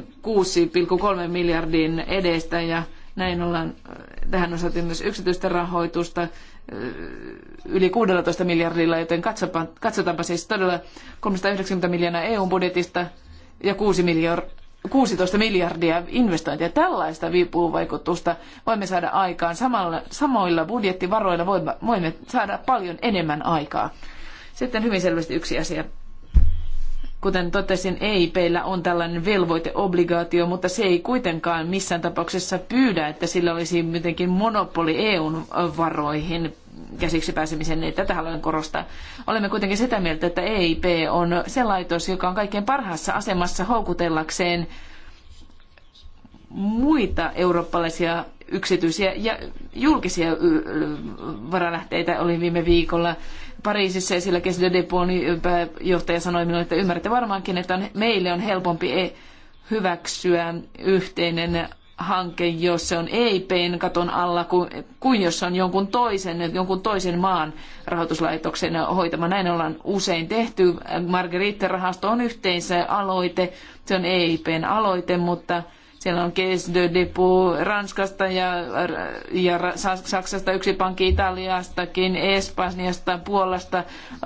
miljardin edestä ja näin ollaan, tähän on saatiin myös yksityistä rahoitusta Eh, yli 16 miljardilla, joten katsotaanpa siis todella 390 miljoonaa EU-budjetista ja 6 miljardia 16 miljardia investointia. Tällaista vipuvaikutusta voimme saada aikaan. Samalla, samoilla budjettivaroilla voimme, voimme saada paljon enemmän aikaa. Sitten hyvin selvästi yksi asia Kuten totesin, EIPillä on tällainen velvoiteobligaatio, mutta se ei kuitenkaan missään tapauksessa pyydä, että sillä olisi jotenkin monopoli EUn varoihin käsiksi pääsemisen, niin tätä haluan korostaa. Olemme kuitenkin sitä mieltä, että EIP on se laitos, joka on kaikkein parhaassa asemassa houkutellakseen muita eurooppalaisia yksityisiä ja julkisia varalähteitä oli viime viikolla Pariisissa esillä Kesde Depon johtaja sanoi minulle, että ymmärrätte varmaankin, että on, meille on helpompi e, hyväksyä yhteinen hanke, jos se on EIPn katon alla, kuin, kuin jos se on jonkun toisen, jonkun toisen maan rahoituslaitoksen hoitama. Näin ollaan usein tehty. Margeritte-rahasto on aloite, se on EIPn aloite, mutta siellä on Caisse de Depot Ranskasta ja, ja Saksasta, yksi pankki Italiastakin, Espanjasta, Puolasta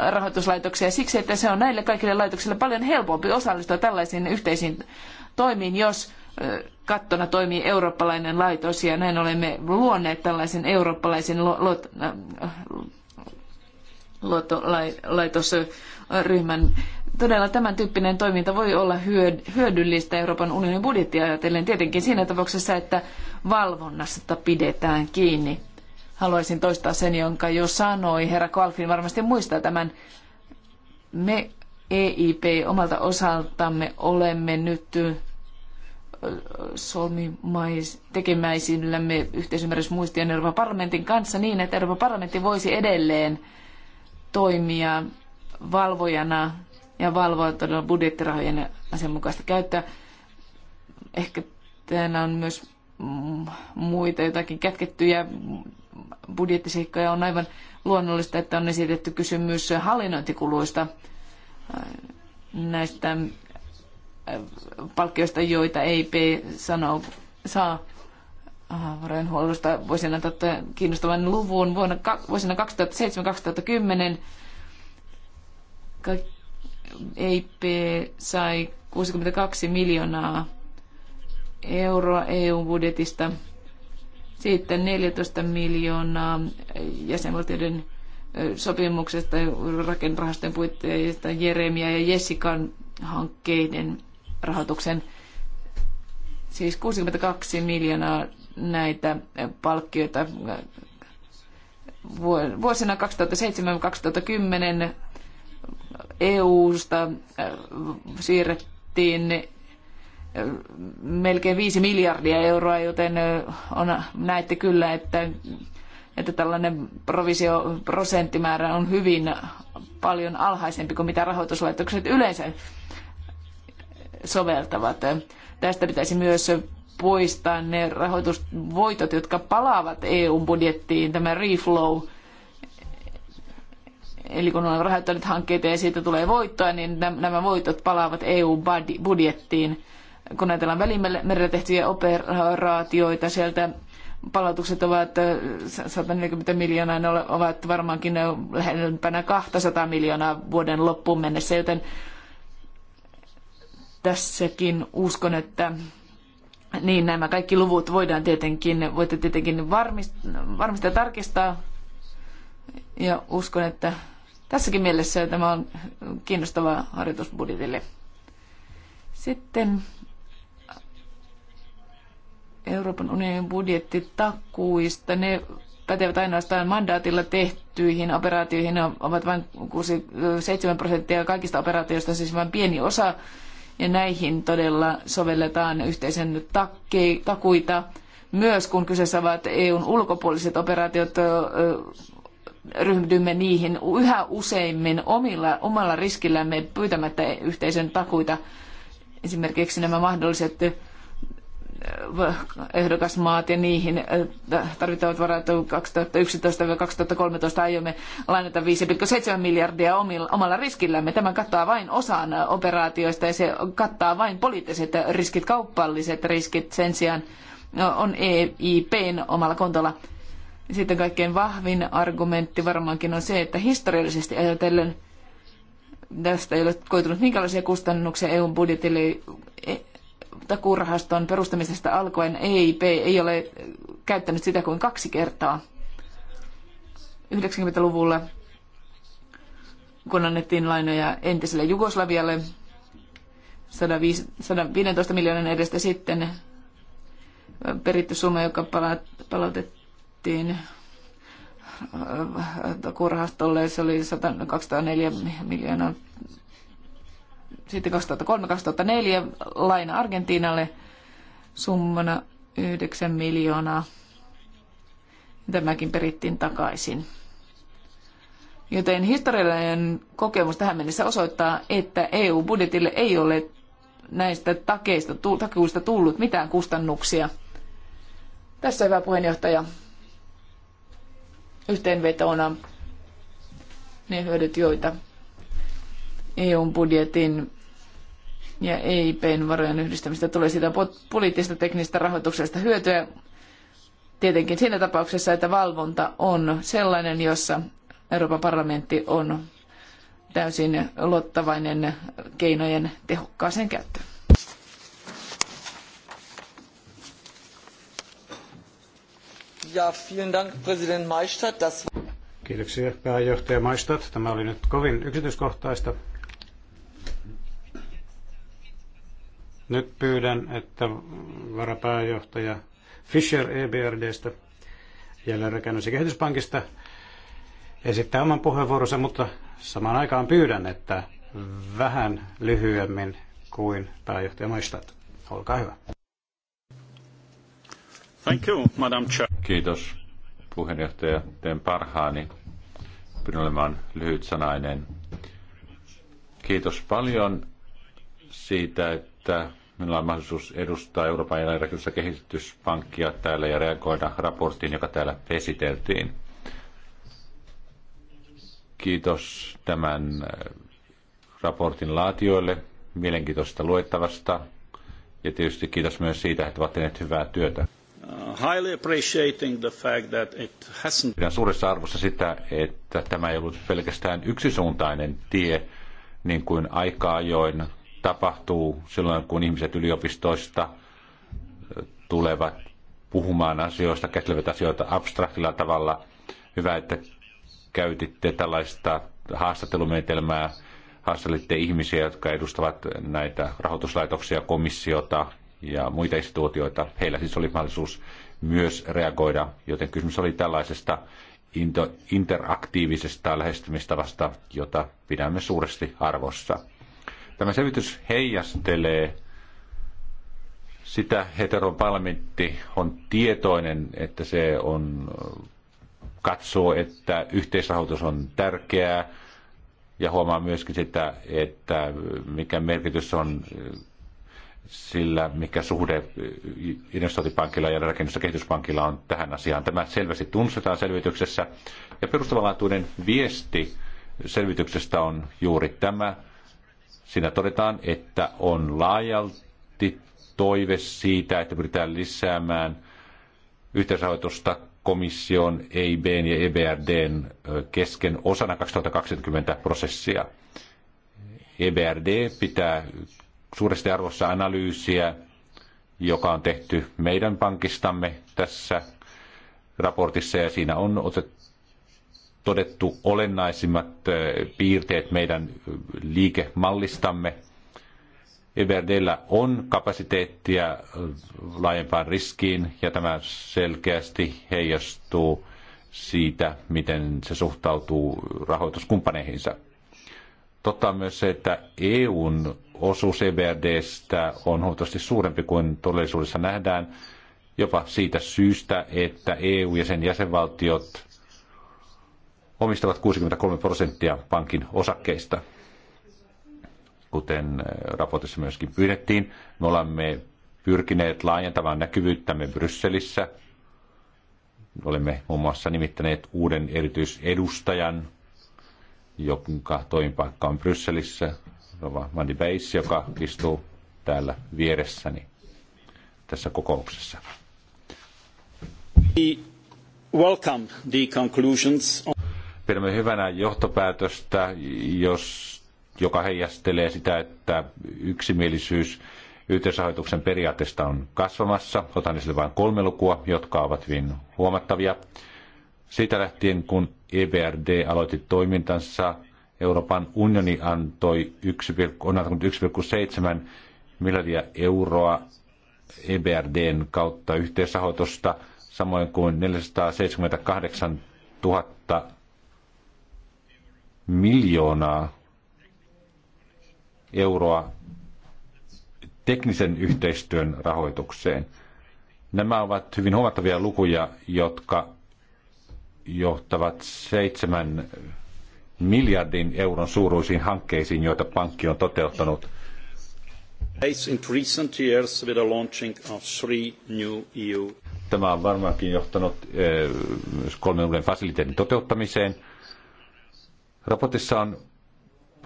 rahoituslaitoksia. Siksi, että se on näille kaikille laitoksille paljon helpompi osallistua tällaisiin yhteisiin toimiin, jos kattona toimii eurooppalainen laitos ja näin olemme luoneet tällaisen eurooppalaisen luottolaitosryhmän. Lo, Todella tämän tyyppinen toiminta voi olla hyödyllistä Euroopan unionin budjettia ajatellen tietenkin siinä tapauksessa, että valvonnasta pidetään kiinni. Haluaisin toistaa sen, jonka jo sanoi. Herra Kalfin varmasti muistaa tämän. Me EIP omalta osaltamme olemme nyt solmimais, tekemäisillämme yhteisymmärrysmuistien Euroopan parlamentin kanssa niin, että Euroopan parlamentti voisi edelleen toimia valvojana ja valvoa todella budjettirahojen asianmukaista käyttöä. Ehkä täällä on myös mm, muita jotakin kätkettyjä budjettiseikkoja. On aivan luonnollista, että on esitetty kysymys hallinnointikuluista äh, näistä äh, palkkioista, joita EIP sanoo, saa varainhuollosta. Voisin antaa kiinnostavan luvun vuonna, vuosina 2007-2010 kaikki EIP sai 62 miljoonaa euroa EU-budjetista, sitten 14 miljoonaa jäsenvaltioiden sopimuksesta rakennerahastojen puitteista Jeremia ja Jessikan hankkeiden rahoituksen. Siis 62 miljoonaa näitä palkkioita vuosina 2007-2010 EU-sta äh, siirrettiin äh, melkein 5 miljardia euroa, joten äh, on, näette kyllä, että, että tällainen provisioprosenttimäärä on hyvin paljon alhaisempi kuin mitä rahoituslaitokset yleensä soveltavat. Tästä pitäisi myös poistaa ne rahoitusvoitot, jotka palaavat EU-budjettiin, tämä reflow Eli kun on rahoittanut hankkeita ja siitä tulee voittoa, niin nämä voitot palaavat EU-budjettiin. Kun ajatellaan välimerellä tehtyjä operaatioita, sieltä palautukset ovat 140 miljoonaa, ne ovat varmaankin lähempänä 200 miljoonaa vuoden loppuun mennessä, joten tässäkin uskon, että niin nämä kaikki luvut voidaan tietenkin, voitte tietenkin varmistaa, varmistaa tarkistaa, ja uskon, että tässäkin mielessä tämä on kiinnostava harjoitus budjetille. Sitten Euroopan unionin budjettitakuista. Ne pätevät ainoastaan mandaatilla tehtyihin operaatioihin. Ne ovat vain 7 prosenttia kaikista operaatioista, siis vain pieni osa. Ja näihin todella sovelletaan yhteisen takke, takuita. Myös kun kyseessä ovat EUn ulkopuoliset operaatiot, ryhdymme niihin yhä useimmin omilla, omalla riskillämme pyytämättä yhteisön takuita. Esimerkiksi nämä mahdolliset ehdokasmaat ja niihin tarvittavat varat 2011-2013 aiomme lainata 5,7 miljardia omalla riskillämme. Tämä kattaa vain osan operaatioista ja se kattaa vain poliittiset riskit, kaupalliset riskit sen sijaan on EIPn omalla kontolla sitten kaikkein vahvin argumentti varmaankin on se, että historiallisesti ajatellen tästä ei ole koitunut minkälaisia kustannuksia EUn budjetille e, takuurahaston perustamisesta alkoen EIP ei ole käyttänyt sitä kuin kaksi kertaa. 90-luvulla, kun annettiin lainoja entiselle Jugoslavialle 115 miljoonan edestä sitten peritty summa, joka palautettiin annettiin äh, kurhastolle, se oli 204 miljoonaa. Sitten 2003-2004 laina Argentiinalle summana 9 miljoonaa. Tämäkin perittiin takaisin. Joten historiallinen kokemus tähän mennessä osoittaa, että EU-budjetille ei ole näistä takeista, takuista tullut mitään kustannuksia. Tässä hyvä puheenjohtaja yhteenvetona ne hyödyt, joita eu budjetin ja EIPn varojen yhdistämistä tulee sitä poliittista teknistä rahoituksesta hyötyä. Tietenkin siinä tapauksessa, että valvonta on sellainen, jossa Euroopan parlamentti on täysin luottavainen keinojen tehokkaaseen käyttöön. Ja, vielen Dank, Maistad. Das... Kiitoksia pääjohtaja Maistad. Tämä oli nyt kovin yksityiskohtaista. Nyt pyydän, että varapääjohtaja Fischer EBRDstä, jälleenrakennus- ja kehityspankista, esittää oman puheenvuoronsa, mutta samaan aikaan pyydän, että vähän lyhyemmin kuin pääjohtaja Maistat. Olkaa hyvä. Thank you, Madam Chair. Kiitos puheenjohtaja. Teen parhaani. Pyrin olemaan lyhytsanainen. Kiitos paljon siitä, että minulla on mahdollisuus edustaa Euroopan eläinrakennusta kehityspankkia täällä ja reagoida raporttiin, joka täällä esiteltiin. Kiitos tämän äh, raportin laatioille mielenkiintoista luettavasta ja tietysti kiitos myös siitä, että ovat tehneet hyvää työtä. Uh, Pidän suuressa arvossa sitä, että tämä ei ollut pelkästään yksisuuntainen tie, niin kuin aika ajoin tapahtuu silloin, kun ihmiset yliopistoista tulevat puhumaan asioista, käsittelevät asioita abstraktilla tavalla. Hyvä, että käytitte tällaista haastattelumenetelmää, haastelitte ihmisiä, jotka edustavat näitä rahoituslaitoksia, komissiota ja muita instituutioita. Heillä siis oli mahdollisuus myös reagoida, joten kysymys oli tällaisesta interaktiivisesta lähestymistavasta, jota pidämme suuresti arvossa. Tämä selvitys heijastelee sitä heteroparlamentti parlamentti on tietoinen, että se on, katsoo, että yhteisrahoitus on tärkeää ja huomaa myöskin sitä, että mikä merkitys on sillä, mikä suhde investointipankilla ja rakennus- ja kehityspankilla on tähän asiaan. Tämä selvästi tunnustetaan selvityksessä. Ja perustavanlaatuinen viesti selvityksestä on juuri tämä. Siinä todetaan, että on laajalti toive siitä, että pyritään lisäämään yhteisrahoitusta komission, EIB ja EBRDn kesken osana 2020 prosessia. EBRD pitää suuresti arvossa analyysiä, joka on tehty meidän pankistamme tässä raportissa ja siinä on otettu todettu olennaisimmat piirteet meidän liikemallistamme. Everdellä on kapasiteettia laajempaan riskiin ja tämä selkeästi heijastuu siitä, miten se suhtautuu rahoituskumppaneihinsa. Totta on myös se, että EUn osuus EBRDstä on huomattavasti suurempi kuin todellisuudessa nähdään, jopa siitä syystä, että EU ja sen jäsenvaltiot omistavat 63 prosenttia pankin osakkeista. Kuten eh, raportissa myöskin pyydettiin, me olemme pyrkineet laajentamaan näkyvyyttämme Brysselissä. Olemme muun muassa nimittäneet uuden erityisedustajan, jonka toimipaikka on Brysselissä. Rova Mandi Beis, joka istuu täällä vieressäni tässä kokouksessa. Welcome the conclusions on... Pidämme hyvänä johtopäätöstä, jos, joka heijastelee sitä, että yksimielisyys yhteisrahoituksen periaatteesta on kasvamassa. Otan esille vain kolme lukua, jotka ovat hyvin huomattavia. Siitä lähtien, kun EBRD aloitti toimintansa Euroopan unioni antoi 1,7 miljardia euroa EBRDn kautta yhteisrahoitusta, samoin kuin 478 000 miljoonaa euroa teknisen yhteistyön rahoitukseen. Nämä ovat hyvin huomattavia lukuja, jotka johtavat seitsemän miljardin euron suuruisiin hankkeisiin, joita pankki on toteuttanut. E Tämä on varmaankin johtanut eh, myös kolmen uuden fasiliteetin toteuttamiseen. Raportissa on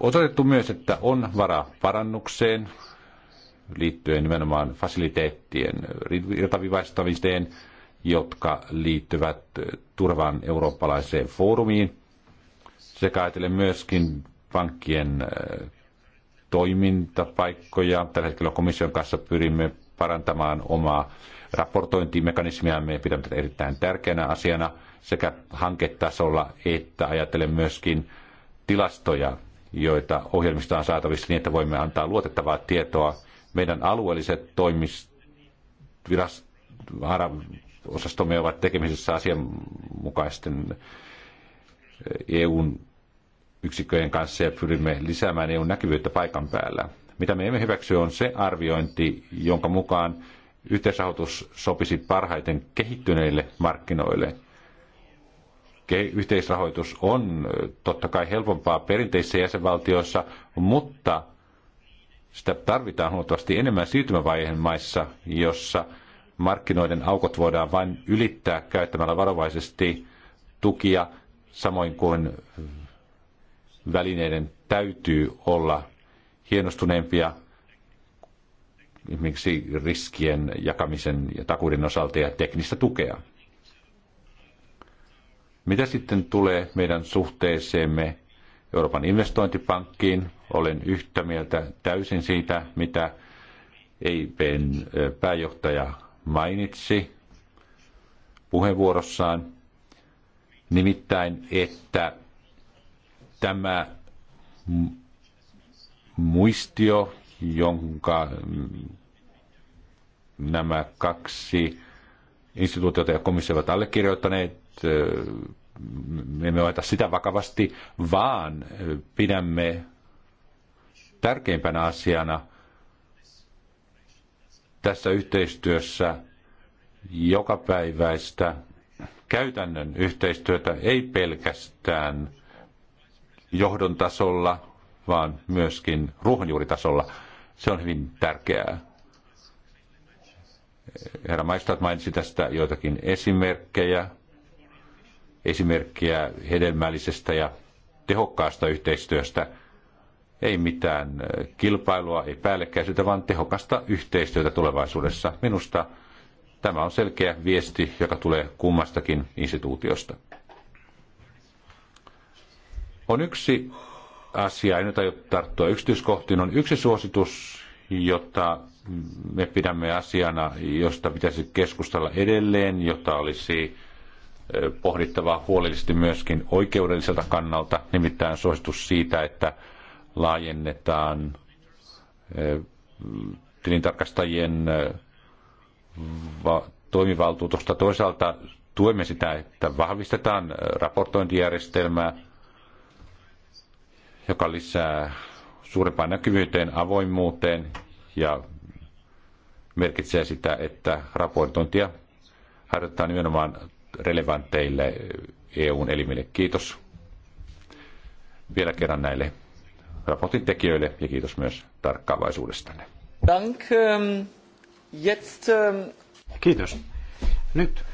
osoitettu myös, että on varaa parannukseen liittyen nimenomaan fasiliteettien virtavivaistamiseen, jotka liittyvät eh, turvaan eurooppalaiseen foorumiin – sekä ajatellen myöskin pankkien äh, toimintapaikkoja. Tällä hetkellä komission kanssa pyrimme parantamaan omaa raportointimekanismiamme Me pidämme tätä erittäin tärkeänä asiana sekä hanketasolla että ajatellen myöskin tilastoja, joita ohjelmista on saatavissa niin, että voimme antaa luotettavaa tietoa. Meidän alueelliset toimistovirastot osastomme ovat tekemisissä asianmukaisten EUn yksikköjen kanssa ja pyrimme lisäämään EUn näkyvyyttä paikan päällä. Mitä me emme hyväksy on se arviointi, jonka mukaan yhteisrahoitus sopisi parhaiten kehittyneille markkinoille. Yhteisrahoitus on totta kai helpompaa perinteisissä jäsenvaltioissa, mutta sitä tarvitaan huomattavasti enemmän siirtymävaiheen maissa, jossa markkinoiden aukot voidaan vain ylittää käyttämällä varovaisesti tukia – samoin kuin välineiden täytyy olla hienostuneempia esimerkiksi riskien jakamisen ja takuuden osalta ja teknistä tukea. Mitä sitten tulee meidän suhteeseemme Euroopan investointipankkiin? Olen yhtä mieltä täysin siitä, mitä EIPn pääjohtaja mainitsi puheenvuorossaan. Nimittäin, että tämä muistio, jonka nämä kaksi instituutiota ja komissio ovat allekirjoittaneet, me emme ota sitä vakavasti, vaan pidämme tärkeimpänä asiana tässä yhteistyössä jokapäiväistä käytännön yhteistyötä ei pelkästään johdon tasolla, vaan myöskin ruohonjuuritasolla. Se on hyvin tärkeää. Herra Maistat mainitsi tästä joitakin esimerkkejä, esimerkkiä hedelmällisestä ja tehokkaasta yhteistyöstä. Ei mitään kilpailua, ei päällekkäisyyttä, vaan tehokasta yhteistyötä tulevaisuudessa. Minusta Tämä on selkeä viesti, joka tulee kummastakin instituutiosta. On yksi asia, en nyt aio tarttua yksityiskohtiin, on yksi suositus, jota me pidämme asiana, josta pitäisi keskustella edelleen, jota olisi pohdittavaa huolellisesti myöskin oikeudelliselta kannalta, nimittäin suositus siitä, että laajennetaan tilintarkastajien toimivaltuutosta. Toisaalta tuemme sitä, että vahvistetaan äh, raportointijärjestelmää, joka lisää suurempaan näkyvyyteen, avoimuuteen ja merkitsee sitä, että raportointia harjoitetaan nimenomaan relevanteille äh, EUn elimille. Kiitos vielä kerran näille raportin tekijöille ja kiitos myös tarkkaavaisuudestanne. Danke. Ähm, Jetzt, ähm... Kiitos. Nyt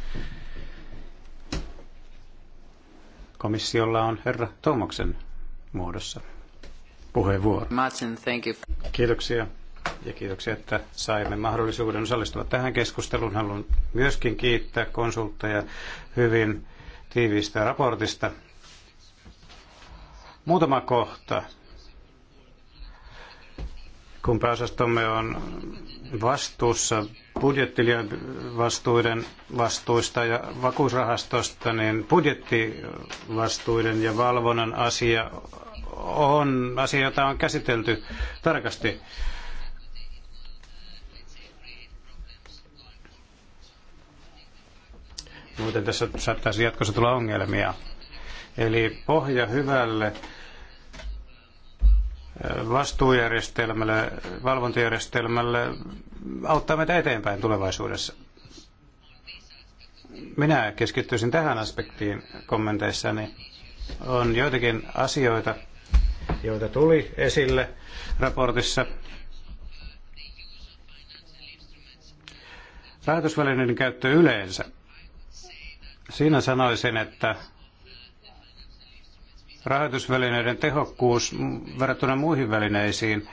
komissiolla on herra Tomoksen muodossa puheenvuoro. Martin, thank you. Kiitoksia ja kiitoksia, että saimme mahdollisuuden osallistua tähän keskusteluun. Haluan myöskin kiittää konsultteja hyvin tiiviistä raportista. Muutama kohta kun pääosastomme on vastuussa budjettivastuiden vastuista ja vakuusrahastosta, niin budjettivastuiden ja valvonnan asia on asia, jota on käsitelty tarkasti. Muuten tässä saattaisi jatkossa tulla ongelmia. Eli pohja hyvälle vastuujärjestelmälle, valvontajärjestelmälle auttaa meitä eteenpäin tulevaisuudessa. Minä keskittyisin tähän aspektiin kommenteissani. On joitakin asioita, joita tuli esille raportissa. Rahoitusvälineiden käyttö yleensä. Siinä sanoisin, että rahoitusvälineiden tehokkuus verrattuna muihin välineisiin,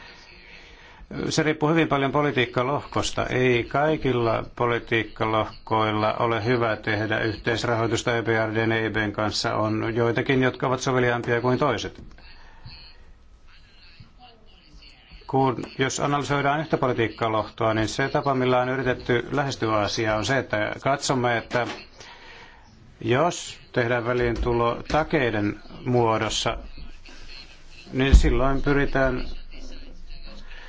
se riippuu hyvin paljon politiikkalohkosta. Ei kaikilla politiikkalohkoilla ole hyvä tehdä yhteisrahoitusta EBRDn ja EBn kanssa. On joitakin, jotka ovat soveliaampia kuin toiset. Kun, jos analysoidaan yhtä politiikkalohtoa, niin se tapa, millä on yritetty lähestyä asiaa, on se, että katsomme, että jos tehdään väliintulo takeiden muodossa, niin silloin pyritään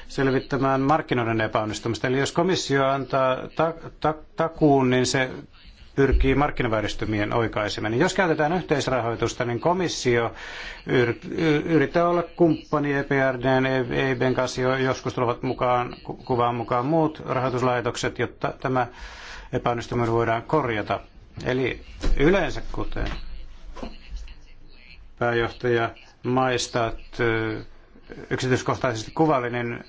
selvittämään markkinoiden epäonnistumista. Eli jos komissio antaa ta- ta- takuun, niin se pyrkii markkinavääristymien oikaisemaan. Jos käytetään yhteisrahoitusta, niin komissio yrittää olla kumppani EPRDn, EIBn kanssa, joskus tulevat mukaan, kuvaan mukaan muut rahoituslaitokset, jotta tämä epäonnistuminen voidaan korjata. Eli yleensä kuten pääjohtaja Maistat yksityiskohtaisesti kuvallinen niin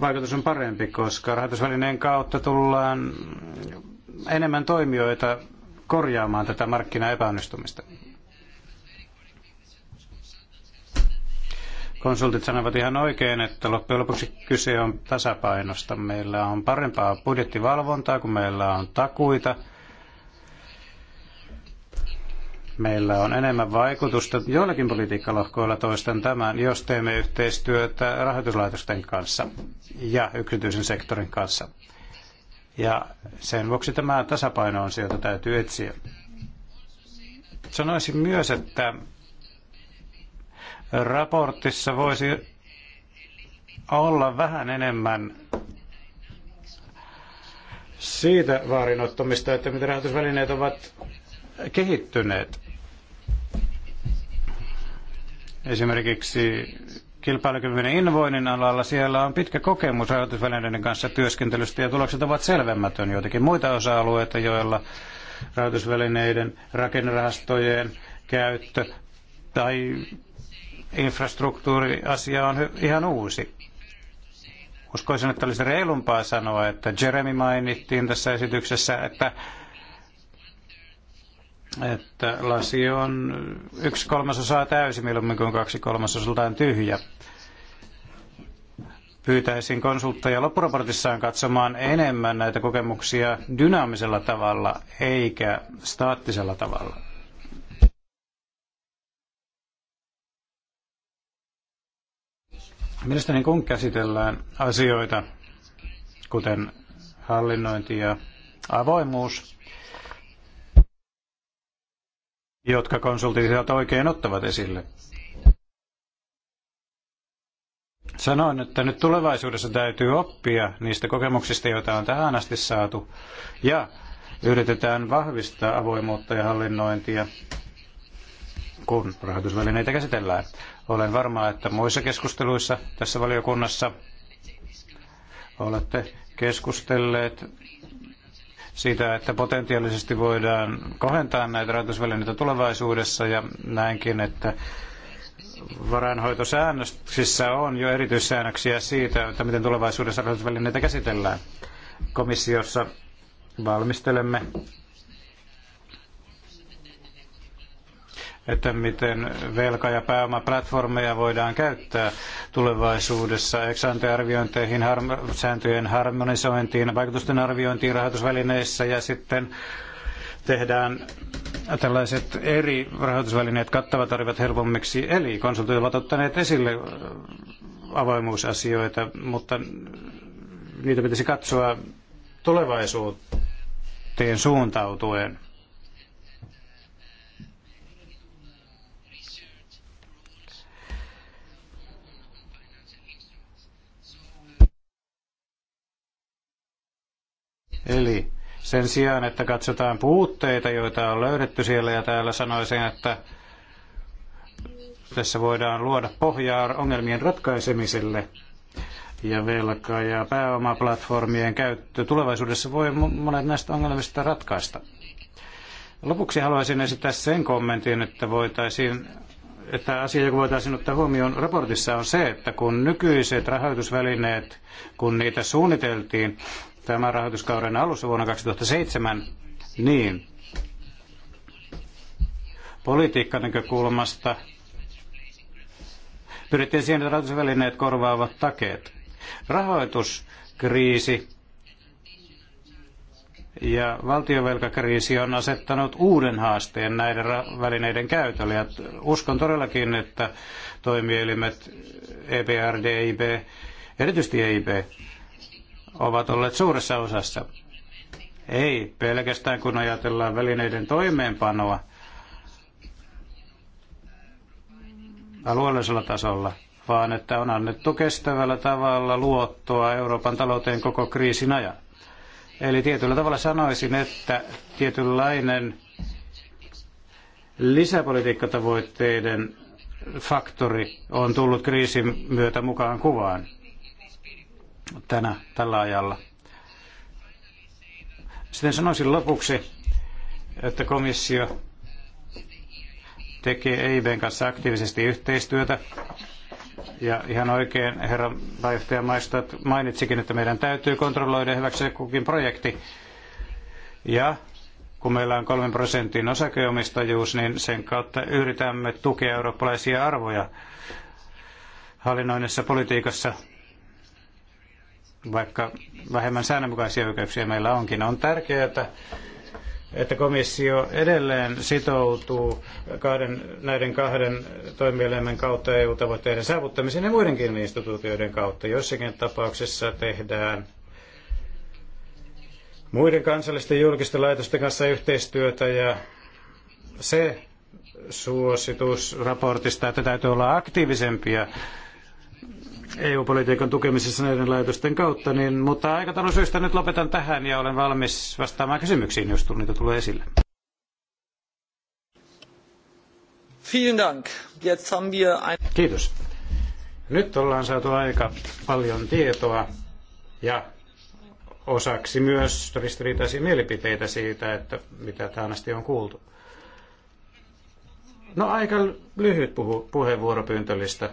vaikutus on parempi, koska rahoitusvälineen kautta tullaan enemmän toimijoita korjaamaan tätä markkinaepäonnistumista. konsultit sanovat ihan oikein, että loppujen lopuksi kyse on tasapainosta. Meillä on parempaa budjettivalvontaa, kun meillä on takuita. Meillä on enemmän vaikutusta joillakin politiikkalohkoilla toistan tämän, jos teemme yhteistyötä rahoituslaitosten kanssa ja yksityisen sektorin kanssa. Ja sen vuoksi tämä tasapaino on se, jota täytyy etsiä. Sanoisin myös, että raportissa voisi olla vähän enemmän siitä vaarinottamista, että miten rahoitusvälineet ovat kehittyneet. Esimerkiksi kilpailukyvyn invoinnin alalla siellä on pitkä kokemus rahoitusvälineiden kanssa työskentelystä ja tulokset ovat selvemmätön joitakin muita osa-alueita, joilla rahoitusvälineiden, rakennerahastojen käyttö tai infrastruktuuriasia on ihan uusi. Uskoisin, että olisi reilumpaa sanoa, että Jeremy mainittiin tässä esityksessä, että, että lasi on yksi kolmasosaa täysi, milloin kuin kaksi kolmasosaltaan tyhjä pyytäisin konsultteja loppuraportissaan katsomaan enemmän näitä kokemuksia dynaamisella tavalla eikä staattisella tavalla. Mielestäni kun käsitellään asioita, kuten hallinnointi ja avoimuus, jotka konsultit oikein ottavat esille. Sanoin, että nyt tulevaisuudessa täytyy oppia niistä kokemuksista, joita on tähän asti saatu, ja yritetään vahvistaa avoimuutta ja hallinnointia kun rahoitusvälineitä käsitellään. Olen varma, että muissa keskusteluissa tässä valiokunnassa olette keskustelleet siitä, että potentiaalisesti voidaan kohentaa näitä rahoitusvälineitä tulevaisuudessa ja näinkin, että varainhoitosäännöksissä on jo erityissäännöksiä siitä, että miten tulevaisuudessa rahoitusvälineitä käsitellään. Komissiossa valmistelemme että miten velka- ja pääomaplatformeja voidaan käyttää tulevaisuudessa eksantearviointeihin, harm- sääntöjen harmonisointiin, vaikutusten arviointiin rahoitusvälineissä ja sitten tehdään tällaiset eri rahoitusvälineet kattavat arviot helpommiksi. Eli konsultit ovat ottaneet esille avoimuusasioita, mutta niitä pitäisi katsoa tulevaisuuteen suuntautuen. Eli sen sijaan, että katsotaan puutteita, joita on löydetty siellä ja täällä sanoisin, että tässä voidaan luoda pohjaa ongelmien ratkaisemiselle ja velka- ja pääomaplatformien käyttö tulevaisuudessa voi monet näistä ongelmista ratkaista. Lopuksi haluaisin esittää sen kommentin, että voitaisiin että asia, joka voitaisiin ottaa huomioon raportissa, on se, että kun nykyiset rahoitusvälineet, kun niitä suunniteltiin, tämän rahoituskauden alussa vuonna 2007, niin näkökulmasta pyrittiin siihen, että rahoitusvälineet korvaavat takeet. Rahoituskriisi ja valtiovelkakriisi on asettanut uuden haasteen näiden välineiden käytölle. Ja uskon todellakin, että toimielimet EBRD, EIB, erityisesti EIB, ovat olleet suuressa osassa. Ei pelkästään kun ajatellaan välineiden toimeenpanoa alueellisella tasolla, vaan että on annettu kestävällä tavalla luottoa Euroopan talouteen koko kriisin ajan. Eli tietyllä tavalla sanoisin, että tietynlainen lisäpolitiikkatavoitteiden faktori on tullut kriisin myötä mukaan kuvaan tänä, tällä ajalla. Sitten sanoisin lopuksi, että komissio tekee EIBn kanssa aktiivisesti yhteistyötä. Ja ihan oikein herra pääjohtaja Maistat mainitsikin, että meidän täytyy kontrolloida hyväksi kukin projekti. Ja kun meillä on kolmen prosentin osakeomistajuus, niin sen kautta yritämme tukea eurooppalaisia arvoja hallinnoinnissa, politiikassa vaikka vähemmän säännönmukaisia oikeuksia meillä onkin. On tärkeää, että komissio edelleen sitoutuu kahden, näiden kahden toimielimen kautta EU-tavoitteiden saavuttamiseen ja muidenkin instituutioiden kautta. Jossakin tapauksessa tehdään muiden kansallisten julkisten laitosten kanssa yhteistyötä ja se suositus raportista, että täytyy olla aktiivisempia EU-politiikan tukemisessa näiden laitosten kautta, niin, mutta aikataulusyistä nyt lopetan tähän ja olen valmis vastaamaan kysymyksiin, jos niitä tulee esille. Kiitos. Nyt ollaan saatu aika paljon tietoa ja osaksi myös ristiriitaisia mielipiteitä siitä, että mitä tähän asti on kuultu. No aika lyhyt puhu, puheenvuoropyyntölistä.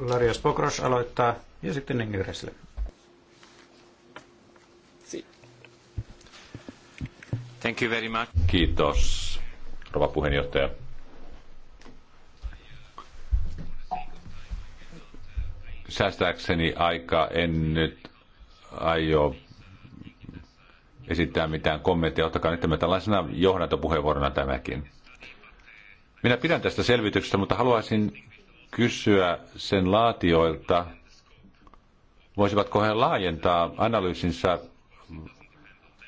Larios Pokros aloittaa ja sitten Ingeresille. Thank you very much. Kiitos, rouva puheenjohtaja. Säästääkseni aika en nyt aio esittää mitään kommentteja. Ottakaa nyt tämä tällaisena johdantopuheenvuorona tämäkin. Minä pidän tästä selvityksestä, mutta haluaisin kysyä sen laatioilta, voisivatko he laajentaa analyysinsä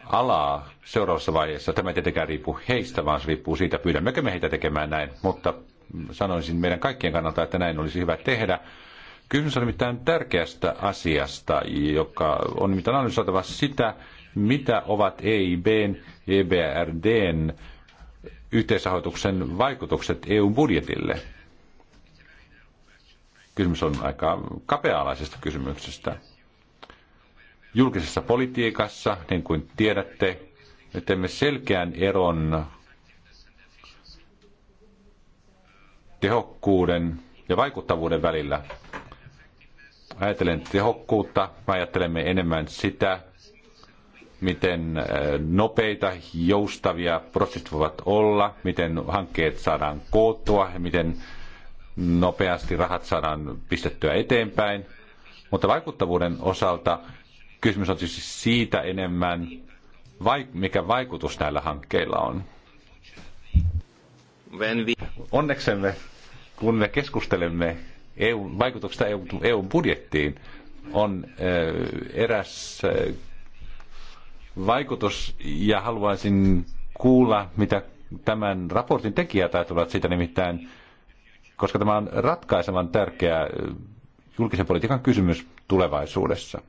alaa seuraavassa vaiheessa. Tämä ei tietenkään riippu heistä, vaan se riippuu siitä, pyydämmekö me heitä tekemään näin. Mutta sanoisin meidän kaikkien kannalta, että näin olisi hyvä tehdä. Kysymys on nimittäin tärkeästä asiasta, joka on nimittäin analysoitava sitä, mitä ovat EIBn, EBRDn yhteisrahoituksen vaikutukset EU-budjetille. Kysymys on aika kapea kysymyksestä. Julkisessa politiikassa, niin kuin tiedätte, me teemme selkeän eron tehokkuuden ja vaikuttavuuden välillä. Ajatellen tehokkuutta, me ajattelemme enemmän sitä, miten äh, nopeita, joustavia prosessit voivat olla, miten hankkeet saadaan koottua ja miten nopeasti rahat saadaan pistettyä eteenpäin. Mutta vaikuttavuuden osalta kysymys on siis siitä enemmän, mikä vaikutus näillä hankkeilla on. Onneksemme, kun me keskustelemme EU, vaikutuksesta EU, EUn budjettiin, on eräs vaikutus, ja haluaisin kuulla, mitä tämän raportin tekijät ajatellaan siitä nimittäin koska tämä on ratkaisevan tärkeä äh, julkisen politiikan kysymys tulevaisuudessa.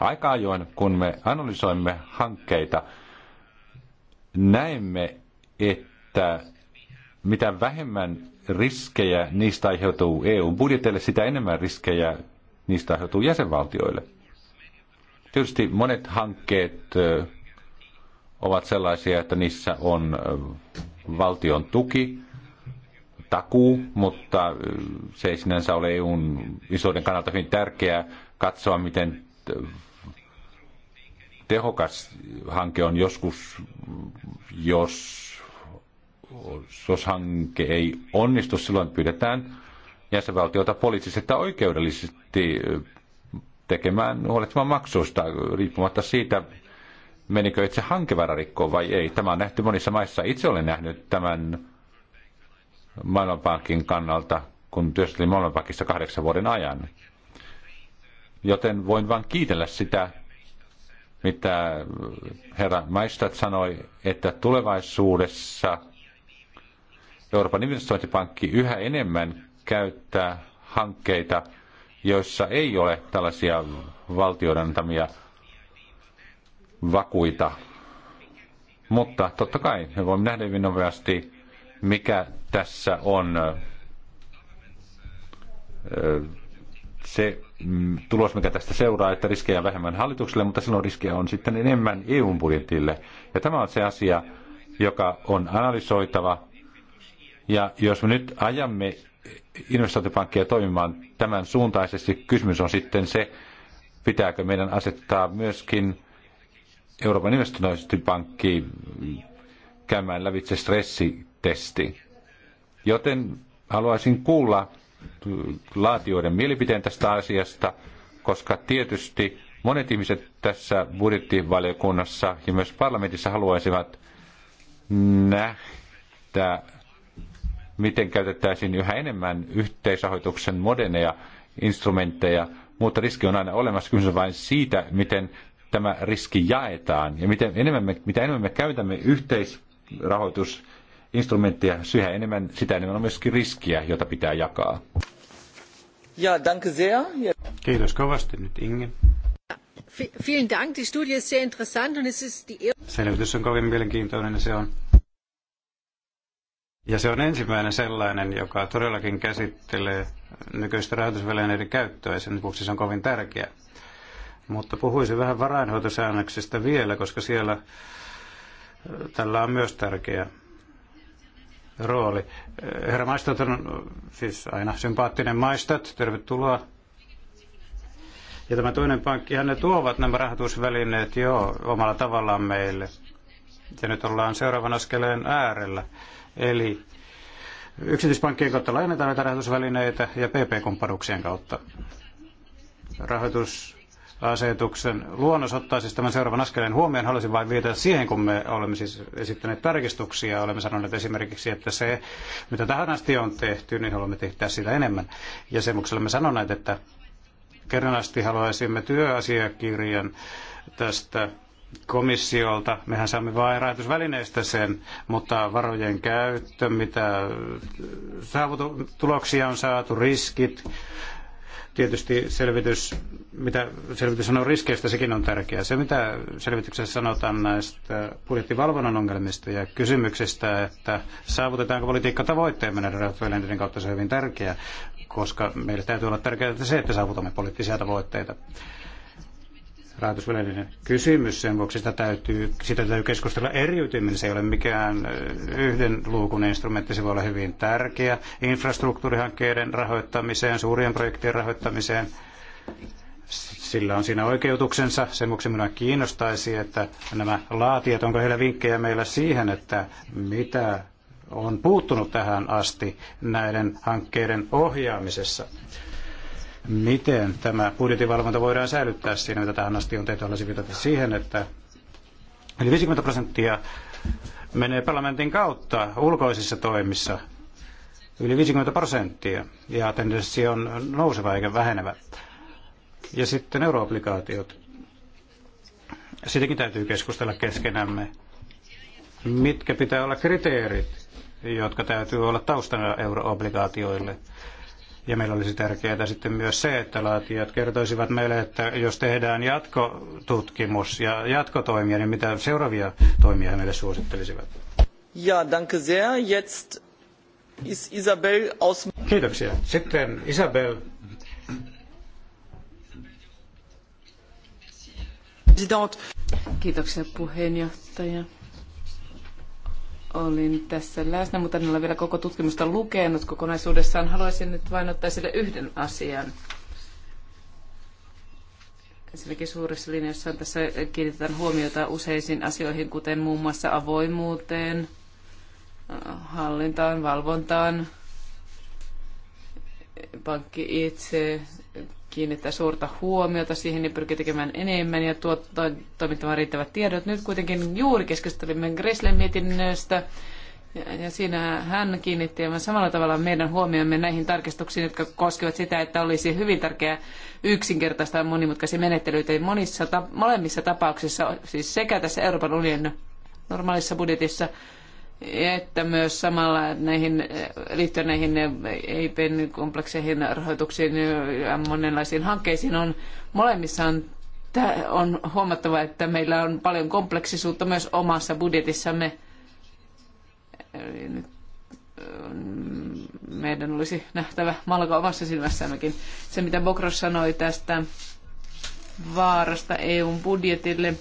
Aika ajoin, kun me analysoimme hankkeita, näemme, että mitä vähemmän riskejä niistä aiheutuu EU-budjetille, sitä enemmän riskejä niistä aiheutuu jäsenvaltioille. Tietysti monet hankkeet äh, ovat sellaisia, että niissä on äh, valtion tuki, takuu, mutta se ei sinänsä ole EUn isoiden kannalta hyvin tärkeää katsoa, miten tehokas hanke on joskus, jos, jos hanke ei onnistu, silloin pyydetään jäsenvaltiota poliittisesti että oikeudellisesti tekemään huolehtimaan maksuista, riippumatta siitä, menikö itse hankevararikkoon vai ei. Tämä on nähty monissa maissa. Itse olen nähnyt tämän Maailmanpankin kannalta, kun työskentelin Maailmanpankissa kahdeksan vuoden ajan. Joten voin vain kiitellä sitä, mitä herra Maistat sanoi, että tulevaisuudessa Euroopan investointipankki yhä enemmän käyttää hankkeita, joissa ei ole tällaisia valtioiden antamia vakuita. Mutta totta kai me voimme nähdä hyvin nopeasti, mikä tässä on se tulos, mikä tästä seuraa, että riskejä on vähemmän hallitukselle, mutta silloin riskejä on sitten enemmän EU-budjetille. Ja tämä on se asia, joka on analysoitava. Ja jos me nyt ajamme investointipankkia toimimaan tämän suuntaisesti, kysymys on sitten se, pitääkö meidän asettaa myöskin Euroopan investointipankki käymään lävitse stressi testi. Joten haluaisin kuulla laatioiden mielipiteen tästä asiasta, koska tietysti monet ihmiset tässä budjettivaliokunnassa ja myös parlamentissa haluaisivat nähdä, miten käytettäisiin yhä enemmän yhteisrahoituksen moderneja instrumentteja, mutta riski on aina olemassa. Kysymys vain siitä, miten tämä riski jaetaan ja miten enemmän me, mitä enemmän me käytämme yhteisrahoitus instrumenttia, syhä enemmän, sitä enemmän on myöskin riskiä, jota pitää jakaa. Ja, danke sehr. Ja. Kiitos kovasti nyt Inge. Vielen Dank, die Studie ist sehr interessant und es ist die Selvitys on kovin mielenkiintoinen ja se on ja se on ensimmäinen sellainen, joka todellakin käsittelee nykyistä rahoitusvälineiden käyttöä ja sen vuoksi se on kovin tärkeä. Mutta puhuisin vähän varainhoitosäännöksistä vielä, koska siellä tällä on myös tärkeä rooli. Herra maistot on siis aina sympaattinen Maistat, tervetuloa. Ja tämä toinen pankki, ne tuovat nämä rahoitusvälineet jo omalla tavallaan meille. Ja nyt ollaan seuraavan askeleen äärellä. Eli yksityispankkien kautta lainataan näitä rahoitusvälineitä ja PP-kumppanuuksien kautta. Rahoitus asetuksen luonnos ottaa siis tämän seuraavan askeleen huomioon. Haluaisin vain viitata siihen, kun me olemme siis esittäneet tarkistuksia. Olemme sanoneet esimerkiksi, että se, mitä tähän asti on tehty, niin haluamme tehdä sitä enemmän. Ja sen vuoksi olemme sanoneet, että kerran asti haluaisimme työasiakirjan tästä komissiolta. Mehän saamme vain rahoitusvälineistä sen, mutta varojen käyttö, mitä saavutu, tuloksia on saatu, riskit, Tietysti selvitys, mitä selvitys on riskeistä, sekin on tärkeää. Se, mitä selvityksessä sanotaan näistä budjettivalvonnan ongelmista ja kysymyksistä, että saavutetaanko politiikka tavoitteemme näiden rahoitusvälineiden kautta, se on hyvin tärkeää, koska meille täytyy olla tärkeää että se, että saavutamme poliittisia tavoitteita rahoitusvälineiden kysymys. Sen vuoksi sitä täytyy, sitä täytyy keskustella eriytyminen. Se ei ole mikään yhden luukun instrumentti. Se voi olla hyvin tärkeä infrastruktuurihankkeiden rahoittamiseen, suurien projektien rahoittamiseen. Sillä on siinä oikeutuksensa. Sen vuoksi minua kiinnostaisi, että nämä laatijat, onko heillä vinkkejä meillä siihen, että mitä on puuttunut tähän asti näiden hankkeiden ohjaamisessa miten tämä budjetinvalvonta voidaan säilyttää siinä, mitä tähän asti on tehty, olisi viitata siihen, että yli 50 prosenttia menee parlamentin kautta ulkoisissa toimissa, yli 50 prosenttia, ja tendenssi on nouseva eikä vähenevä. Ja sitten euroobligaatiot. Sitäkin täytyy keskustella keskenämme. Mitkä pitää olla kriteerit, jotka täytyy olla taustana euroobligaatioille? Ja meillä olisi tärkeää sitten myös se, että laatijat kertoisivat meille, että jos tehdään jatkotutkimus ja jatkotoimia, niin mitä seuraavia toimia he meille suosittelisivat. Ja, danke sehr. Jetzt ist Isabel aus... Kiitoksia. Sitten Isabel Kiitoksia puheenjohtaja olin tässä läsnä, mutta en ole vielä koko tutkimusta lukenut kokonaisuudessaan. Haluaisin nyt vain ottaa sille yhden asian. Ensinnäkin suuressa linjassa tässä kiinnitetään huomiota useisiin asioihin, kuten muun muassa avoimuuteen, hallintaan, valvontaan, pankki itse, kiinnittää suurta huomiota siihen niin pyrkii tekemään enemmän ja tuottaa, toimittamaan riittävät tiedot. Nyt kuitenkin juuri keskustelimme Greslen mietinnöstä ja siinä hän kiinnitti aivan samalla tavalla meidän huomiomme näihin tarkistuksiin, jotka koskevat sitä, että olisi hyvin tärkeää yksinkertaistaa monimutkaisia menettelyitä. Monissa, molemmissa tapauksissa, siis sekä tässä Euroopan unionin normaalissa budjetissa että myös samalla näihin, liittyen näihin EIPn komplekseihin rahoituksiin ja monenlaisiin hankkeisiin on molemmissa on, on huomattava, että meillä on paljon kompleksisuutta myös omassa budjetissamme. Nyt ähm, meidän olisi nähtävä malka omassa silmässämmekin. Se, mitä Bokros sanoi tästä vaarasta EUn budjetille –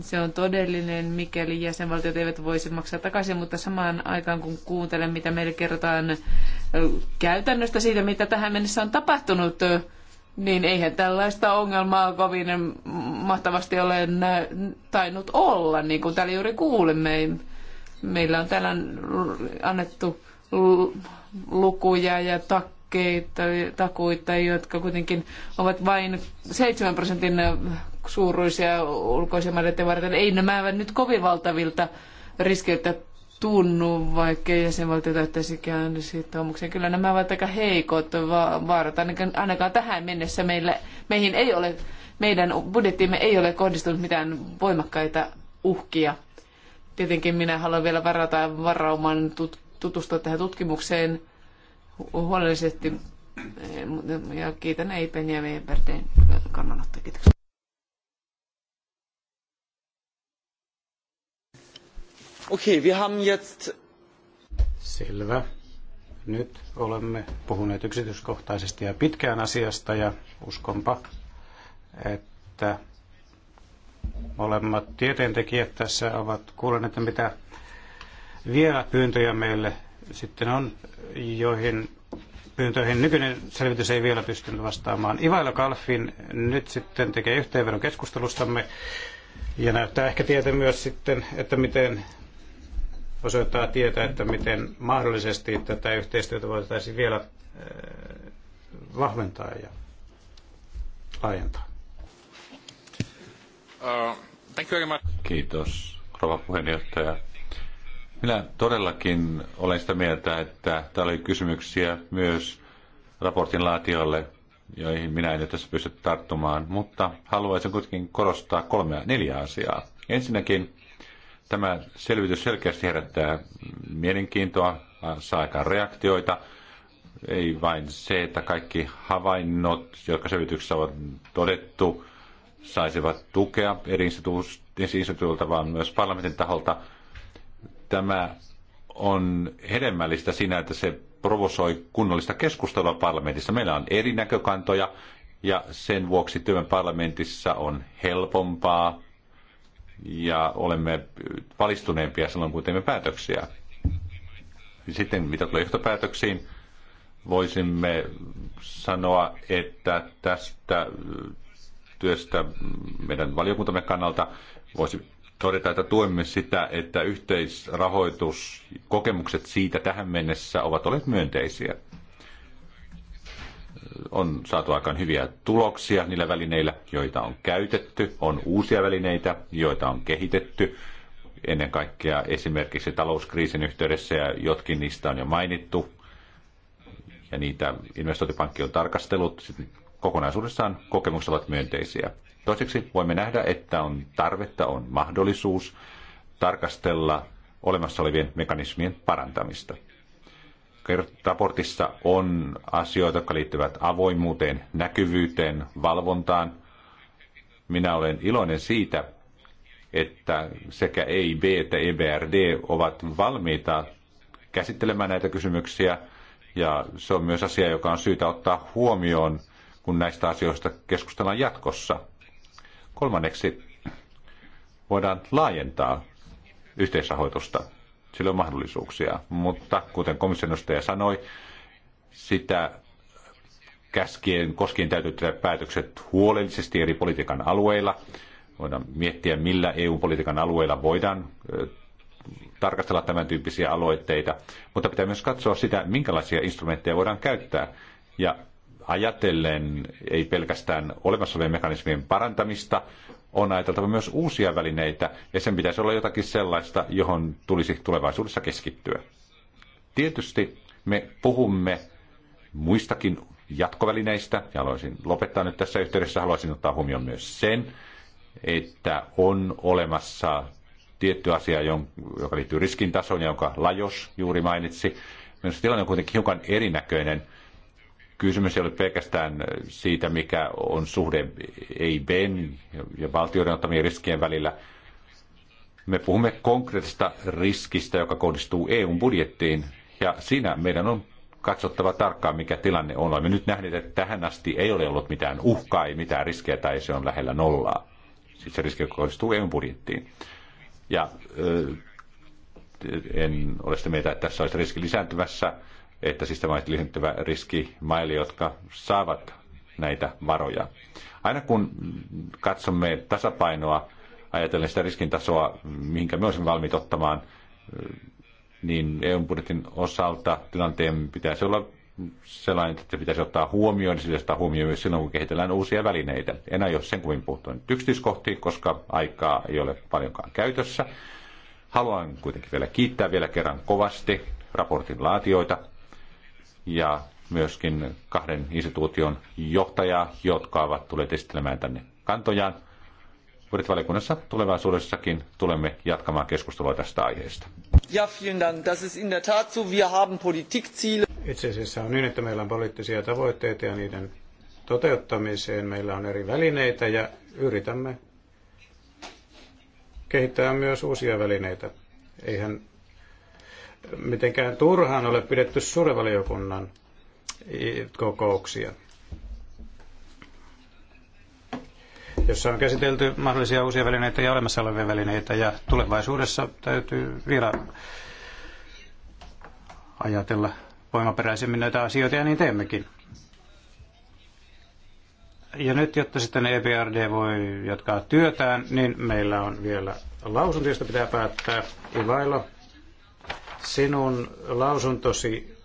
se on todellinen, mikäli jäsenvaltiot eivät voisi maksaa takaisin, mutta samaan aikaan kun kuuntelen, mitä meille kerrotaan käytännöstä siitä, mitä tähän mennessä on tapahtunut, niin eihän tällaista ongelmaa kovin mahtavasti ole tainnut olla, niin kuin täällä juuri kuulimme. Meillä on täällä annettu lukuja ja takkeita, takuita, jotka kuitenkin ovat vain 7 prosentin suuruisia ulkoisia maiden varten. Ei nämä nyt kovin valtavilta riskeiltä tunnu, vaikkei jäsenvaltio täyttäisikään sitoumuksia. Kyllä nämä ovat aika heikot vaarat. Ainakaan tähän mennessä meillä, meihin ei ole, meidän budjettiimme ei ole kohdistunut mitään voimakkaita uhkia. Tietenkin minä haluan vielä varata varauman tutustua tähän tutkimukseen huolellisesti. Ja kiitän Eipen ja Weberden kannanottoa. Kiitoksia. Okei, okay, wir haben jetzt... Selvä. Nyt olemme puhuneet yksityiskohtaisesti ja pitkään asiasta ja uskonpa, että molemmat tieteentekijät tässä ovat kuulleet, että mitä vielä pyyntöjä meille sitten on, joihin pyyntöihin nykyinen selvitys ei vielä pystynyt vastaamaan. Ivailo Kalfin nyt sitten tekee yhteenvedon keskustelustamme ja näyttää ehkä tietä myös sitten, että miten osoittaa tietä, että miten mahdollisesti tätä yhteistyötä voitaisiin vielä äh, vahventaa ja laajentaa. Uh, Kiitos, rouva puheenjohtaja. Minä todellakin olen sitä mieltä, että täällä oli kysymyksiä myös raportin laatiolle. joihin minä en tässä pysty tarttumaan, mutta haluaisin kuitenkin korostaa kolmea, neljä asiaa. Ensinnäkin Tämä selvitys selkeästi herättää mielenkiintoa, saa aikaan reaktioita. Ei vain se, että kaikki havainnot, jotka selvityksessä on todettu, saisivat tukea eri instituutioilta, vaan myös parlamentin taholta. Tämä on hedelmällistä siinä, että se provosoi kunnollista keskustelua parlamentissa. Meillä on eri näkökantoja ja sen vuoksi työn parlamentissa on helpompaa ja olemme valistuneempia silloin, kun teemme päätöksiä. Sitten mitä tulee johtopäätöksiin, voisimme sanoa, että tästä äh, työstä meidän valiokuntamme kannalta voisi todeta, että tuemme sitä, että yhteisrahoituskokemukset siitä tähän mennessä ovat olleet myönteisiä on saatu aikaan hyviä tuloksia niillä välineillä, joita on käytetty. On uusia välineitä, joita on kehitetty. Ennen kaikkea esimerkiksi talouskriisin yhteydessä, ja jotkin niistä on jo mainittu. Ja niitä investointipankki on tarkastellut. Sitten kokonaisuudessaan kokemukset ovat myönteisiä. Toiseksi voimme nähdä, että on tarvetta, on mahdollisuus tarkastella olemassa olevien mekanismien parantamista raportissa on asioita, jotka liittyvät avoimuuteen, näkyvyyteen, valvontaan. Minä olen iloinen siitä, että sekä EIB että EBRD ovat valmiita käsittelemään näitä kysymyksiä. Ja se on myös asia, joka on syytä ottaa huomioon, kun näistä asioista keskustellaan jatkossa. Kolmanneksi voidaan laajentaa yhteisrahoitusta sillä on mahdollisuuksia. Mutta kuten komissionostaja sanoi, sitä käskien, koskien täytyy tehdä päätökset huolellisesti eri politiikan alueilla. Voidaan miettiä, millä EU-politiikan alueilla voidaan tarkastella tämän tyyppisiä aloitteita, mutta pitää myös katsoa sitä, minkälaisia instrumentteja voidaan käyttää. Ja ajatellen ei pelkästään olemassa olevien mekanismien parantamista, on ajateltava myös uusia välineitä, ja sen pitäisi olla jotakin sellaista, johon tulisi tulevaisuudessa keskittyä. Tietysti me puhumme muistakin jatkovälineistä, ja haluaisin lopettaa nyt tässä yhteydessä, haluaisin ottaa huomioon myös sen, että on olemassa tietty asia, joka liittyy riskin tasoon, jonka Lajos juuri mainitsi. Minusta tilanne on kuitenkin hiukan erinäköinen – Kysymys ei ole pelkästään siitä, mikä on suhde EIBn ja valtioiden ottamien riskien välillä. Me puhumme konkreettista riskistä, joka kohdistuu EUn budjettiin, ja siinä meidän on katsottava tarkkaan, mikä tilanne on. Olemme nyt nähneet, että tähän asti ei ole ollut mitään uhkaa, ei mitään riskejä tai se on lähellä nollaa. Siis se riski kohdistuu EUn budjettiin. Ja en ole sitä mieltä, että tässä olisi riski lisääntymässä että systemaattisesti tämä lisääntyvä riski maille, jotka saavat näitä varoja. Aina kun katsomme tasapainoa, ajatellen sitä riskin tasoa, mihinkä me olisimme valmiit ottamaan, niin EU-budjetin osalta tilanteen pitäisi olla sellainen, että pitäisi ottaa huomioon, niin ottaa huomioon myös silloin, kun kehitellään uusia välineitä. En aio sen kuvin puuttua yksityiskohtiin, koska aikaa ei ole paljonkaan käytössä. Haluan kuitenkin vielä kiittää vielä kerran kovasti raportin laatioita ja myöskin kahden instituution johtajaa, jotka ovat tulleet esittelemään tänne kantojaan. Budjettivaliokunnassa tulevaisuudessakin tulemme jatkamaan keskustelua tästä aiheesta. Ja, vielen Dank. Das ist in der Tat so. Wir haben Politikziele. Itse asiassa on niin, että meillä on poliittisia tavoitteita ja niiden toteuttamiseen meillä on eri välineitä ja yritämme kehittää myös uusia välineitä. Eihän mitenkään turhaan ole pidetty suurevaliokunnan kokouksia, jossa on käsitelty mahdollisia uusia välineitä ja olemassa olevia välineitä. Ja tulevaisuudessa täytyy vielä ajatella voimaperäisemmin näitä asioita, ja niin teemmekin. Ja nyt, jotta sitten EBRD voi jatkaa työtään, niin meillä on vielä lausunto, josta pitää päättää. Ivailo, Sinun lausuntosi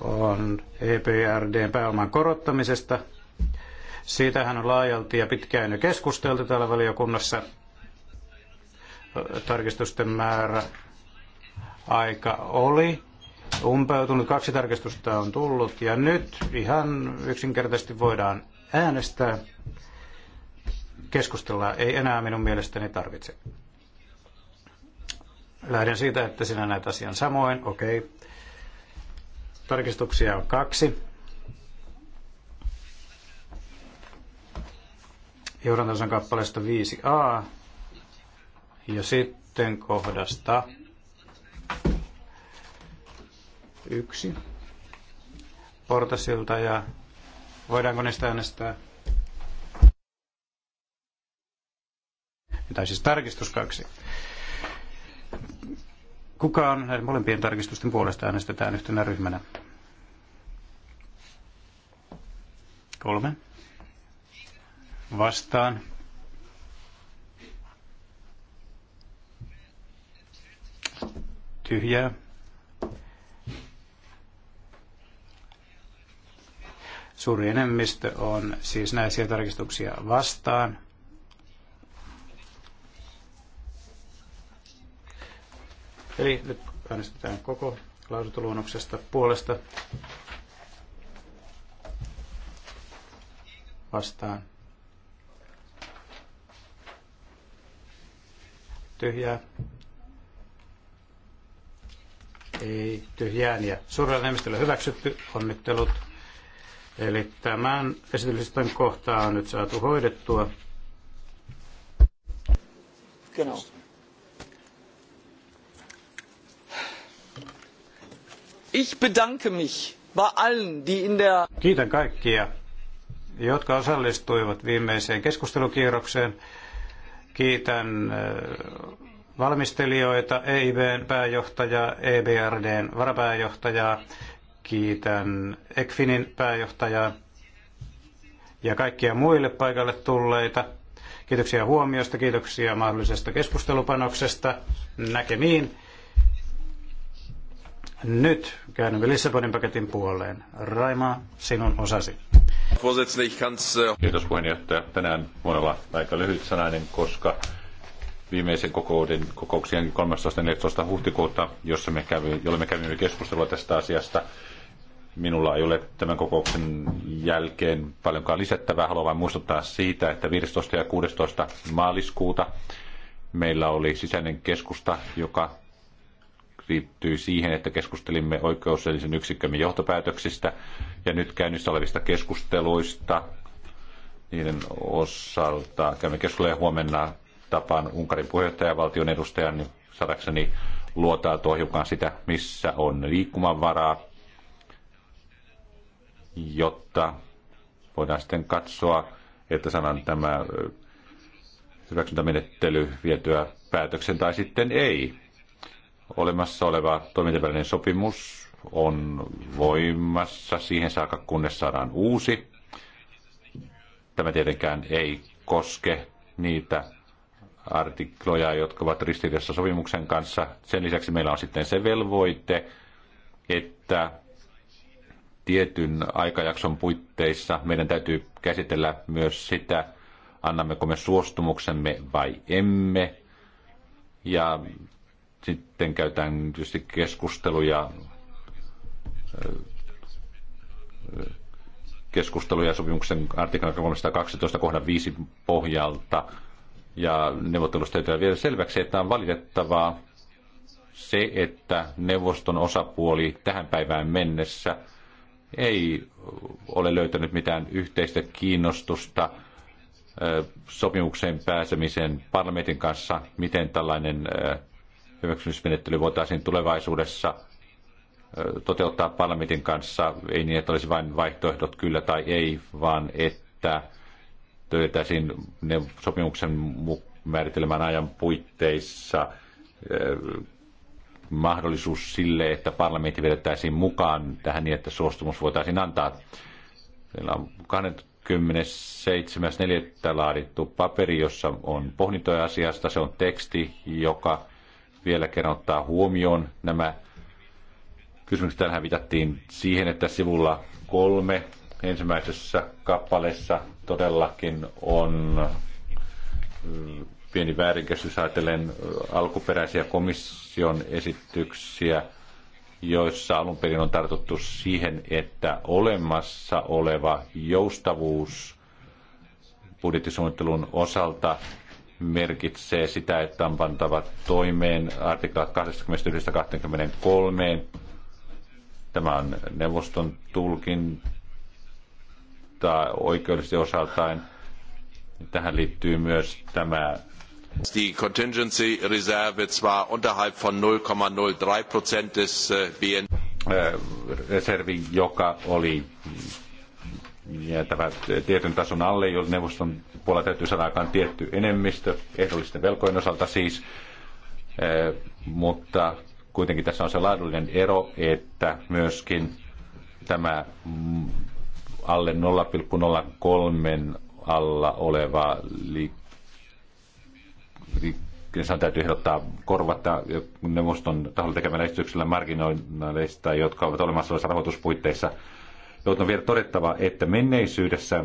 on EPRDn pääoman korottamisesta. Siitähän on laajalti ja pitkään jo keskusteltu täällä valiokunnassa. Tarkistusten määrä aika oli umpeutunut, kaksi tarkistusta on tullut ja nyt ihan yksinkertaisesti voidaan äänestää. Keskustella ei enää minun mielestäni tarvitse. Lähden siitä, että sinä näet asian samoin. Okei. Okay. Tarkistuksia on kaksi. Johdantason kappaleesta 5a. Ja sitten kohdasta yksi portasilta ja voidaanko niistä äänestää? Tai siis tarkistus kaksi. Kukaan näiden molempien tarkistusten puolesta äänestetään yhtenä ryhmänä? Kolme. Vastaan. Tyhjää. Suuri enemmistö on siis näisiä tarkistuksia vastaan. Eli nyt äänestetään koko lausuntoluonnoksesta puolesta vastaan. Tyhjää. Ei tyhjää. ja suurella enemmistöllä hyväksytty. Onnittelut. Eli tämän esityslistan kohtaa on nyt saatu hoidettua. Genau. Ich bedanke mich bei allen, die in der... Kiitän kaikkia, jotka osallistuivat viimeiseen keskustelukierrokseen. Kiitän äh, valmistelijoita, EIBn pääjohtajaa, EBRDn varapääjohtajaa, kiitän ECFINin pääjohtajaa ja kaikkia muille paikalle tulleita. Kiitoksia huomiosta, kiitoksia mahdollisesta keskustelupanoksesta. Näkemiin. Nyt käännymme Lissabonin paketin puoleen. Raima, sinun osasi. Eh, Kiitos puheenjohtaja. Tänään voin olla aika lyhyt sanainen, koska viimeisen kokouden, kokouksien 13.14. huhtikuuta, jossa me kävi, jolle me kävimme keskustelua tästä asiasta. Minulla ei ole tämän kokouksen jälkeen paljonkaan lisättävää. Haluan vain muistuttaa siitä, että 15. ja 16. maaliskuuta meillä oli sisäinen keskusta, joka liittyy siihen, että keskustelimme oikeusellisen yksikkömme johtopäätöksistä ja nyt käynnissä olevista keskusteluista niiden osalta. Käymme keskustelua huomenna tapaan Unkarin puheenjohtajavaltion edustajan niin sadakseni luotaa tuo hiukan sitä, missä on liikkumavaraa, jotta voidaan sitten katsoa, että sanan tämä hyväksyntämenettely vietyä päätöksen tai sitten ei. Olemassa oleva toimintavälinen sopimus on voimassa siihen saakka, kunnes saadaan uusi. Tämä tietenkään ei koske niitä artikloja, jotka ovat ristiriidassa sopimuksen kanssa. Sen lisäksi meillä on sitten se velvoite, että tietyn aikajakson puitteissa meidän täytyy käsitellä myös sitä, annammeko me suostumuksemme vai emme. Ja sitten käytään tietysti keskusteluja keskusteluja sopimuksen artiklan 312 kohdan 5 pohjalta. Ja neuvottelusta täytyy vielä selväksi, että on valitettavaa se, että neuvoston osapuoli tähän päivään mennessä ei ole löytänyt mitään yhteistä kiinnostusta sopimukseen pääsemisen parlamentin kanssa, miten tällainen hyväksymismenettely voitaisiin tulevaisuudessa toteuttaa parlamentin kanssa, ei niin, että olisi vain vaihtoehdot kyllä tai ei, vaan että töitäisiin ne sopimuksen määritelmän ajan puitteissa mahdollisuus sille, että parlamentti vedettäisiin mukaan tähän niin, että suostumus voitaisiin antaa. Meillä on 27.4. laadittu paperi, jossa on pohdintoja asiasta. Se on teksti, joka vielä kerran ottaa huomioon nämä kysymykset. Tähän viitattiin siihen, että sivulla kolme ensimmäisessä kappaleessa todellakin on mm, pieni väärinkäsitys ajatellen alkuperäisiä komission esityksiä, joissa alun perin on tartuttu siihen, että olemassa oleva joustavuus budjettisuunnittelun osalta merkitsee sitä, että on pantava toimeen artikla 21-23. Tämä on neuvoston tulkinta oikeudellisesti osaltain. Tähän liittyy myös tämä die contingency reserve zwar unterhalb von 0,03 Prozent des äh, BNP. Äh, reservi, joka oli jäätävät tietyn tason alle, jolloin neuvoston puolella täytyy saada aikaan tietty enemmistö, ehdollisten velkojen osalta siis. Eh, mutta kuitenkin tässä on se laadullinen ero, että myöskin tämä alle 0,03 alla oleva li, li, sen täytyy ehdottaa korvata neuvoston taholla tekemällä esityksellä marginaaleista, jotka ovat olemassa olevissa rahoituspuitteissa – Joten on vielä todettava, että menneisyydessä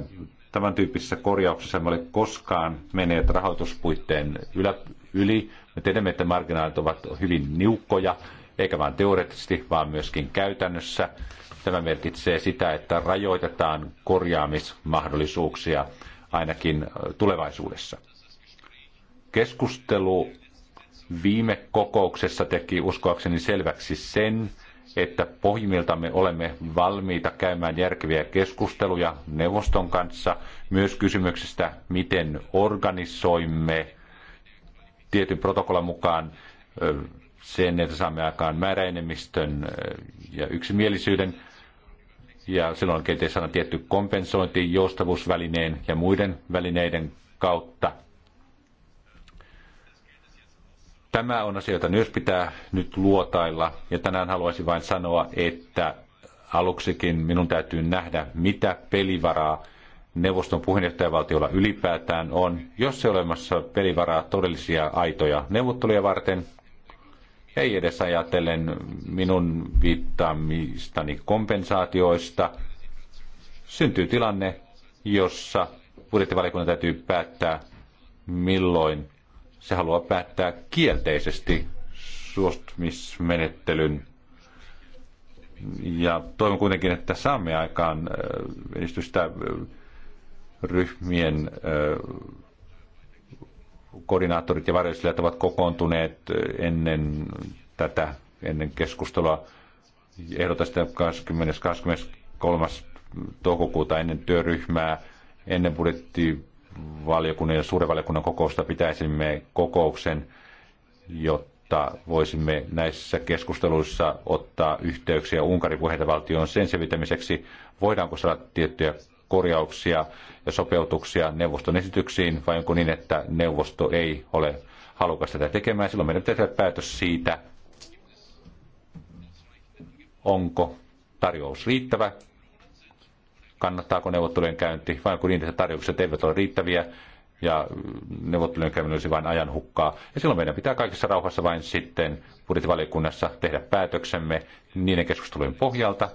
tämän tyyppisessä korjauksessa me ole koskaan menneet rahoituspuitteen ylä, yli. Me tiedämme, että marginaalit ovat hyvin niukkoja, eikä vain teoreettisesti, vaan myöskin käytännössä. Tämä merkitsee sitä, että rajoitetaan korjaamismahdollisuuksia ainakin tulevaisuudessa. Keskustelu viime kokouksessa teki uskoakseni selväksi sen, että pohjimmiltamme olemme valmiita käymään järkeviä keskusteluja neuvoston kanssa myös kysymyksestä, miten organisoimme tietyn protokollan mukaan sen, että saamme aikaan määräenemmistön ja yksimielisyyden. Ja silloin on kenties tietty kompensointi joustavuusvälineen ja muiden välineiden kautta Tämä on asia, jota myös pitää nyt luotailla. Ja tänään haluaisin vain sanoa, että aluksikin minun täytyy nähdä, mitä pelivaraa neuvoston puheenjohtajavaltiolla ylipäätään on, jos ei ole olemassa pelivaraa todellisia aitoja neuvotteluja varten, ei edes ajatellen minun viittaamistani kompensaatioista, syntyy tilanne, jossa budjettivaliokunnan täytyy päättää, milloin se haluaa päättää kielteisesti suostumismenettelyn. Ja toivon kuitenkin, että saamme aikaan edistystä ryhmien koordinaattorit ja varjoisilijat ovat kokoontuneet ennen tätä, ennen keskustelua. Ehdotan sitä 20. 23. toukokuuta ennen työryhmää, ennen budjetti valiokunnan ja suuren valiokunnan kokousta pitäisimme kokouksen, jotta voisimme näissä keskusteluissa ottaa yhteyksiä Unkarin puheenjohtajavaltioon sen selvitämiseksi, voidaanko saada tiettyjä korjauksia ja sopeutuksia neuvoston esityksiin, vai onko niin, että neuvosto ei ole halukas tätä tekemään. Silloin meidän pitää tehdä päätös siitä, onko tarjous riittävä kannattaako neuvottelujen käynti, vai kun niiden tarjoukset eivät ole riittäviä, ja neuvottelujen käyminen olisi vain ajan hukkaa. Ja silloin meidän pitää kaikessa rauhassa vain sitten budjettivaliokunnassa tehdä päätöksemme niiden keskustelujen pohjalta,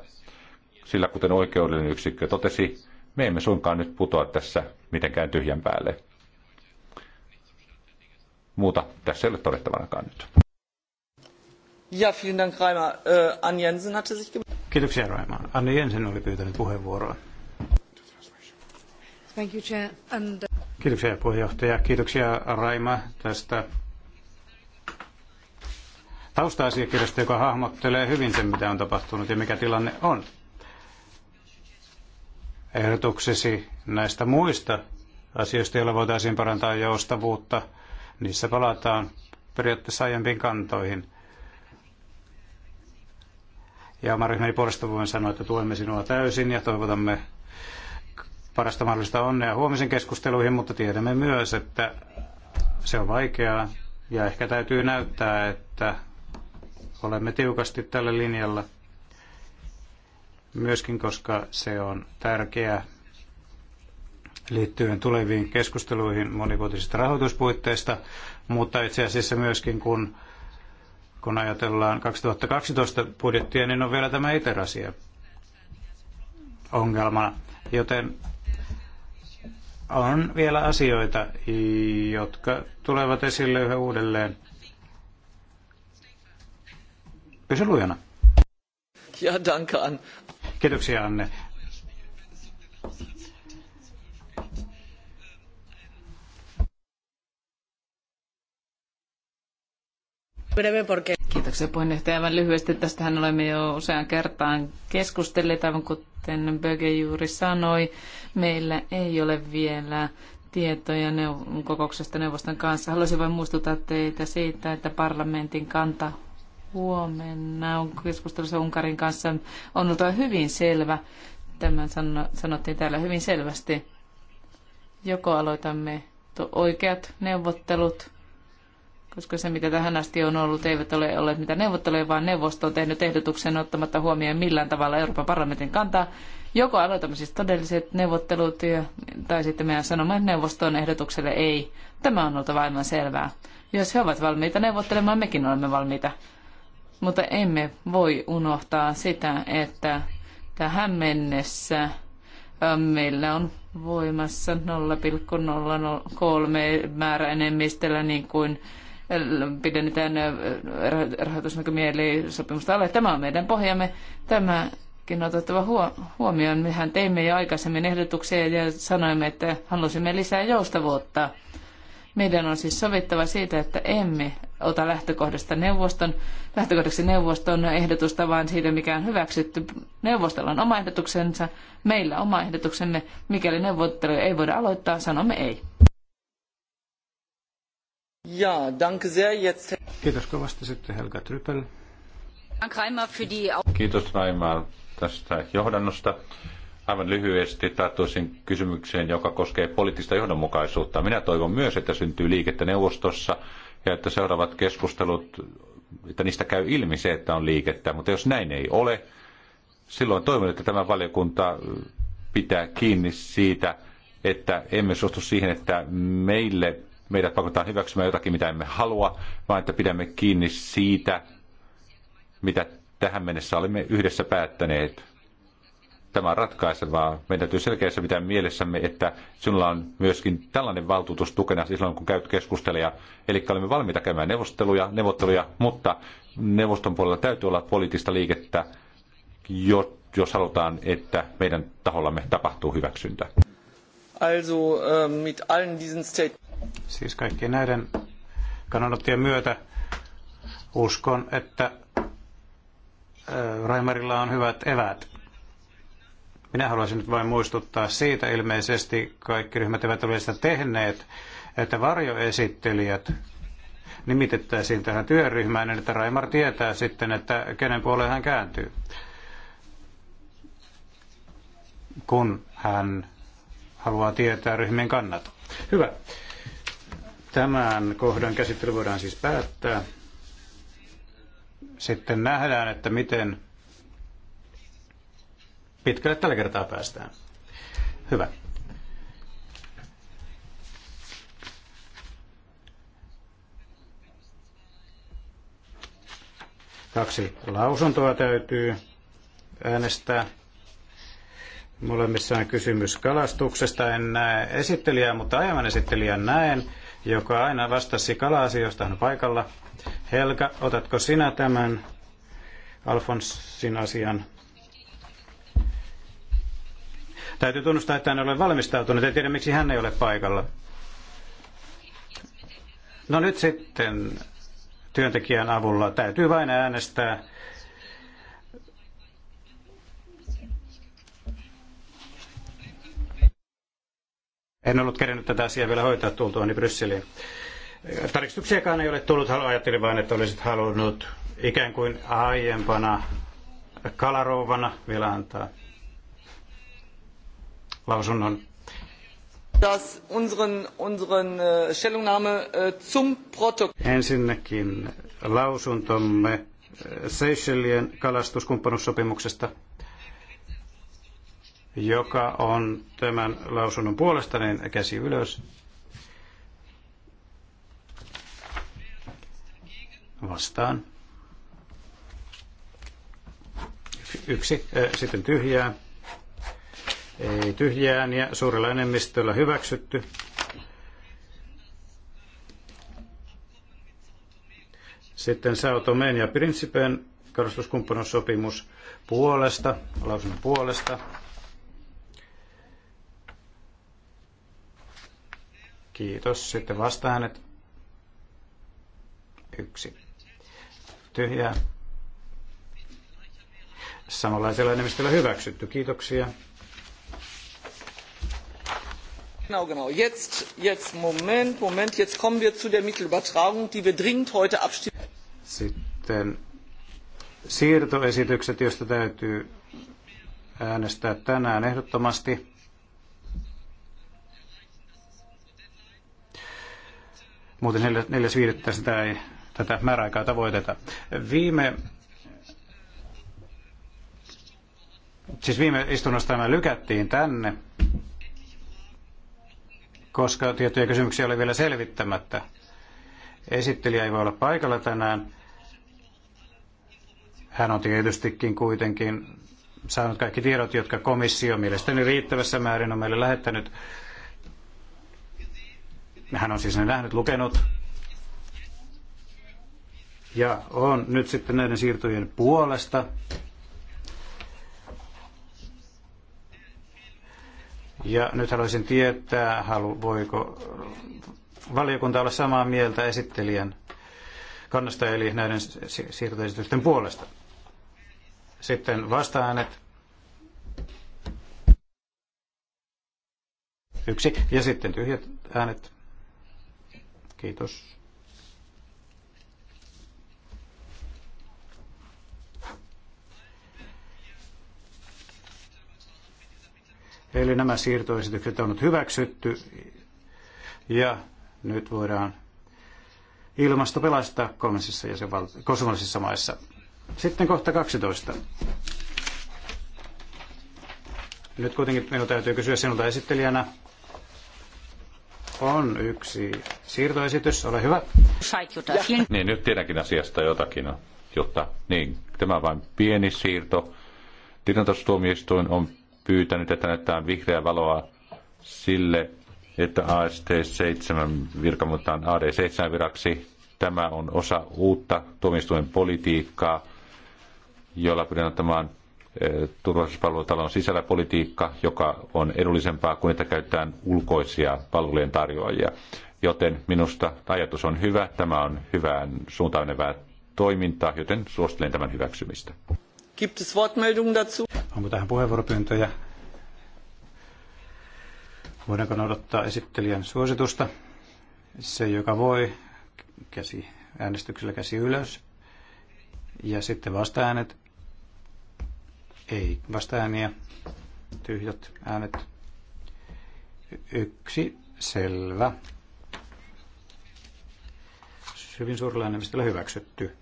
sillä kuten oikeudellinen yksikkö totesi, me emme suinkaan nyt putoa tässä mitenkään tyhjän päälle. Muuta tässä ei ole todettavanakaan nyt. Ja, vielen Dank, Reimer. Äh, Anne Jensen hatte sich... Kiitoksia, Reimer. Anne Jensen oli pyytänyt puheenvuoroa. Thank you, Chair. And... Uh, Kiitoksia puheenjohtaja. Kiitoksia Raima tästä tausta-asiakirjasta, joka hahmottelee hyvin sen, mitä on tapahtunut ja mikä tilanne on. Ehdotuksesi näistä muista asioista, joilla voitaisiin parantaa joustavuutta, niissä palataan periaatteessa aiempiin kantoihin. Ja oma ryhmäni puolesta voin sanoa, että tuemme sinua täysin ja toivotamme parasta mahdollista onnea huomisen keskusteluihin, mutta tiedämme myös, että se on vaikeaa ja ehkä täytyy näyttää, että olemme tiukasti tällä linjalla myöskin, koska se on tärkeää liittyen tuleviin keskusteluihin monivuotisista rahoituspuitteista, mutta itse asiassa myöskin kun, kun ajatellaan 2012 budjettia, niin on vielä tämä iterasia ongelmana. Joten on vielä asioita, jotka tulevat esille yhä uudelleen. Pysy lujana. Ja, danke Kiitoksia, Anne. breve porque... Kiitoksia puheenjohtaja. Aivan lyhyesti. Tästähän olemme jo usean kertaan keskustelleet, aivan kuten Böge juuri sanoi. Meillä ei ole vielä tietoja neu- kokouksesta neuvoston kanssa. Haluaisin vain muistuttaa teitä siitä, että parlamentin kanta huomenna on keskustelussa Unkarin kanssa on ollut hyvin selvä. Tämän sanottiin täällä hyvin selvästi. Joko aloitamme oikeat neuvottelut koska se mitä tähän asti on ollut eivät ole olleet mitä neuvotteluja, vaan neuvosto on tehnyt ehdotuksen ottamatta huomioon millään tavalla Euroopan parlamentin kantaa. Joko aloitamme siis todelliset neuvottelut ja, tai sitten meidän sanomme neuvoston ehdotukselle ei. Tämä on oltava aivan selvää. Jos he ovat valmiita neuvottelemaan, mekin olemme valmiita. Mutta emme voi unohtaa sitä, että tähän mennessä ähm, meillä on voimassa 0,03 määräenemmistöllä niin kuin pidennetään äh, rahoitusnäkymiä eli sopimusta alle. Tämä on meidän pohjamme. Tämäkin on otettava huomioon. Mehän teimme jo aikaisemmin ehdotuksia ja sanoimme, että halusimme lisää joustavuutta. Meidän on siis sovittava siitä, että emme ota lähtökohdasta neuvoston, lähtökohdaksi neuvoston ehdotusta, vaan siitä, mikä on hyväksytty. Neuvostolla on oma ehdotuksensa, meillä oma ehdotuksemme. Mikäli neuvottelu ei voida aloittaa, sanomme ei. Ja, danke sehr. Jetzt... Kiitos kovasti sitten Helga Trypel. Kiitos Raimar tästä johdannosta. Aivan lyhyesti tarttuisin kysymykseen, joka koskee poliittista johdonmukaisuutta. Minä toivon myös, että syntyy liikettä neuvostossa ja että seuraavat keskustelut, että niistä käy ilmi se, että on liikettä. Mutta jos näin ei ole, silloin toivon, että tämä valiokunta pitää kiinni siitä, että emme suostu siihen, että meille meidät pakotetaan hyväksymään jotakin, mitä emme halua, vaan että pidämme kiinni siitä, mitä tähän mennessä olemme yhdessä päättäneet. Tämä on ratkaisevaa. Meidän täytyy selkeässä pitää mielessämme, että sinulla on myöskin tällainen valtuutus tukena silloin, kun käyt keskusteluja. Eli olemme valmiita käymään neuvotteluja, neuvotteluja, mutta neuvoston puolella täytyy olla poliittista liikettä, jos halutaan, että meidän tahollamme tapahtuu hyväksyntä. Also, äh, mit allen diesen state- Siis kaikkien näiden kannanottien myötä uskon, että äh, Raimarilla on hyvät evät. Minä haluaisin nyt vain muistuttaa siitä, ilmeisesti kaikki ryhmät eivät ole sitä tehneet, että varjoesittelijät nimitettäisiin tähän työryhmään, niin että Raimar tietää sitten, että kenen puoleen hän kääntyy, kun hän haluaa tietää ryhmien kannat. Hyvä. Tämän kohdan käsittely voidaan siis päättää. Sitten nähdään, että miten pitkälle tällä kertaa päästään. Hyvä. Kaksi lausuntoa täytyy äänestää. Molemmissa on kysymys kalastuksesta. En näe esittelijää, mutta aivan esittelijän näen joka aina vastasi kala-asioista, on paikalla. Helka, otatko sinä tämän Alfonsin asian? Täytyy tunnustaa, että en ole valmistautunut. En tiedä, miksi hän ei ole paikalla. No nyt sitten työntekijän avulla täytyy vain äänestää En ollut kerännyt tätä asiaa vielä hoitaa tultuani Brysseliin. Tarkistuksiakaan ei ole tullut, ajattelin vain, että olisit halunnut ikään kuin aiempana kalarouvana vielä antaa lausunnon. Das unseren, unseren äh, Stellungnahme äh, zum Ensinnäkin lausuntomme Seychellien kalastuskumppanuussopimuksesta joka on tämän lausunnon puolesta, niin käsi ylös. Vastaan. Yksi, äh, sitten tyhjää. Ei tyhjään ja suurella enemmistöllä hyväksytty. Sitten Sao Tomeen ja Prinsipen kalastuskumppanuussopimus puolesta, lausunnon puolesta Kiitos. Sitten vastaäänet. Yksi. Tyhjää. Samanlaisella enemmistöllä hyväksytty. Kiitoksia. Genau, genau. Jetzt, jetzt, Moment, Moment, jetzt kommen wir zu der Mittelübertragung, die wir dringend heute abstimmen. Sitten siirtoesitykset, joista täytyy äänestää tänään ehdottomasti. Muuten 4.5. sitä ei tätä määräaikaa tavoiteta. Viime Siis viime istunnosta tämä lykättiin tänne, koska tiettyjä kysymyksiä oli vielä selvittämättä. Esittelijä ei voi olla paikalla tänään. Hän on tietystikin kuitenkin saanut kaikki tiedot, jotka komissio mielestäni riittävässä määrin on meille lähettänyt. Hän on siis ne nähnyt, lukenut. Ja on nyt sitten näiden siirtojen puolesta. Ja nyt haluaisin tietää, halu, voiko valiokunta olla samaa mieltä esittelijän kannasta, eli näiden siirtoesitysten puolesta. Sitten vasta-äänet. Yksi. Ja sitten tyhjät äänet. Kiitos. Eli nämä siirtoesitykset on nyt hyväksytty ja nyt voidaan ilmasto pelastaa ja jäsenval- kosmollisissa maissa. Sitten kohta 12. Nyt kuitenkin minun täytyy kysyä sinulta esittelijänä, on yksi siirtoesitys, ole hyvä. Niin, nyt tiedänkin asiasta jotakin, no, jotta niin, tämä on vain pieni siirto. Tilintastuomioistuin on pyytänyt, että näytetään vihreää valoa sille, että AST7 virka AD7 viraksi. Tämä on osa uutta tuomioistuimen politiikkaa, jolla pyritään ottamaan turvallisuuspalvelutalon sisällä politiikka, joka on edullisempaa kuin että käytetään ulkoisia palvelujen tarjoajia. Joten minusta ajatus on hyvä, tämä on hyvään suuntaanevää toimintaa, joten suosittelen tämän hyväksymistä. Gibt es Wortmeldungen dazu? Onko tähän puheenvuoropyyntöjä? Voidaanko odottaa esittelijän suositusta? Se, joka voi, käsi äänestyksellä käsi ylös. Ja sitten vasta-äänet ei vastaääniä. Tyhjät äänet. Yksi. Selvä. Hyvin suurella enemmistöllä hyväksytty.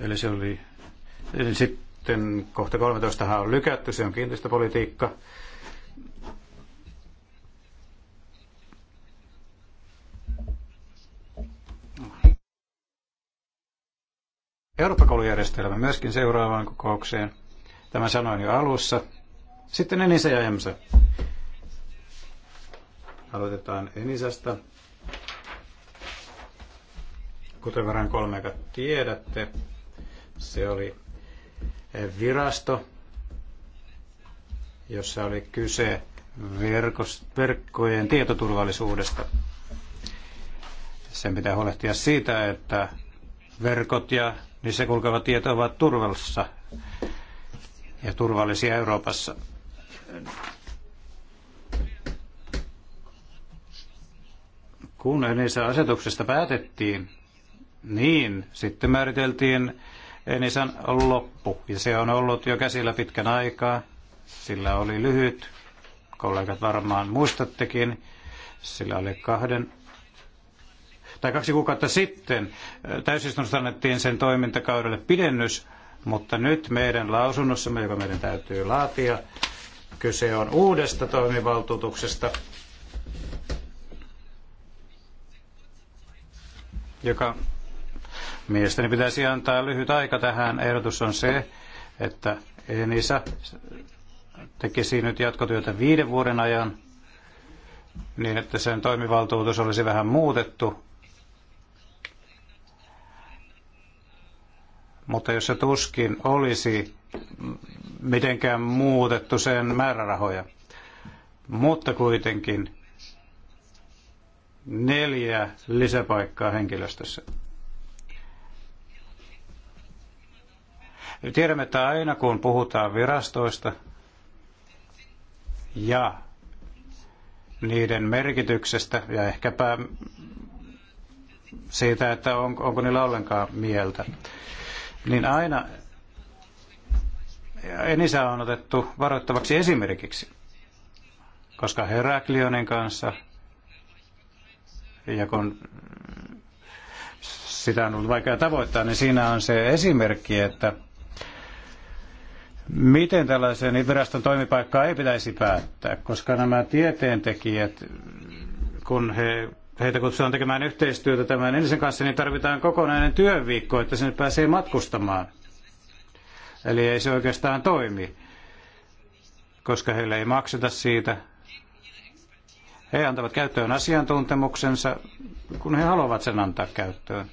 Eli se oli... Eli sitten kohta 13 on lykätty, se on kiinteistöpolitiikka. Eurooppa-koulujärjestelmä myöskin seuraavaan kokoukseen. Tämä sanoin jo alussa. Sitten Enisa ja Emsa. Aloitetaan Enisasta. Kuten verran kolmeka tiedätte, se oli eh, virasto, jossa oli kyse verkos, verkkojen tietoturvallisuudesta. Sen pitää huolehtia siitä, että verkot ja niissä kulkeva tieto ovat turvallisessa ja turvallisia Euroopassa. Kun Enisa asetuksesta päätettiin, niin sitten määriteltiin Enisan loppu. Ja se on ollut jo käsillä pitkän aikaa. Sillä oli lyhyt, kollegat varmaan muistattekin, sillä oli kahden tai kaksi kuukautta sitten täysistunnosta annettiin sen toimintakaudelle pidennys, mutta nyt meidän lausunnossamme, joka meidän täytyy laatia, kyse on uudesta toimivaltuutuksesta, joka mielestäni pitäisi antaa lyhyt aika tähän. Ehdotus on se, että Enisa tekisi nyt jatkotyötä viiden vuoden ajan niin, että sen toimivaltuutus olisi vähän muutettu mutta jos se tuskin olisi mitenkään muutettu sen määrärahoja. Mutta kuitenkin neljä lisäpaikkaa henkilöstössä. Tiedämme, että aina kun puhutaan virastoista ja niiden merkityksestä ja ehkäpä siitä, että on, onko niillä ollenkaan mieltä, niin aina Enisa on otettu varoittavaksi esimerkiksi, koska Heraklionin kanssa, ja kun sitä on ollut vaikea tavoittaa, niin siinä on se esimerkki, että miten tällaisen viraston toimipaikkaa ei pitäisi päättää, koska nämä tieteentekijät, kun he heitä kutsutaan tekemään yhteistyötä tämän ensin kanssa, niin tarvitaan kokonainen työviikko, että sinne pääsee matkustamaan. Eli ei se oikeastaan toimi, koska heille ei makseta siitä. He antavat käyttöön asiantuntemuksensa, kun he haluavat sen antaa käyttöön.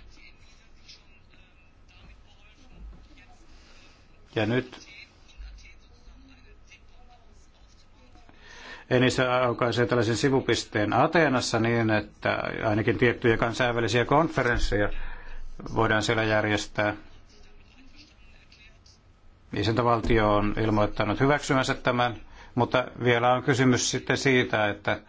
Ja nyt Enissä aukaisee tällaisen sivupisteen Ateenassa niin, että ainakin tiettyjä kansainvälisiä konferensseja voidaan siellä järjestää. Isäntävaltio on ilmoittanut hyväksymänsä tämän, mutta vielä on kysymys sitten siitä, että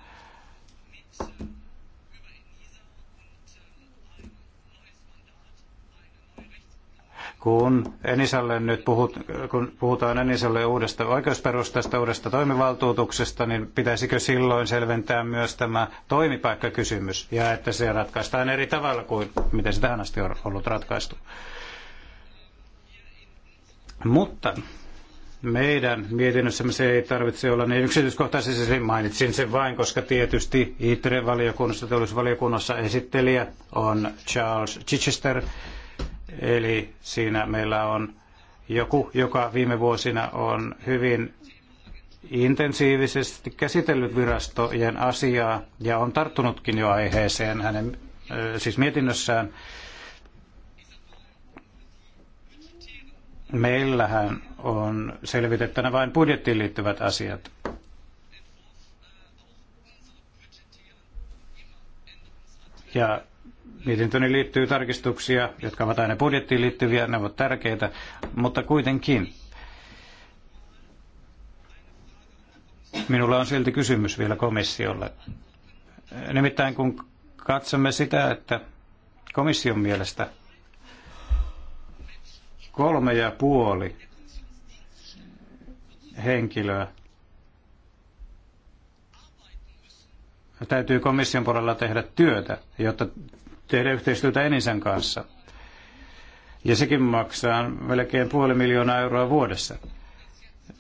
kun Enisalle nyt puhut, kun puhutaan Enisalle uudesta oikeusperustasta, uudesta toimivaltuutuksesta, niin pitäisikö silloin selventää myös tämä toimipaikkakysymys ja että se ratkaistaan eri tavalla kuin miten se tähän asti on ollut ratkaistu. Mutta meidän mietinnössämme se ei tarvitse olla niin yksityiskohtaisesti, mainitsin sen vain, koska tietysti ITRE-valiokunnassa, teollisuusvaliokunnassa esittelijä on Charles Chichester, Eli siinä meillä on joku, joka viime vuosina on hyvin intensiivisesti käsitellyt virastojen asiaa ja on tarttunutkin jo aiheeseen hänen siis mietinnössään. Meillähän on selvitettänä vain budjettiin liittyvät asiat. Ja Mietintöni liittyy tarkistuksia, jotka ovat aina budjettiin liittyviä, ne ovat tärkeitä, mutta kuitenkin. Minulla on silti kysymys vielä komissiolle. Nimittäin kun katsomme sitä, että komission mielestä kolme ja puoli henkilöä täytyy komission puolella tehdä työtä, jotta tehdä yhteistyötä Enisen kanssa. Ja sekin maksaa melkein puoli miljoonaa euroa vuodessa.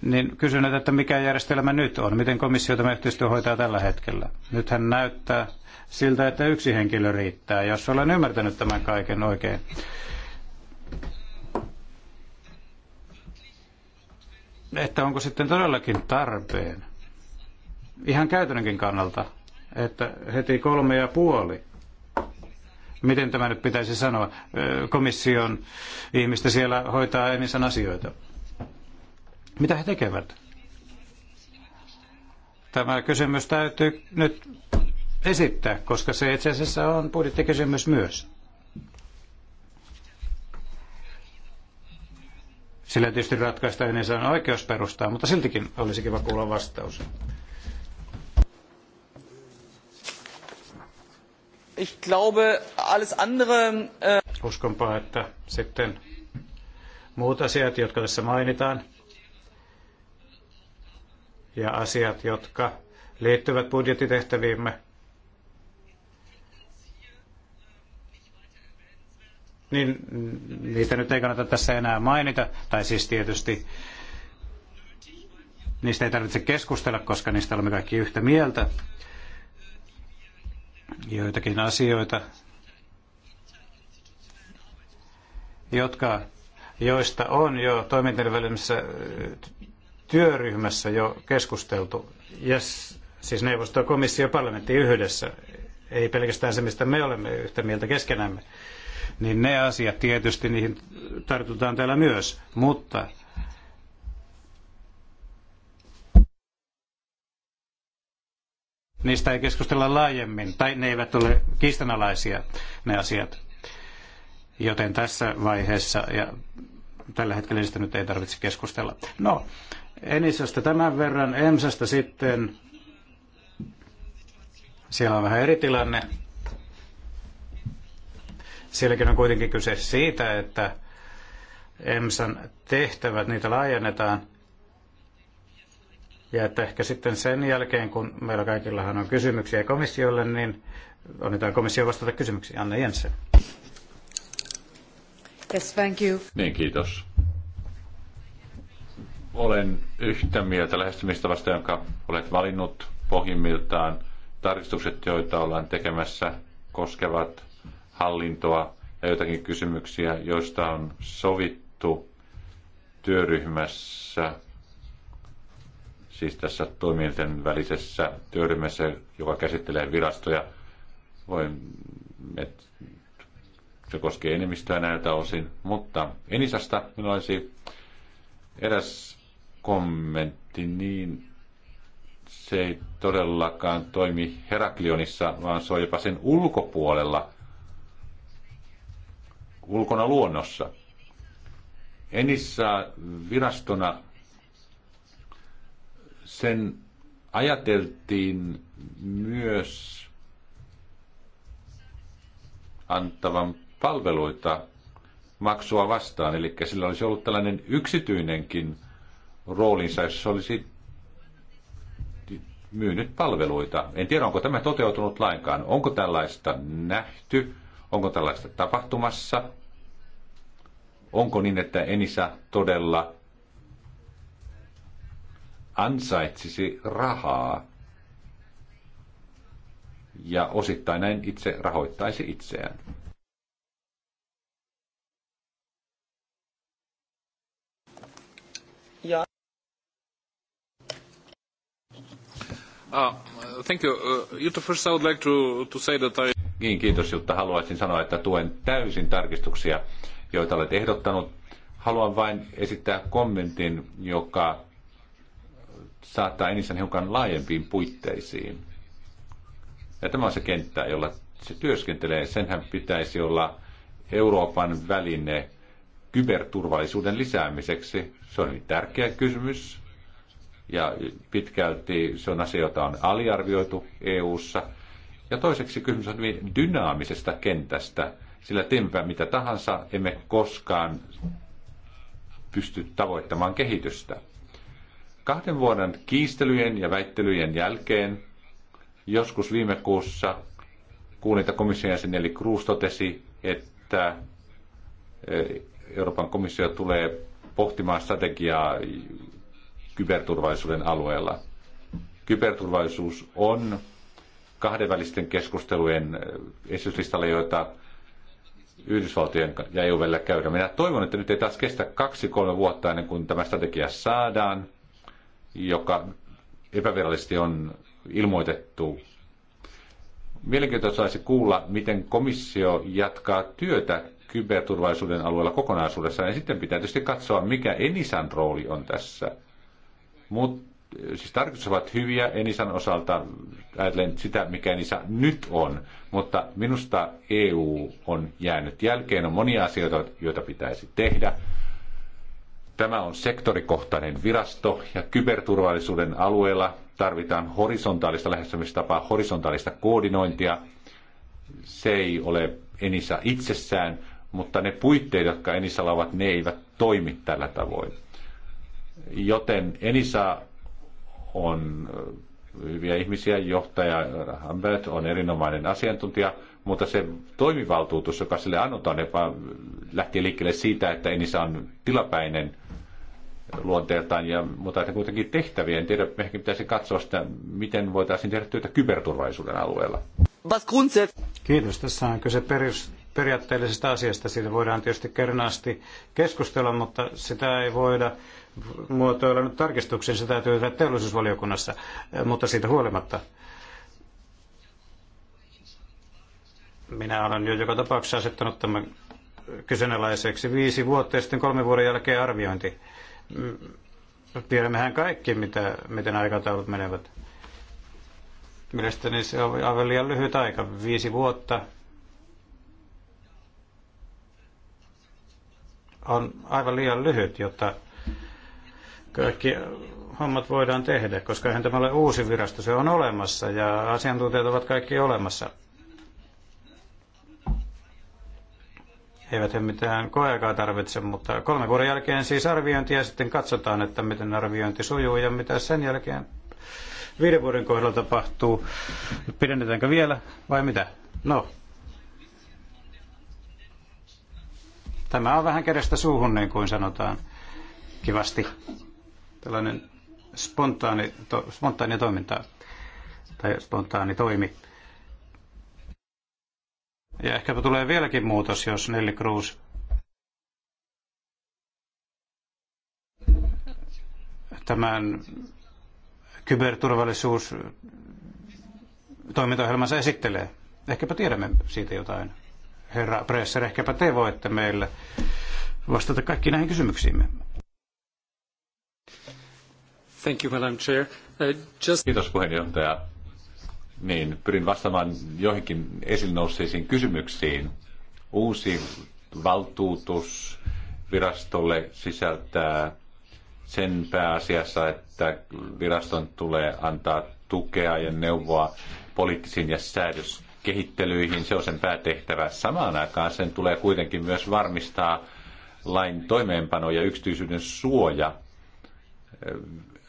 Niin kysyn, että mikä järjestelmä nyt on? Miten komissio tämä yhteistyö hoitaa tällä hetkellä? Nythän näyttää siltä, että yksi henkilö riittää, jos olen ymmärtänyt tämän kaiken oikein. Että onko sitten todellakin tarpeen, ihan käytännönkin kannalta, että heti kolme ja puoli miten tämä nyt pitäisi sanoa, komission ihmistä siellä hoitaa Enisan asioita. Mitä he tekevät? Tämä kysymys täytyy nyt esittää, koska se itse asiassa on budjettikysymys myös. Sillä tietysti ratkaista Enisan oikeusperustaa, mutta siltikin olisi kiva kuulla vastaus. Ich glaube, alles andere... Äh, Uskonpa, että sitten muut asiat, jotka tässä mainitaan, ja asiat, jotka liittyvät budjettitehtäviimme, niin niitä nyt ei kannata tässä enää mainita, tai siis tietysti niistä ei tarvitse keskustella, koska niistä olemme kaikki yhtä mieltä joitakin asioita, jotka, joista on jo toimintavälisessä työryhmässä jo keskusteltu, yes, siis neuvosto, komissio ja parlamentti yhdessä, ei pelkästään se, mistä me olemme yhtä mieltä keskenämme, niin ne asiat tietysti, niihin tartutaan täällä myös, mutta Niistä ei keskustella laajemmin, tai ne eivät ole kiistanalaisia ne asiat. Joten tässä vaiheessa, ja tällä hetkellä niistä nyt ei tarvitse keskustella. No, Enisasta tämän verran, Emsasta sitten. Siellä on vähän eri tilanne. Sielläkin on kuitenkin kyse siitä, että EMSan tehtävät, niitä laajennetaan – ja että ehkä sitten sen jälkeen, kun meillä kaikillahan on kysymyksiä komissiolle, niin annetaan komissio vastata kysymyksiin. Anne Jensen. Yes, thank you. Niin, kiitos. Olen yhtä mieltä lähestymistavasta, jonka olet valinnut pohjimmiltaan. Tarkistukset, joita ollaan tekemässä, koskevat hallintoa ja joitakin kysymyksiä, joista on sovittu työryhmässä siis tässä toimijoiden välisessä työryhmässä, joka käsittelee virastoja. Voin, se koskee enemmistöä näiltä osin, mutta Enisasta minulla olisi eräs kommentti niin, se ei todellakaan toimi Heraklionissa, vaan se on jopa sen ulkopuolella, ulkona luonnossa. Enissä virastona sen ajateltiin myös antavan palveluita maksua vastaan, eli sillä olisi ollut tällainen yksityinenkin roolinsa, jos se olisi myynyt palveluita. En tiedä, onko tämä toteutunut lainkaan. Onko tällaista nähty? Onko tällaista tapahtumassa? Onko niin, että Enisa todella ansaitsisi rahaa ja osittain näin itse rahoittaisi itseään. Ja. Ah, thank you. Uh, Jutta, first I would like to, to say that I... Niin, kiitos Jutta. Haluaisin sanoa, että tuen täysin tarkistuksia, joita olet ehdottanut. Haluan vain esittää kommentin, joka saattaa ensin hiukan laajempiin puitteisiin. Ja tämä on se kenttä, jolla se työskentelee. Senhän pitäisi olla Euroopan väline kyberturvallisuuden lisäämiseksi. Se on hyvin tärkeä kysymys. Ja pitkälti se on asia, jota on aliarvioitu EU:ssa. Ja toiseksi kysymys on hyvin dynaamisesta kentästä, sillä teemme mitä tahansa, emme koskaan pysty tavoittamaan kehitystä. Kahden vuoden kiistelyjen ja väittelyjen jälkeen, joskus viime kuussa, kuulinta komission jäsen eli Cruz totesi, että eh, Euroopan komissio tulee pohtimaan strategiaa kyberturvallisuuden alueella. Kyberturvallisuus on kahdenvälisten keskustelujen eh, esityslistalla, joita Yhdysvaltojen ja EU välillä käydään. Minä toivon, että nyt ei taas kestä kaksi-kolme vuotta ennen kuin tämä strategia saadaan joka epävirallisesti on ilmoitettu. Mielenkiintoista saisi kuulla, miten komissio jatkaa työtä kyberturvallisuuden alueella kokonaisuudessaan. Ja sitten pitää tietysti katsoa, mikä Enisan rooli on tässä. Mutta siis tarkoitus ovat hyviä Enisan osalta, ajatellen sitä, mikä Enisa nyt on. Mutta minusta EU on jäänyt jälkeen. On monia asioita, joita pitäisi tehdä Tämä on sektorikohtainen virasto ja kyberturvallisuuden alueella tarvitaan horisontaalista lähestymistapaa, horisontaalista koordinointia. Se ei ole Enisa itsessään, mutta ne puitteet, jotka Enisalla ovat, ne eivät toimi tällä tavoin. Joten Enisa on hyviä ihmisiä, johtaja Humbert on erinomainen asiantuntija, mutta se toimivaltuutus, joka sille annotaan, joka lähtee liikkeelle siitä, että Enisa on tilapäinen luonteeltaan, ja, mutta että kuitenkin tehtäviä. En tiedä, ehkä pitäisi katsoa sitä, miten voitaisiin tehdä työtä kyberturvallisuuden alueella. Kiitos. Tässä on kyse perus, periaatteellisesta asiasta. Siitä voidaan tietysti kernaasti keskustella, mutta sitä ei voida muotoilla nyt tarkistuksen. Sitä täytyy tehdä teollisuusvaliokunnassa, mutta siitä huolimatta Minä olen jo joka tapauksessa asettanut tämän kyseenalaiseksi viisi vuotta ja sitten kolmen vuoden jälkeen arviointi. Mm, tiedämmehän kaikki, mitä, miten aikataulut menevät. Mielestäni se on aivan liian lyhyt aika, viisi vuotta. On aivan liian lyhyt, jotta kaikki hommat voidaan tehdä, koska eihän tämä ole uusi virasto, se on olemassa ja asiantuntijat ovat kaikki olemassa. Eivät he mitään koeaikaa tarvitse, mutta kolme vuoden jälkeen siis arviointi ja sitten katsotaan, että miten arviointi sujuu ja mitä sen jälkeen viiden vuoden kohdalla tapahtuu. Pidennetäänkö vielä vai mitä? No, tämä on vähän kädestä suuhun, niin kuin sanotaan kivasti. Tällainen spontaani, to, spontaani toiminta tai spontaani toimi. Ja ehkäpä tulee vieläkin muutos, jos Nelly Cruz tämän kyberturvallisuus toimintaohjelmansa esittelee. Ehkäpä tiedämme siitä jotain. Herra Presser, ehkäpä te voitte meille vastata kaikkiin näihin kysymyksiimme. Thank you, Madam Chair. Uh, just... Kiitos puheenjohtaja niin pyrin vastaamaan joihinkin esille nousseisiin kysymyksiin. Uusi valtuutus virastolle sisältää sen pääasiassa, että viraston tulee antaa tukea ja neuvoa poliittisiin ja säädöskehittelyihin. Se on sen päätehtävä. Samaan aikaan sen tulee kuitenkin myös varmistaa lain toimeenpano ja yksityisyyden suoja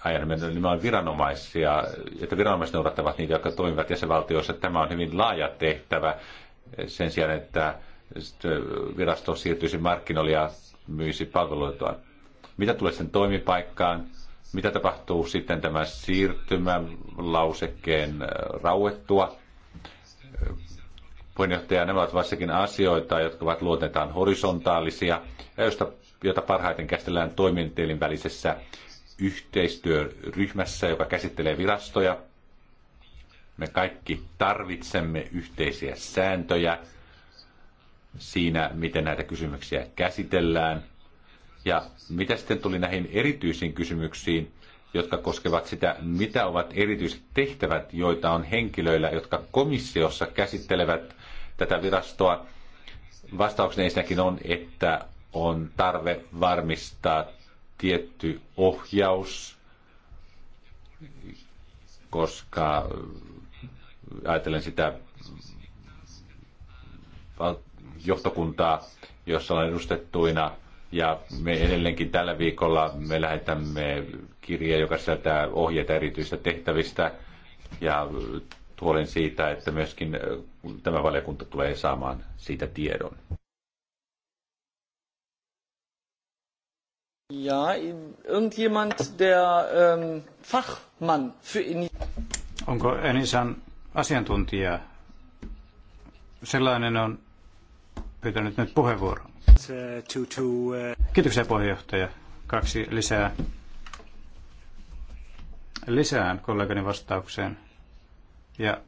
ajan nimenomaan viranomaisia, että viranomaiset noudattavat niitä, jotka toimivat jäsenvaltioissa. Tämä on hyvin laaja tehtävä sen sijaan, että virasto siirtyisi markkinoille ja myisi palveluitaan. Mitä tulee sen toimipaikkaan? Mitä tapahtuu sitten tämän siirtymälausekkeen rauettua? Puheenjohtaja, nämä ovat varsinkin asioita, jotka ovat luotetaan horisontaalisia, joista, joita parhaiten käsitellään toimintelin välisessä yhteistyöryhmässä, joka käsittelee virastoja. Me kaikki tarvitsemme yhteisiä sääntöjä siinä, miten näitä kysymyksiä käsitellään. Ja mitä sitten tuli näihin erityisiin kysymyksiin, jotka koskevat sitä, mitä ovat erityiset tehtävät, joita on henkilöillä, jotka komissiossa käsittelevät tätä virastoa. Vastauksena ensinnäkin on, että on tarve varmistaa tietty ohjaus, koska ajatellen sitä johtokuntaa, jossa olen edustettuina. Ja me edelleenkin tällä viikolla me lähetämme kirjeen, joka sisältää ohjeita erityistä tehtävistä ja huolen siitä, että myöskin äh, tämä valiokunta tulee saamaan siitä tiedon. Ja, irgendjemand, der ähm, Fachmann für Onko Enisan asiantuntija? Sellainen on pyytänyt nyt puheenvuoron. Uh, Kiitoksia puheenjohtaja. Kaksi lisää. Lisään kollegani vastaukseen. Ja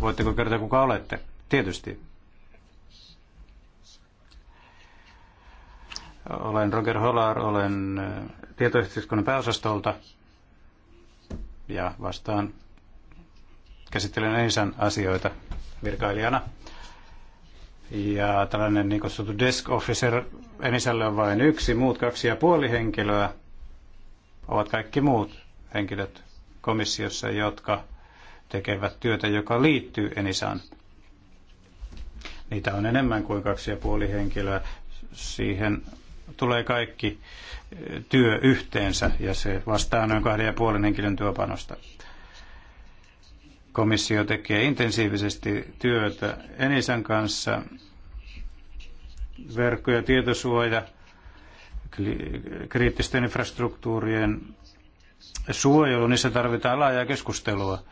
Voitteko kertoa, kuka olette? Tietysti. Olen Roger Holar, olen tietoyhteiskunnan pääosastolta ja vastaan käsittelen ensin asioita virkailijana. Ja tällainen niin kutsuttu desk officer Enisällä on vain yksi, muut kaksi ja puoli henkilöä ovat kaikki muut henkilöt komissiossa, jotka tekevät työtä, joka liittyy Enisaan. Niitä on enemmän kuin kaksi ja puoli henkilöä. Siihen tulee kaikki työ yhteensä ja se vastaa noin kahden ja puolen henkilön työpanosta. Komissio tekee intensiivisesti työtä Enisan kanssa verkko- ja tietosuoja, kriittisten infrastruktuurien suojelu, niissä tarvitaan laajaa keskustelua.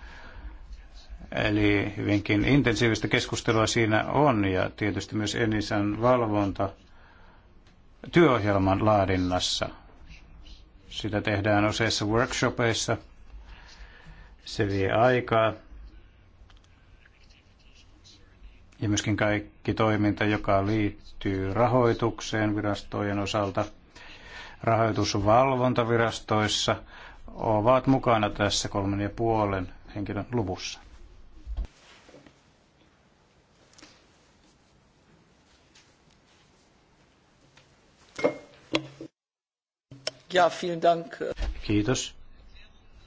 Eli hyvinkin intensiivistä keskustelua siinä on ja tietysti myös Enisan valvonta työohjelman laadinnassa. Sitä tehdään useissa workshopeissa. Se vie aikaa. Ja myöskin kaikki toiminta, joka liittyy rahoitukseen virastojen osalta, rahoitusvalvontavirastoissa, ovat mukana tässä kolmen ja puolen henkilön luvussa. Ja, vielen dank. Kiitos.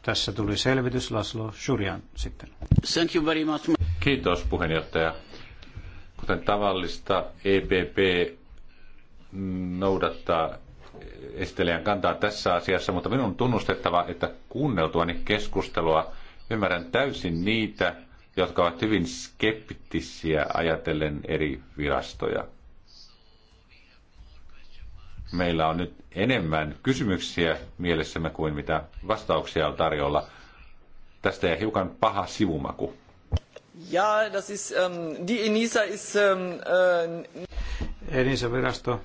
Tässä tuli selvitys Laslo Shurjan sitten. Thank you very much. Kiitos puheenjohtaja. Kuten tavallista, EPP noudattaa esittelijän kantaa tässä asiassa, mutta minun on tunnustettava, että kuunneltuani keskustelua ymmärrän täysin niitä, jotka ovat hyvin skeptisiä ajatellen eri virastoja meillä on nyt enemmän kysymyksiä mielessämme kuin mitä vastauksia on tarjolla. Tästä jää hiukan paha sivumaku. Ja, das ist, ähm, die Enisa ist, ähm, äh... Enisa-virasto,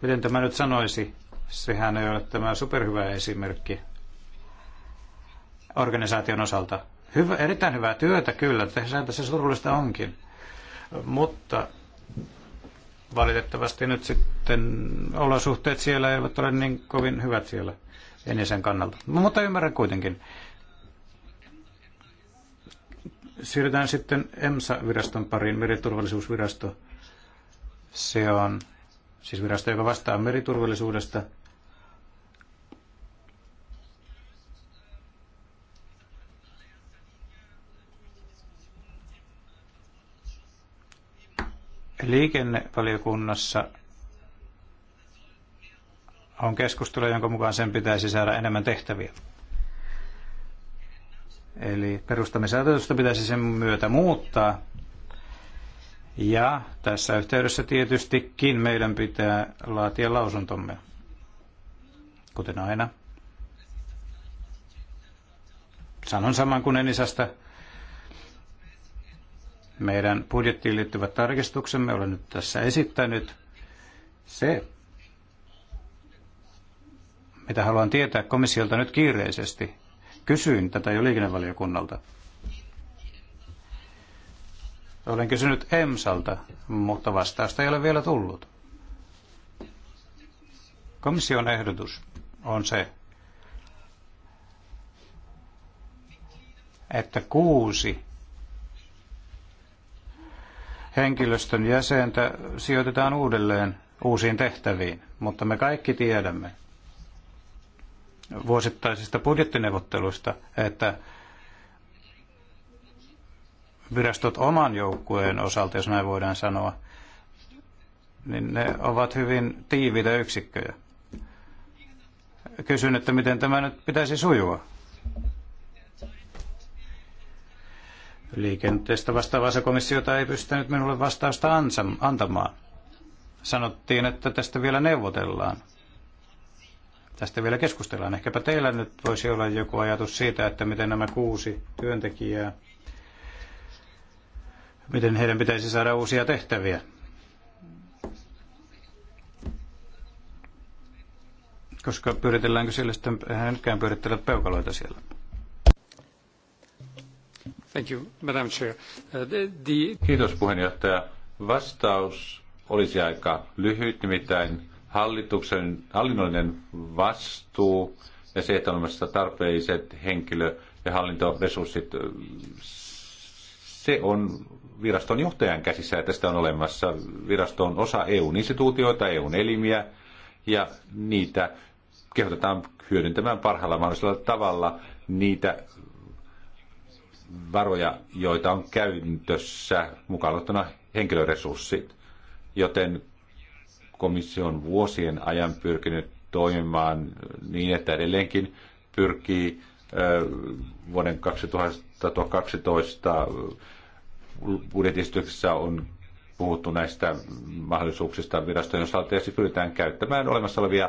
miten tämä nyt sanoisi, sehän ei ole tämä superhyvä esimerkki organisaation osalta. Hyvä, erittäin hyvää työtä kyllä, sehän tässä surullista onkin. Mutta Valitettavasti nyt sitten olosuhteet siellä eivät ole niin kovin hyvät siellä Enisen kannalta. No, mutta ymmärrän kuitenkin. Siirrytään sitten EMSA-viraston pariin, meriturvallisuusvirasto. Se on siis virasto, joka vastaa meriturvallisuudesta – Liikennevaliokunnassa on keskustelu, jonka mukaan sen pitäisi saada enemmän tehtäviä. Eli perustamisasetusta pitäisi sen myötä muuttaa. Ja tässä yhteydessä tietystikin meidän pitää laatia lausuntomme, kuten aina. Sanon saman kuin Enisasta meidän budjettiin liittyvät tarkistuksemme, olen nyt tässä esittänyt. Se, mitä haluan tietää komissiolta nyt kiireisesti, kysyin tätä jo liikennevaliokunnalta. Olen kysynyt EMSalta, mutta vastausta ei ole vielä tullut. Komission ehdotus on se, että kuusi henkilöstön jäsentä sijoitetaan uudelleen uusiin tehtäviin, mutta me kaikki tiedämme vuosittaisista budjettineuvotteluista, että virastot oman joukkueen osalta, jos näin voidaan sanoa, niin ne ovat hyvin tiiviitä yksikköjä. Kysyn, että miten tämä nyt pitäisi sujua. liikenteestä vastaavaa komissiota ei pystynyt minulle vastausta antamaan. Sanottiin, että tästä vielä neuvotellaan. Tästä vielä keskustellaan. Ehkäpä teillä nyt voisi olla joku ajatus siitä, että miten nämä kuusi työntekijää, miten heidän pitäisi saada uusia tehtäviä. Koska pyöritelläänkö siellä sitten, hän nytkään pyörittele peukaloita siellä. Uh, Kiitos puheenjohtaja. Vastaus olisi aika lyhyt, nimittäin hallituksen hallinnollinen vastuu ja se, että on olemassa tarpeelliset henkilö- ja hallintoresurssit, se on viraston johtajan käsissä, että sitä on olemassa. Virasto on osa EU-instituutioita, EU-elimiä ja niitä kehotetaan hyödyntämään parhaalla mahdollisella tavalla niitä varoja, joita on käytössä, mukaan ottana henkilöresurssit. Joten komissio on vuosien ajan pyrkinyt toimimaan niin, että edelleenkin pyrkii vuoden 2012 budjetistyksessä on puhuttu näistä mahdollisuuksista virastojen osalta ja siis pyritään käyttämään olemassa olevia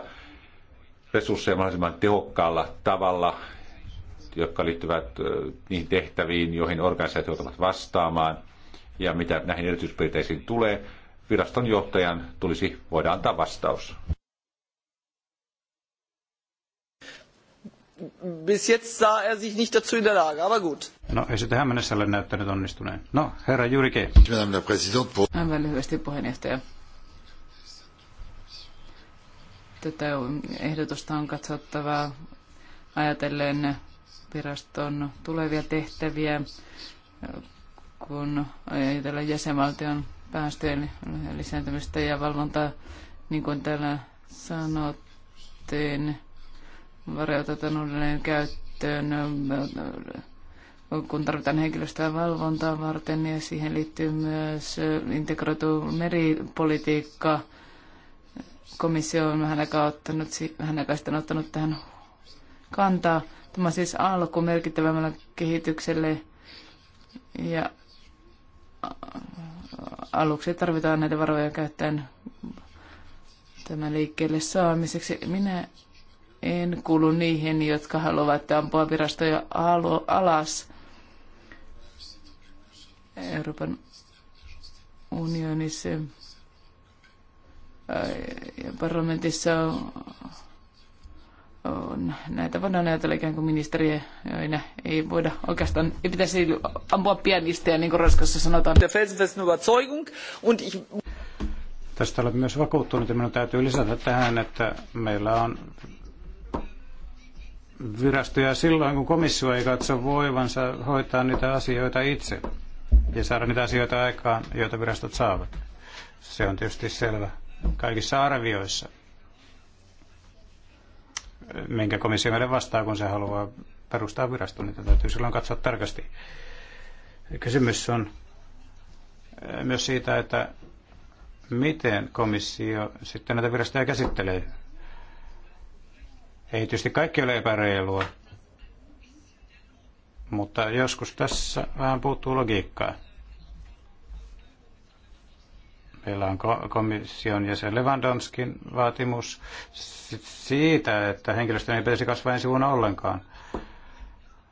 resursseja mahdollisimman tehokkaalla tavalla jotka liittyvät niihin tehtäviin, joihin organisaatiot ovat vastaamaan, ja mitä näihin erityispiirteisiin tulee, viraston johtajan tulisi voida antaa vastaus. Bis jetzt sah er sich nicht dazu in der Lage, aber gut. No, ei se tähän mennessä ole näyttänyt onnistuneen. No, herra Jurike. Madame la Présidente. Aivan lyhyesti puheenjohtaja. Tätä ehdotusta on katsottava ajatellen viraston tulevia tehtäviä, kun ajatellaan jäsenvaltion päästöjen lisääntymistä ja valvontaa, niin kuin täällä sanottiin, varjotetaan uudelleen käyttöön, kun tarvitaan henkilöstöä valvontaa varten, ja siihen liittyy myös integroitu meripolitiikka. Komissio on vähän aikaa ottanut, vähän aikaa ottanut tähän kantaa Tämä siis alku merkittävämmällä kehitykselle ja aluksi tarvitaan näitä varoja käyttäen tämän liikkeelle saamiseksi. Minä en kuulu niihin, jotka haluavat ampua virastoja alas. Euroopan unionissa ja parlamentissa on, näitä voidaan ajatella ikään kuin joina Ei voida oikeastaan, ei pitäisi ampua pianistejä, niin kuin Ranskassa sanotaan. Tästä olen myös vakuuttunut ja minun täytyy lisätä tähän, että meillä on virastoja silloin, kun komissio ei katso voivansa hoitaa niitä asioita itse ja saada niitä asioita aikaan, joita virastot saavat. Se on tietysti selvä kaikissa arvioissa minkä komissio meille vastaa, kun se haluaa perustaa viraston, niin täytyy silloin katsoa tarkasti. Kysymys on eh, myös siitä, että miten komissio sitten näitä virastoja käsittelee. Ei tietysti kaikki ole epäreilua, mutta joskus tässä vähän puuttuu logiikkaa. Meillä on komission jäsen Lewandowskin vaatimus siitä, että henkilöstön ei pitäisi kasvaa ensi vuonna ollenkaan.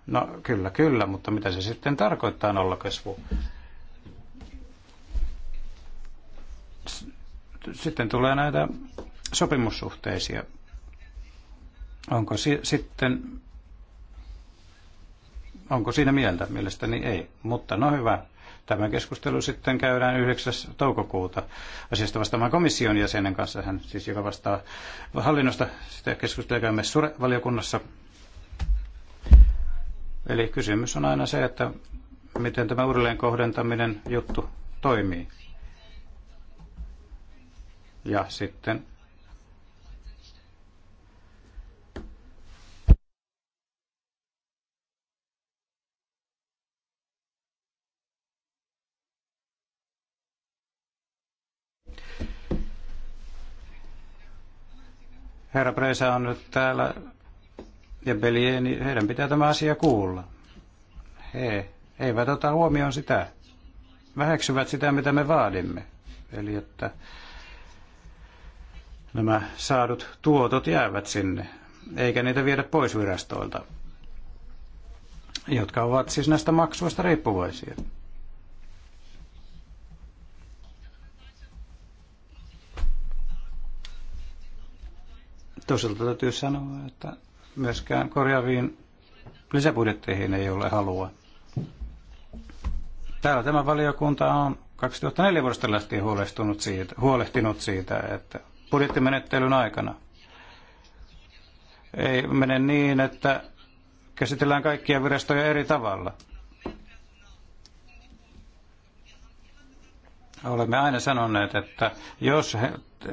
No kyllä, kyllä, mutta mitä se sitten tarkoittaa nollakasvu? Sitten tulee näitä sopimussuhteisia. Onko si- sitten onko siinä mieltä? Mielestäni ei. Mutta no hyvä. Tämä keskustelu sitten käydään 9. toukokuuta asiasta vastaamaan komission jäsenen kanssa, hän siis joka vastaa hallinnosta. Sitä keskustelua käymme valiokunnassa Eli kysymys on aina se, että miten tämä uudelleenkohdentaminen juttu toimii. Ja sitten Herra Preisa on nyt täällä ja niin heidän pitää tämä asia kuulla. He eivät ota huomioon sitä. Väheksyvät sitä, mitä me vaadimme. Eli että nämä saadut tuotot jäävät sinne, eikä niitä viedä pois virastoilta, jotka ovat siis näistä maksuista riippuvaisia. Toisaalta täytyy sanoa, että myöskään korjaaviin lisäbudjetteihin ei ole halua. Täällä tämä valiokunta on 2004 vuodesta lähtien huolestunut siitä, huolehtinut siitä, että budjettimenettelyn aikana ei mene niin, että käsitellään kaikkia virastoja eri tavalla. Olemme aina sanoneet, että jos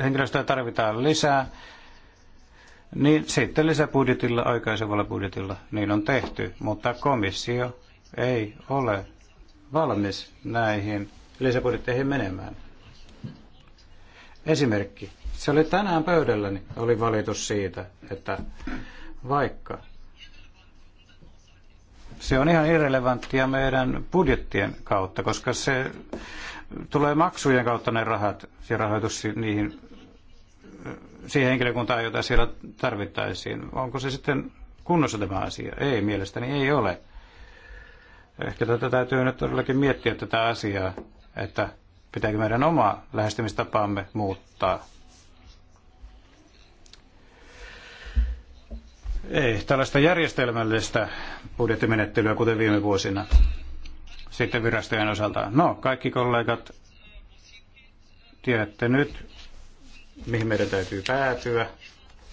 henkilöstöä tarvitaan lisää, niin sitten lisäbudjetilla, aikaisemmalla budjetilla, niin on tehty, mutta komissio ei ole valmis näihin lisäbudjetteihin menemään. Esimerkki. Se oli tänään pöydälläni, oli valitus siitä, että vaikka se on ihan irrelevanttia meidän budjettien kautta, koska se tulee maksujen kautta ne rahat ja rahoitus niihin siihen henkilökuntaan, jota siellä tarvittaisiin. Onko se sitten kunnossa tämä asia? Ei, mielestäni ei ole. Ehkä tätä täytyy nyt todellakin miettiä tätä asiaa, että pitääkö meidän oma lähestymistapaamme muuttaa. Ei, tällaista järjestelmällistä budjettimenettelyä, kuten viime vuosina. Sitten virastojen osalta. No, kaikki kollegat, tiedätte nyt, mihin meidän täytyy päätyä.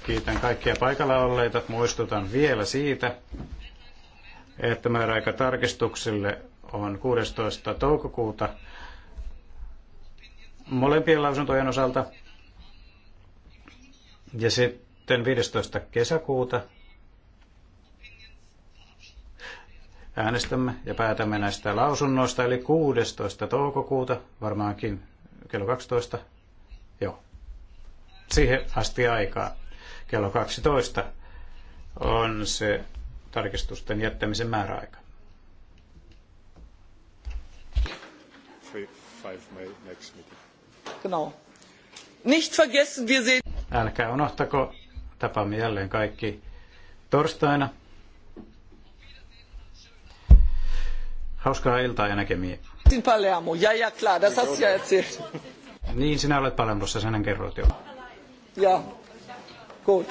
Kiitän kaikkia paikalla olleita. Muistutan vielä siitä, että määräaika tarkistuksille on 16. toukokuuta molempien lausuntojen osalta. Ja sitten 15. kesäkuuta äänestämme ja päätämme näistä lausunnoista, eli 16. toukokuuta varmaankin kello 12 siihen asti aikaa. Kello 12 on se tarkistusten jättämisen määräaika. Genau. Nicht vergessen, wir sehen... Älkää unohtako, tapaamme jälleen kaikki torstaina. Hauskaa iltaa ja näkemiin. Palermo, ja ja klar, das hast du ja erzählt. Niin, sinä olet Palermossa, sen kerroit jo. Ja, gut.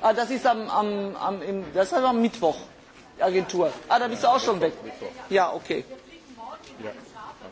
Ah, das ist am, am, am, im, das ist am Mittwoch, Agentur. Ah, da bist du auch schon weg. Ja, okay. Ja.